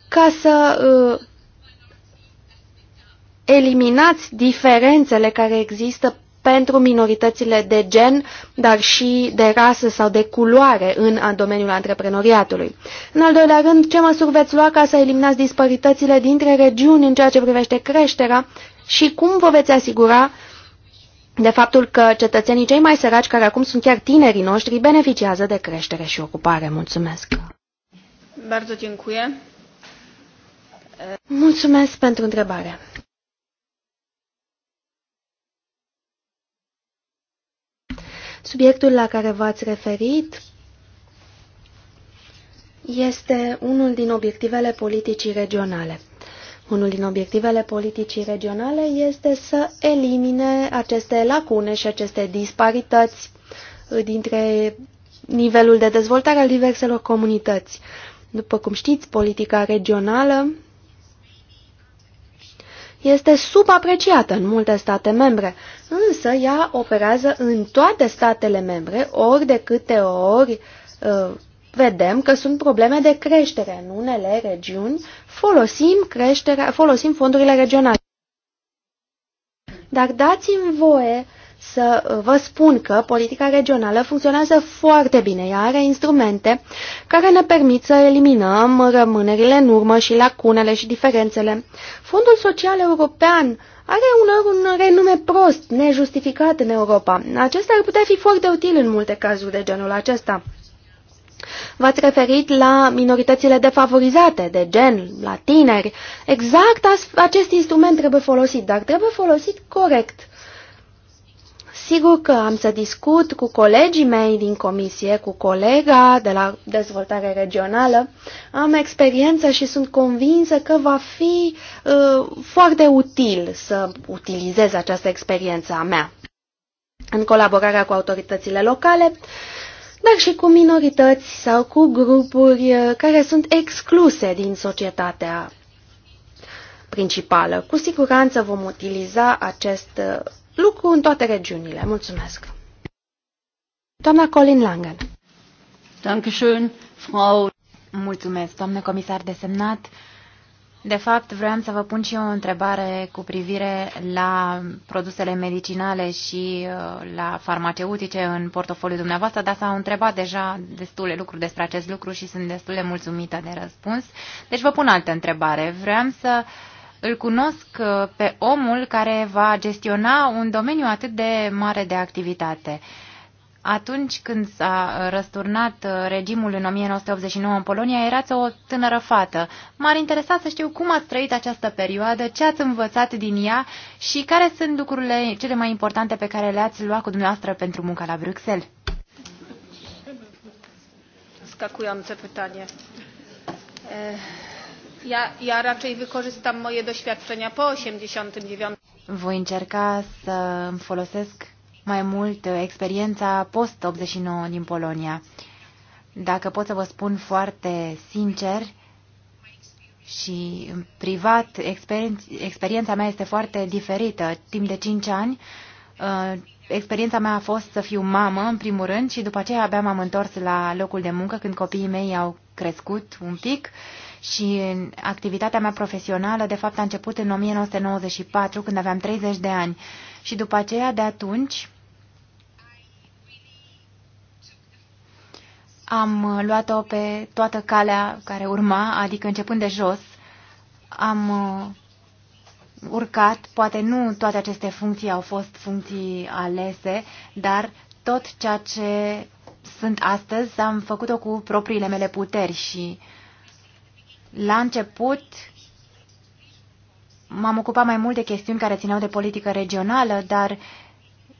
ca să uh, eliminați diferențele care există pentru minoritățile de gen, dar și de rasă sau de culoare în domeniul antreprenoriatului. În al doilea rând, ce măsuri veți lua ca să eliminați disparitățile dintre regiuni în ceea ce privește creșterea și cum vă veți asigura de faptul că cetățenii cei mai săraci, care acum sunt chiar tinerii noștri, beneficiază de creștere și ocupare. Mulțumesc! Bardzo dziękuję. Mulțumesc pentru întrebare. Subiectul la care v-ați referit este unul din obiectivele politicii regionale. Unul din obiectivele politicii regionale este să elimine aceste lacune și aceste disparități uh, dintre nivelul de dezvoltare al diverselor comunități. După cum știți, politica regională este subapreciată în multe state membre, însă ea operează în toate statele membre, ori de câte ori uh, vedem că sunt probleme de creștere în unele regiuni, folosim, creșterea, folosim fondurile regionale. Dar dați-mi voie să vă spun că politica regională funcționează foarte bine, ea are instrumente care ne permit să eliminăm rămânerile în urmă și lacunele și diferențele. Fondul Social European are uneori un renume prost, nejustificat în Europa. Acesta ar putea fi foarte util în multe cazuri de genul acesta. V-ați referit la minoritățile defavorizate, de gen, la tineri. Exact acest instrument trebuie folosit, dar trebuie folosit corect. Sigur că am să discut cu colegii mei din comisie, cu colega de la dezvoltare regională. Am experiență și sunt convinsă că va fi uh, foarte util să utilizez această experiență a mea. În colaborarea cu autoritățile locale, dar și cu minorități sau cu grupuri uh, care sunt excluse din societatea principală. Cu siguranță vom utiliza acest uh, lucru în toate regiunile. Mulțumesc! Doamna Colin Langen. Dankeschön, Frau. Mulțumesc, doamnă comisar desemnat. De fapt, vreau să vă pun și eu o întrebare cu privire la produsele medicinale și uh, la farmaceutice în portofoliul dumneavoastră, dar s-au întrebat deja destule lucruri despre acest lucru și sunt destul de mulțumită de răspuns. Deci vă pun altă întrebare. Vreau să îl cunosc uh, pe omul care va gestiona un domeniu atât de mare de activitate. Uh, atunci când s-a răsturnat uh, regimul în 1989 în Polonia, erați o tânără fată. M-ar interesa să știu cum ați trăit această perioadă, ce ați învățat din ea și care sunt lucrurile cele mai importante pe care le-ați luat cu dumneavoastră pentru munca la Bruxelles. Skakujące pytanie. Ja, ja raczej wykorzystam moje doświadczenia po 89. Voi încerca să folosesc mai mult experiența post-89 din Polonia. Dacă pot să vă spun foarte sincer și privat, experiența mea este foarte diferită. Timp de 5 ani, uh, experiența mea a fost să fiu mamă, în primul rând, și după aceea abia m-am întors la locul de muncă când copiii mei au crescut un pic și activitatea mea profesională, de fapt, a început în 1994, când aveam 30 de ani. Și după aceea, de atunci, Am uh, luat-o pe toată calea care urma, adică începând de jos. Am uh, urcat, poate nu toate aceste funcții au fost funcții alese, dar tot ceea ce sunt astăzi am făcut-o cu propriile mele puteri și la început m-am ocupat mai mult de chestiuni care țineau de politică regională, dar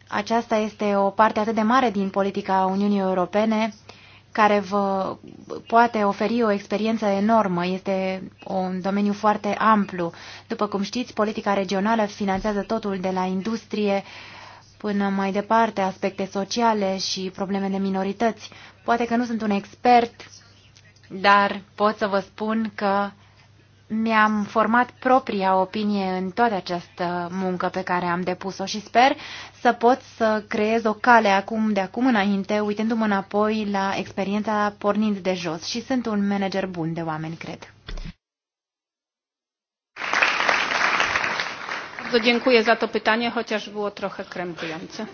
aceasta este o parte atât de mare din politica Uniunii Europene care vă poate oferi o experiență enormă. Este un domeniu foarte amplu. După cum știți, politica regională finanțează totul de la industrie până mai departe, aspecte sociale și probleme de minorități. Poate că nu sunt un expert, dar pot să vă spun că mi-am format propria opinie în toată această muncă pe care am depus-o și sper să pot să creez o cale acum de acum înainte, uitându-mă înapoi la experiența pornind de jos și sunt un manager bun de oameni, cred. Dziękuję za to pytanie, chociaż było trochę krępujące.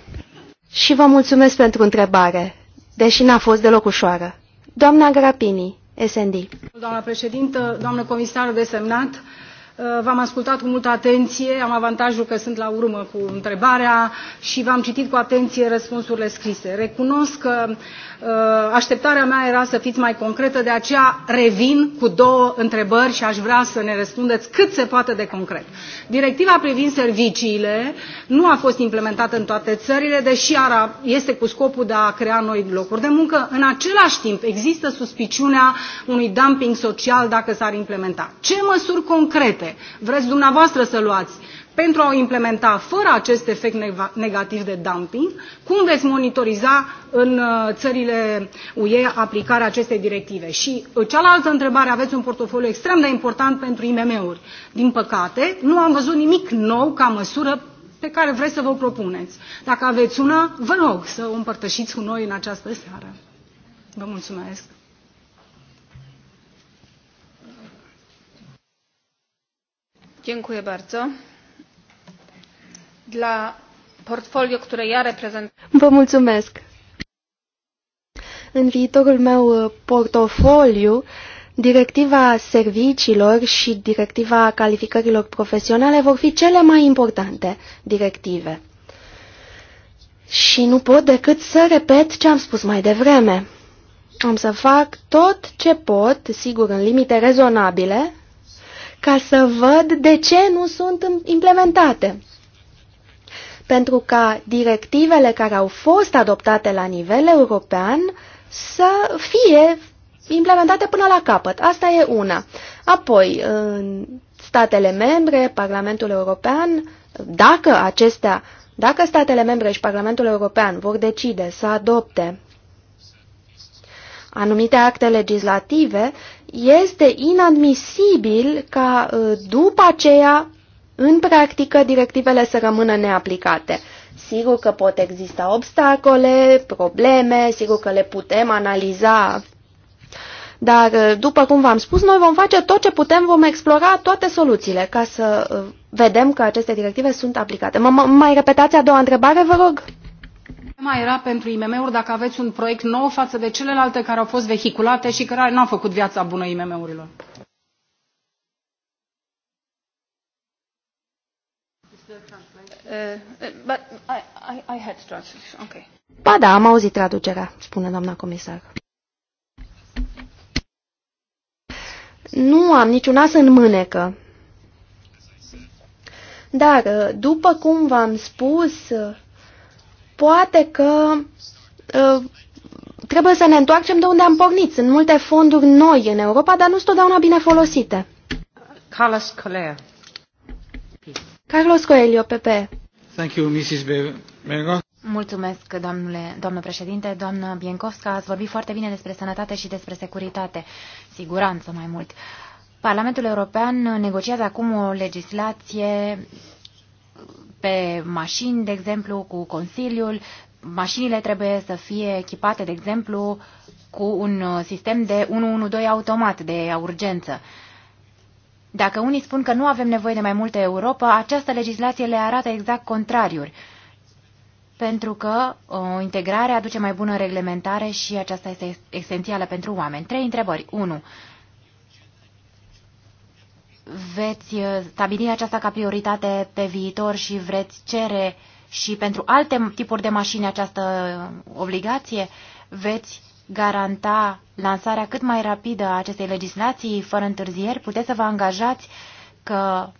Și vă mulțumesc pentru întrebare, deși n-a fost deloc ușoară. Doamna Grapini. SND. Doamna președintă, doamnă comisar desemnat, Uh, v-am ascultat cu multă atenție, am avantajul că sunt la urmă cu întrebarea și v-am citit cu atenție răspunsurile scrise. Recunosc că uh, așteptarea mea era să fiți mai concretă, de aceea revin cu două întrebări și aș vrea să ne răspundeți cât se poate de concret. Directiva privind serviciile nu a fost implementată în toate țările, deși este cu scopul de a crea noi locuri de muncă. În același timp există suspiciunea unui dumping social dacă s-ar implementa. Ce măsuri concrete care vreți dumneavoastră să luați pentru a o implementa fără acest efect negativ de dumping, cum veți monitoriza în uh, țările UE aplicarea acestei directive? Și uh, cealaltă întrebare, aveți un portofoliu extrem de important pentru IMM-uri. Din păcate, nu am văzut nimic nou ca măsură pe care vreți să vă propuneți. Dacă aveți una, vă rog să o împărtășiți cu noi în această seară. Vă mulțumesc. Dla portfolio, które ja Vă mulțumesc. În viitorul meu uh, portofoliu, directiva serviciilor și directiva calificărilor profesionale vor fi cele mai importante directive. Și nu pot decât să repet ce am spus mai devreme. Am să fac tot ce pot, sigur în limite rezonabile, ca să văd de ce nu sunt implementate. Pentru ca directivele care au fost adoptate la nivel european să fie implementate până la capăt. Asta e una. Apoi, în statele membre, Parlamentul European, dacă acestea, dacă statele membre și Parlamentul European vor decide să adopte anumite acte legislative, este inadmisibil ca ă, după aceea, în practică, directivele să rămână neaplicate. Sigur că pot exista obstacole, probleme, sigur că le putem analiza, dar, ă, după cum v-am spus, noi vom face tot ce putem, vom explora toate soluțiile ca să ă, vedem că aceste directive sunt aplicate. M mai repetați a doua întrebare, vă rog? Mai era pentru IMM-uri dacă aveți un proiect nou față de celelalte care au fost vehiculate și care nu au făcut viața bună IMM-urilor. Uh, ba da, am auzit traducerea, spune doamna comisar. Nu am niciun as în mânecă. Dar, uh, după cum v-am spus, uh, Poate că ă, trebuie să ne întoarcem de unde am pornit. Sunt multe fonduri noi în Europa, dar nu sunt totdeauna bine folosite. Carlos Coelho. Carlos Coelho, PP. Thank you, Mrs. Mulțumesc, domnule, domnul președinte. Doamnă Biencovska, ați vorbit foarte bine despre sănătate și despre securitate. Siguranță mai mult. Parlamentul European negociază acum o legislație pe mașini, de exemplu, cu Consiliul. Mașinile trebuie să fie echipate, de exemplu, cu un uh, sistem de 112 automat de urgență. Dacă unii spun că nu avem nevoie de mai multă Europa, această legislație le arată exact contrariuri, pentru că o uh, integrare aduce mai bună reglementare și aceasta este esențială pentru oameni. Trei întrebări. 1 veți uh, stabili aceasta ca prioritate pe viitor și vreți cere și pentru alte tipuri de mașini această uh, obligație, veți garanta lansarea cât mai rapidă a acestei legislații, fără întârzieri, puteți să vă angajați că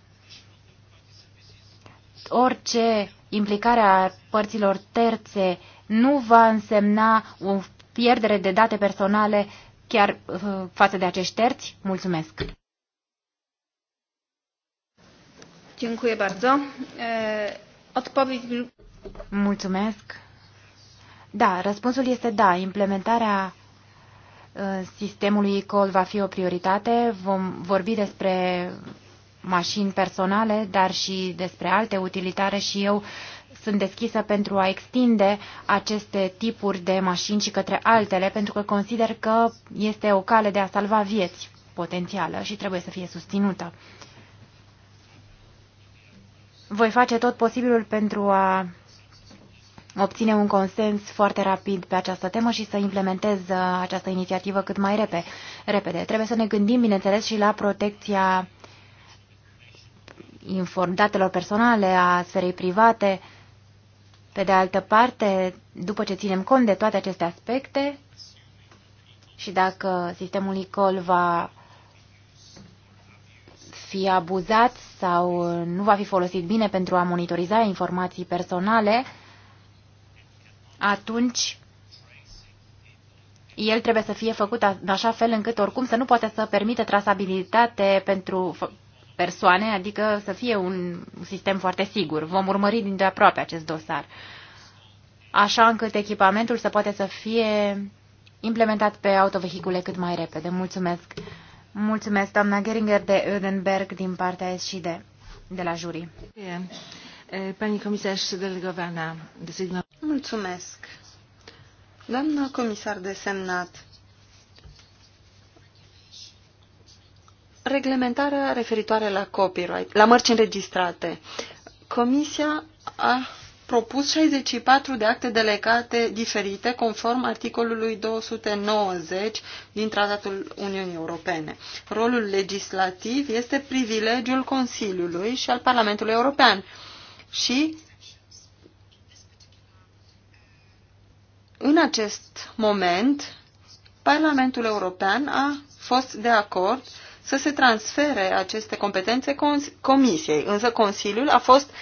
orice implicare a părților terțe nu va însemna o pierdere de date personale chiar uh, față de acești terți? Mulțumesc! Dziękuję bardzo. Odpowiedź... Mulțumesc. Da, răspunsul este da. Implementarea sistemului ECOL va fi o prioritate. Vom vorbi despre mașini personale, dar și despre alte utilitare și eu sunt deschisă pentru a extinde aceste tipuri de mașini și către altele, pentru că consider că este o cale de a salva vieți potențială și trebuie să fie susținută. Voi face tot posibilul pentru a obține un consens foarte rapid pe această temă și să implementez uh, această inițiativă cât mai repede. Trebuie să ne gândim, bineînțeles, și la protecția datelor personale, a sferei private. Pe de altă parte, după ce ținem cont de toate aceste aspecte și dacă sistemul ICOL va fi abuzat sau nu va fi folosit bine pentru a monitoriza informații personale, atunci el trebuie să fie făcut în așa fel încât oricum să nu poate să permite trasabilitate pentru persoane, adică să fie un sistem foarte sigur. Vom urmări din de aproape acest dosar. Așa încât echipamentul să poate să fie implementat pe autovehicule cât mai repede. Mulțumesc! Mulțumesc, doamna Geringer de Ödenberg, din partea SCD, de la jurii. Pani comisar delegowana, desemnat. Mulțumesc. Doamna comisar de semnat, reglementarea referitoare la copyright, la mărci înregistrate. Comisia a propus 64 de acte delegate diferite conform articolului 290 din Tratatul Uniunii Europene. Rolul legislativ este privilegiul Consiliului și al Parlamentului European și în acest moment Parlamentul European a fost de acord să se transfere aceste competențe Comisiei, însă Consiliul a fost uh,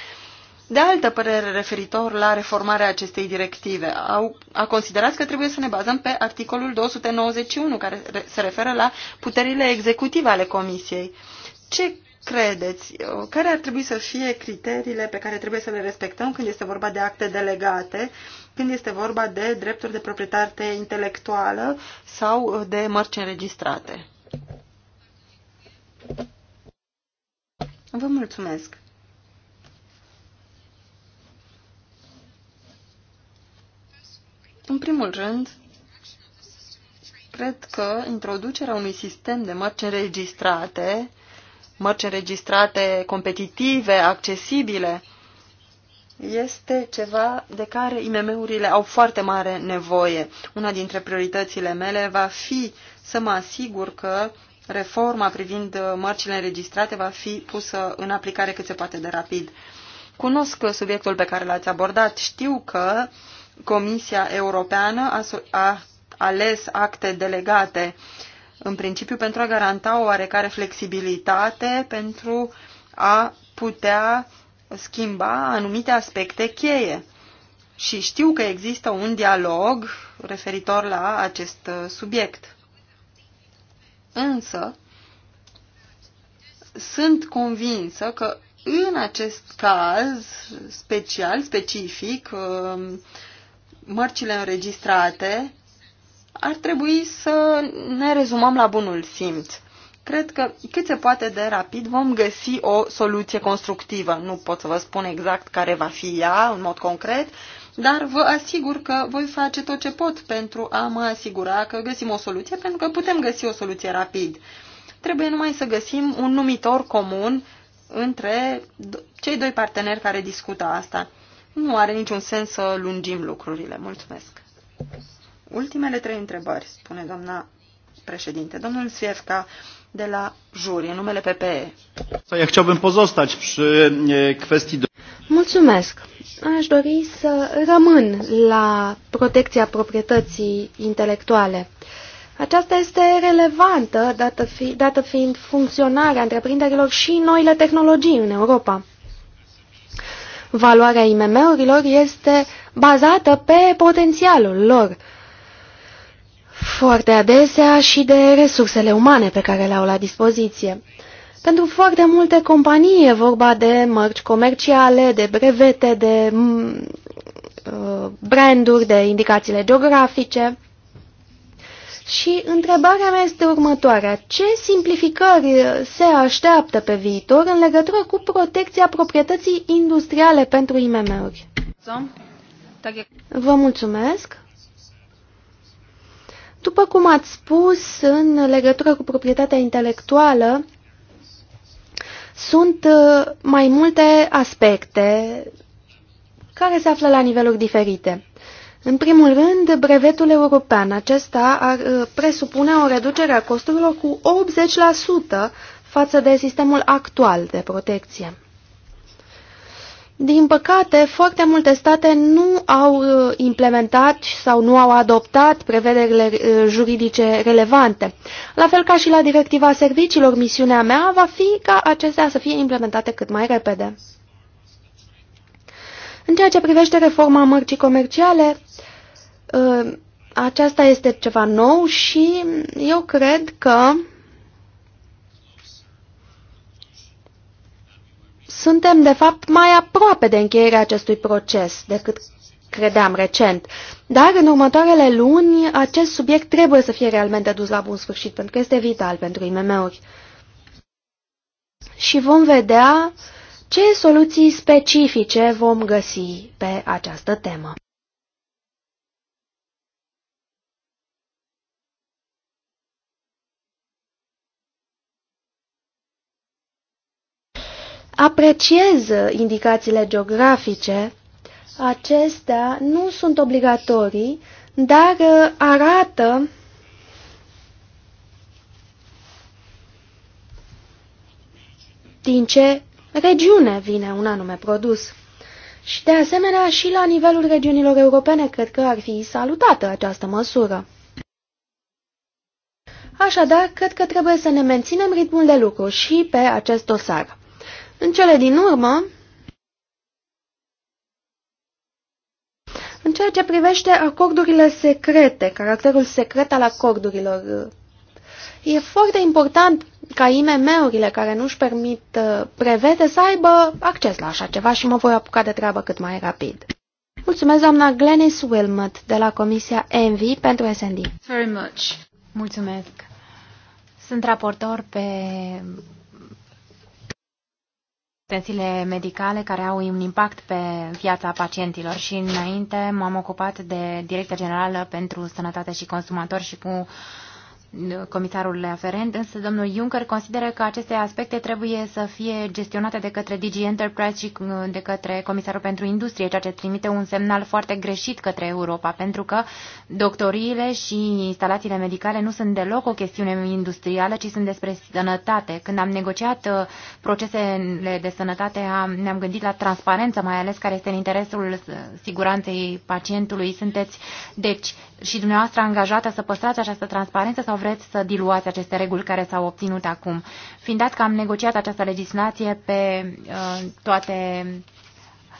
de altă părere referitor la reformarea acestei directive. Au, a considerat că trebuie să ne bazăm pe articolul 291, care se referă la puterile executive ale Comisiei. Ce credeți? Care ar trebui să fie criteriile pe care trebuie să le respectăm când este vorba de acte delegate, când este vorba de drepturi de proprietate intelectuală sau de mărci înregistrate? Vă mulțumesc! În primul rând, cred că introducerea unui sistem de mărci înregistrate, mărci înregistrate competitive, accesibile, este ceva de care IMM-urile au foarte mare nevoie. Una dintre prioritățile mele va fi să mă asigur că reforma privind mărcile înregistrate va fi pusă în aplicare cât se poate de rapid. Cunosc subiectul pe care l-ați abordat, știu că uh, Comisia Europeană a, ales acte delegate în principiu pentru a garanta o oarecare flexibilitate pentru a putea schimba anumite aspecte cheie. Și știu că există un dialog referitor la acest uh, subiect. Însă, sunt convinsă că în acest caz special, specific, um, mărcile înregistrate, ar trebui să ne rezumăm la bunul simț. Cred că cât se poate de rapid vom găsi o soluție constructivă. Nu pot să vă spun exact care va fi ea în mod concret, dar vă asigur că voi face tot ce pot pentru a mă asigura că găsim o soluție, pentru că putem găsi o soluție rapid. Trebuie numai să găsim un numitor comun între cei doi parteneri care discută asta nu are niciun sens să lungim lucrurile. Mulțumesc. Ultimele trei întrebări, spune doamna președinte. Domnul Sfievca de la jurie, numele PPE. Ja chciałbym pozostać przy kwestii... Mulțumesc. Aș dori să rămân la protecția proprietății intelectuale. Aceasta este relevantă, dată, fi, dată fiind funcționarea întreprinderilor și noile tehnologii în Europa. Valoarea IMM-urilor este bazată pe potențialul lor, foarte adesea și de resursele umane pe care le au la dispoziție. Pentru foarte multe companii e vorba de mărci comerciale, de brevete, de mm, uh, branduri, de indicațiile geografice. Și întrebarea mea este următoarea. Ce simplificări se așteaptă pe viitor în legătură cu protecția proprietății industriale pentru IMM-uri? Vă mulțumesc! După cum ați spus, în legătură cu proprietatea intelectuală, sunt uh, mai multe aspecte care se află la niveluri diferite. În primul rând, brevetul european. Acesta ar uh, presupune o reducere a costurilor cu 80% față de sistemul actual de protecție. Din păcate, foarte multe state nu au uh, implementat sau nu au adoptat prevederile uh, juridice relevante. La fel ca și la directiva serviciilor, misiunea mea va fi ca acestea să fie implementate cât mai repede. În ceea ce privește reforma mărcii comerciale, Ă, aceasta este ceva nou și eu cred că suntem de fapt mai aproape de încheierea acestui proces decât credeam recent. Dar în următoarele luni acest subiect trebuie să fie realmente dus la bun sfârșit pentru că este vital pentru IMM-uri. Și vom vedea ce soluții specifice vom găsi pe această temă. Apreciez indicațiile geografice, acestea nu sunt obligatorii, dar arată din ce regiune vine un anume produs. Și de asemenea, și la nivelul regiunilor europene, cred că ar fi salutată această măsură. Așadar, cred că trebuie să ne menținem ritmul de lucru și pe acest dosar. În cele din urmă, în ceea ce privește acordurile secrete, caracterul secret al acordurilor, e foarte important ca IMM-urile care nu-și permit uh, prevede să aibă acces la așa ceva și mă voi apuca de treabă cât mai rapid. Mulțumesc, doamna Glenis Wilmot, de la Comisia ENVI pentru SND. Very much. Mulțumesc. Sunt raportor pe Tensiile medicale care au un impact pe viața pacientilor și înainte m-am ocupat de Direcția Generală pentru Sănătate și Consumatori și cu comisarul aferent, însă domnul Juncker consideră că aceste aspecte trebuie să fie gestionate de către DG Enterprise și uh, de către comisarul pentru industrie, ceea ce trimite un semnal foarte greșit către Europa, pentru că doctoriile și instalațiile medicale nu sunt deloc o chestiune industrială, ci sunt despre sănătate. Când am negociat uh, procesele de sănătate, am, ne-am gândit la transparență, mai ales care este în interesul siguranței pacientului. Sunteți, deci, și dumneavoastră angajată să păstrați această transparență sau vreți să diluați aceste reguli care s-au obținut acum. Fiind dat că am negociat această legislație pe uh, toate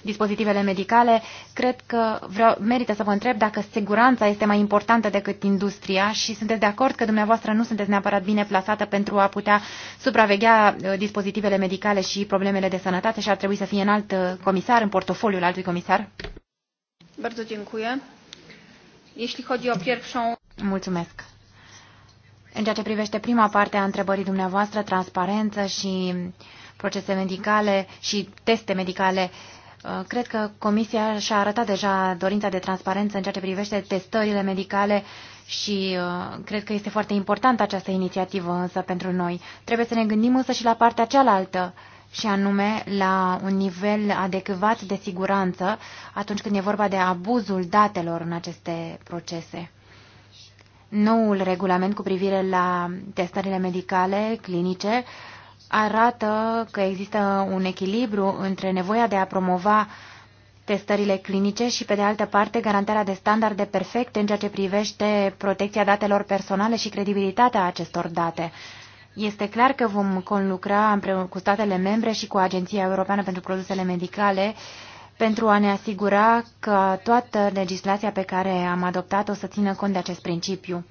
dispozitivele medicale, cred că vreau, merită să vă întreb dacă siguranța este mai importantă decât industria și sunteți de acord că dumneavoastră nu sunteți neapărat bine plasată pentru a putea supraveghea uh, dispozitivele medicale și problemele de sănătate și ar trebui să fie în alt uh, comisar, în portofoliul altui comisar? Bardzo dziękuję. Jeśli chodzi o pierwszą... Mulțumesc. În ceea ce privește prima parte a întrebării dumneavoastră, transparență și procese medicale și teste medicale, uh, cred că Comisia și-a arătat deja dorința de transparență în ceea ce privește testările medicale și uh, cred că este foarte importantă această inițiativă însă pentru noi. Trebuie să ne gândim însă și la partea cealaltă și anume la un nivel adecvat de siguranță atunci când e vorba de abuzul datelor în aceste procese. Noul regulament cu privire la testările medicale clinice arată că există un echilibru între nevoia de a promova testările clinice și, pe de altă parte, garantarea de standarde perfecte în ceea ce privește protecția datelor personale și credibilitatea acestor date. Este clar că vom conlucra împreună cu statele membre și cu Agenția Europeană pentru Produsele Medicale pentru a ne asigura că toată legislația pe care am adoptat-o să țină cont de acest principiu.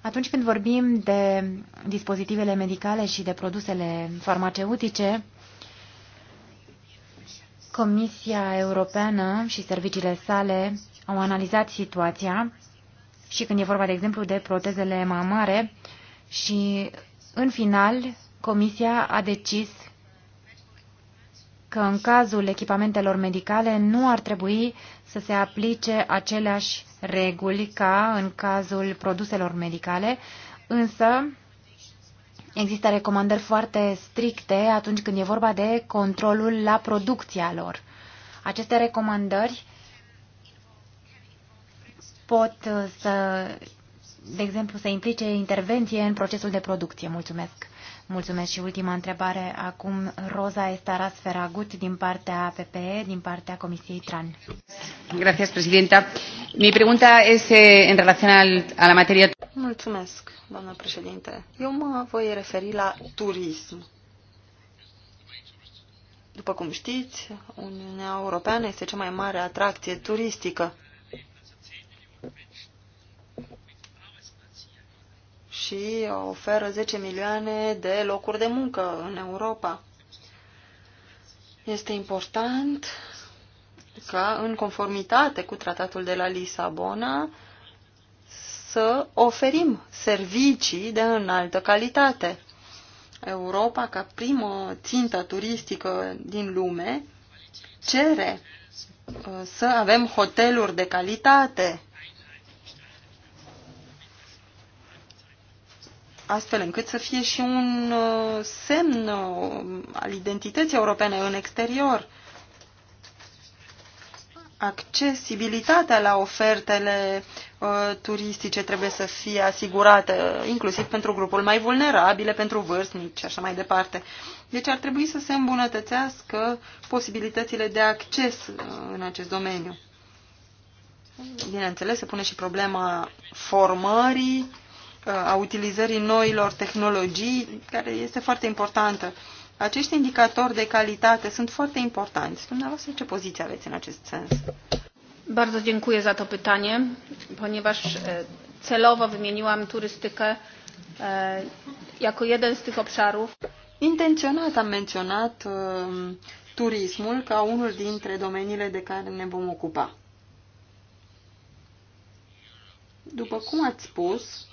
Atunci când vorbim de dispozitivele medicale și de produsele farmaceutice, Comisia Europeană și serviciile sale au analizat situația și când e vorba, de exemplu, de protezele mamare și, în final, Comisia a decis că în cazul echipamentelor medicale nu ar trebui să se aplice aceleași reguli ca în cazul produselor medicale, însă există recomandări foarte stricte atunci când e vorba de controlul la producția lor. Aceste recomandări pot să, de exemplu, să implice intervenție în procesul de producție. Mulțumesc! Mulțumesc și ultima întrebare. Acum Roza Estaras Feragut din partea PPE, din partea Comisiei TRAN. Gracias, presidenta. Mi pregunta este eh, în relație a la materia... Mulțumesc, doamnă președinte. Eu mă voi referi la turism. După cum știți, Uniunea Europeană este cea mai mare atracție turistică și oferă 10 milioane de locuri de muncă în Europa. Este important ca, în conformitate cu tratatul de la Lisabona, să oferim servicii de înaltă calitate. Europa, ca primă țintă turistică din lume, cere uh, să avem hoteluri de calitate, astfel încât să fie și un uh, semn uh, al identității europene în exterior. Accesibilitatea la ofertele uh, turistice trebuie să fie asigurată, inclusiv pentru grupul mai vulnerabile, pentru vârstnici și așa mai departe. Deci ar trebui să se îmbunătățească posibilitățile de acces în acest domeniu. Bineînțeles, se pune și problema formării Uh, a utilizării noilor tehnologii, care este foarte importantă. Acești indicatori de calitate sunt foarte importanți. Dumneavoastră, ce poziție aveți în acest sens? Bardzo dziękuję za to pytanie, ponieważ celowo wymieniłam turystykę jako jeden z tych obszarów. Intenționat am menționat turismul ca unul dintre domeniile de care ne vom ocupa. După cum ați spus,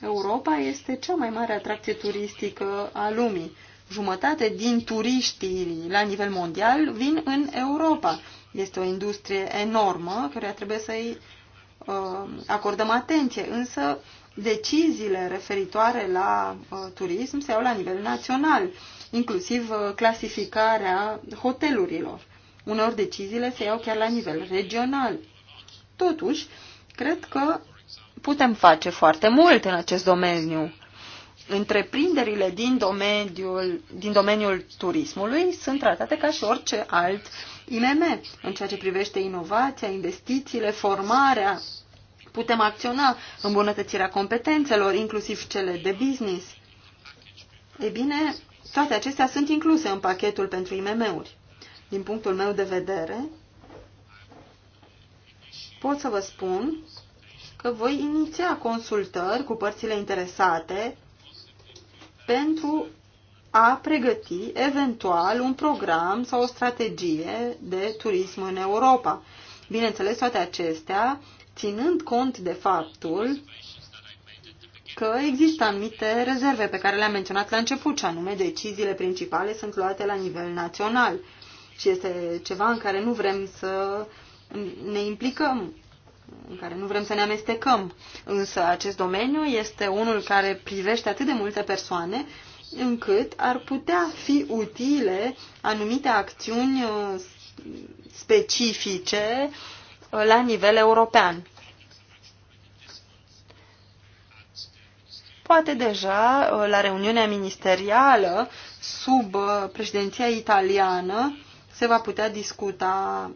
Europa este cea mai mare atracție turistică a lumii. Jumătate din turiștii la nivel mondial vin în Europa. Este o industrie enormă care trebuie să-i uh, acordăm atenție, însă deciziile referitoare la uh, turism se iau la nivel național, inclusiv uh, clasificarea hotelurilor. Uneori deciziile se iau chiar la nivel regional. Totuși, cred că putem face foarte mult în acest domeniu. Întreprinderile din domeniul, din domeniul turismului sunt tratate ca și orice alt IMM. În ceea ce privește inovația, investițiile, formarea, putem acționa îmbunătățirea competențelor, inclusiv cele de business. E bine, toate acestea sunt incluse în pachetul pentru IMM-uri. Din punctul meu de vedere, pot să vă spun că voi iniția consultări cu părțile interesate pentru a pregăti eventual un program sau o strategie de turism în Europa. Bineînțeles, toate acestea ținând cont de faptul că există anumite rezerve pe care le-am menționat la început, și anume deciziile principale sunt luate la nivel național și este ceva în care nu vrem să ne implicăm în care nu vrem să ne amestecăm. Însă acest domeniu este unul care privește atât de multe persoane încât ar putea fi utile anumite acțiuni uh, specifice uh, la nivel european. Poate deja uh, la reuniunea ministerială sub președinția italiană se va putea discuta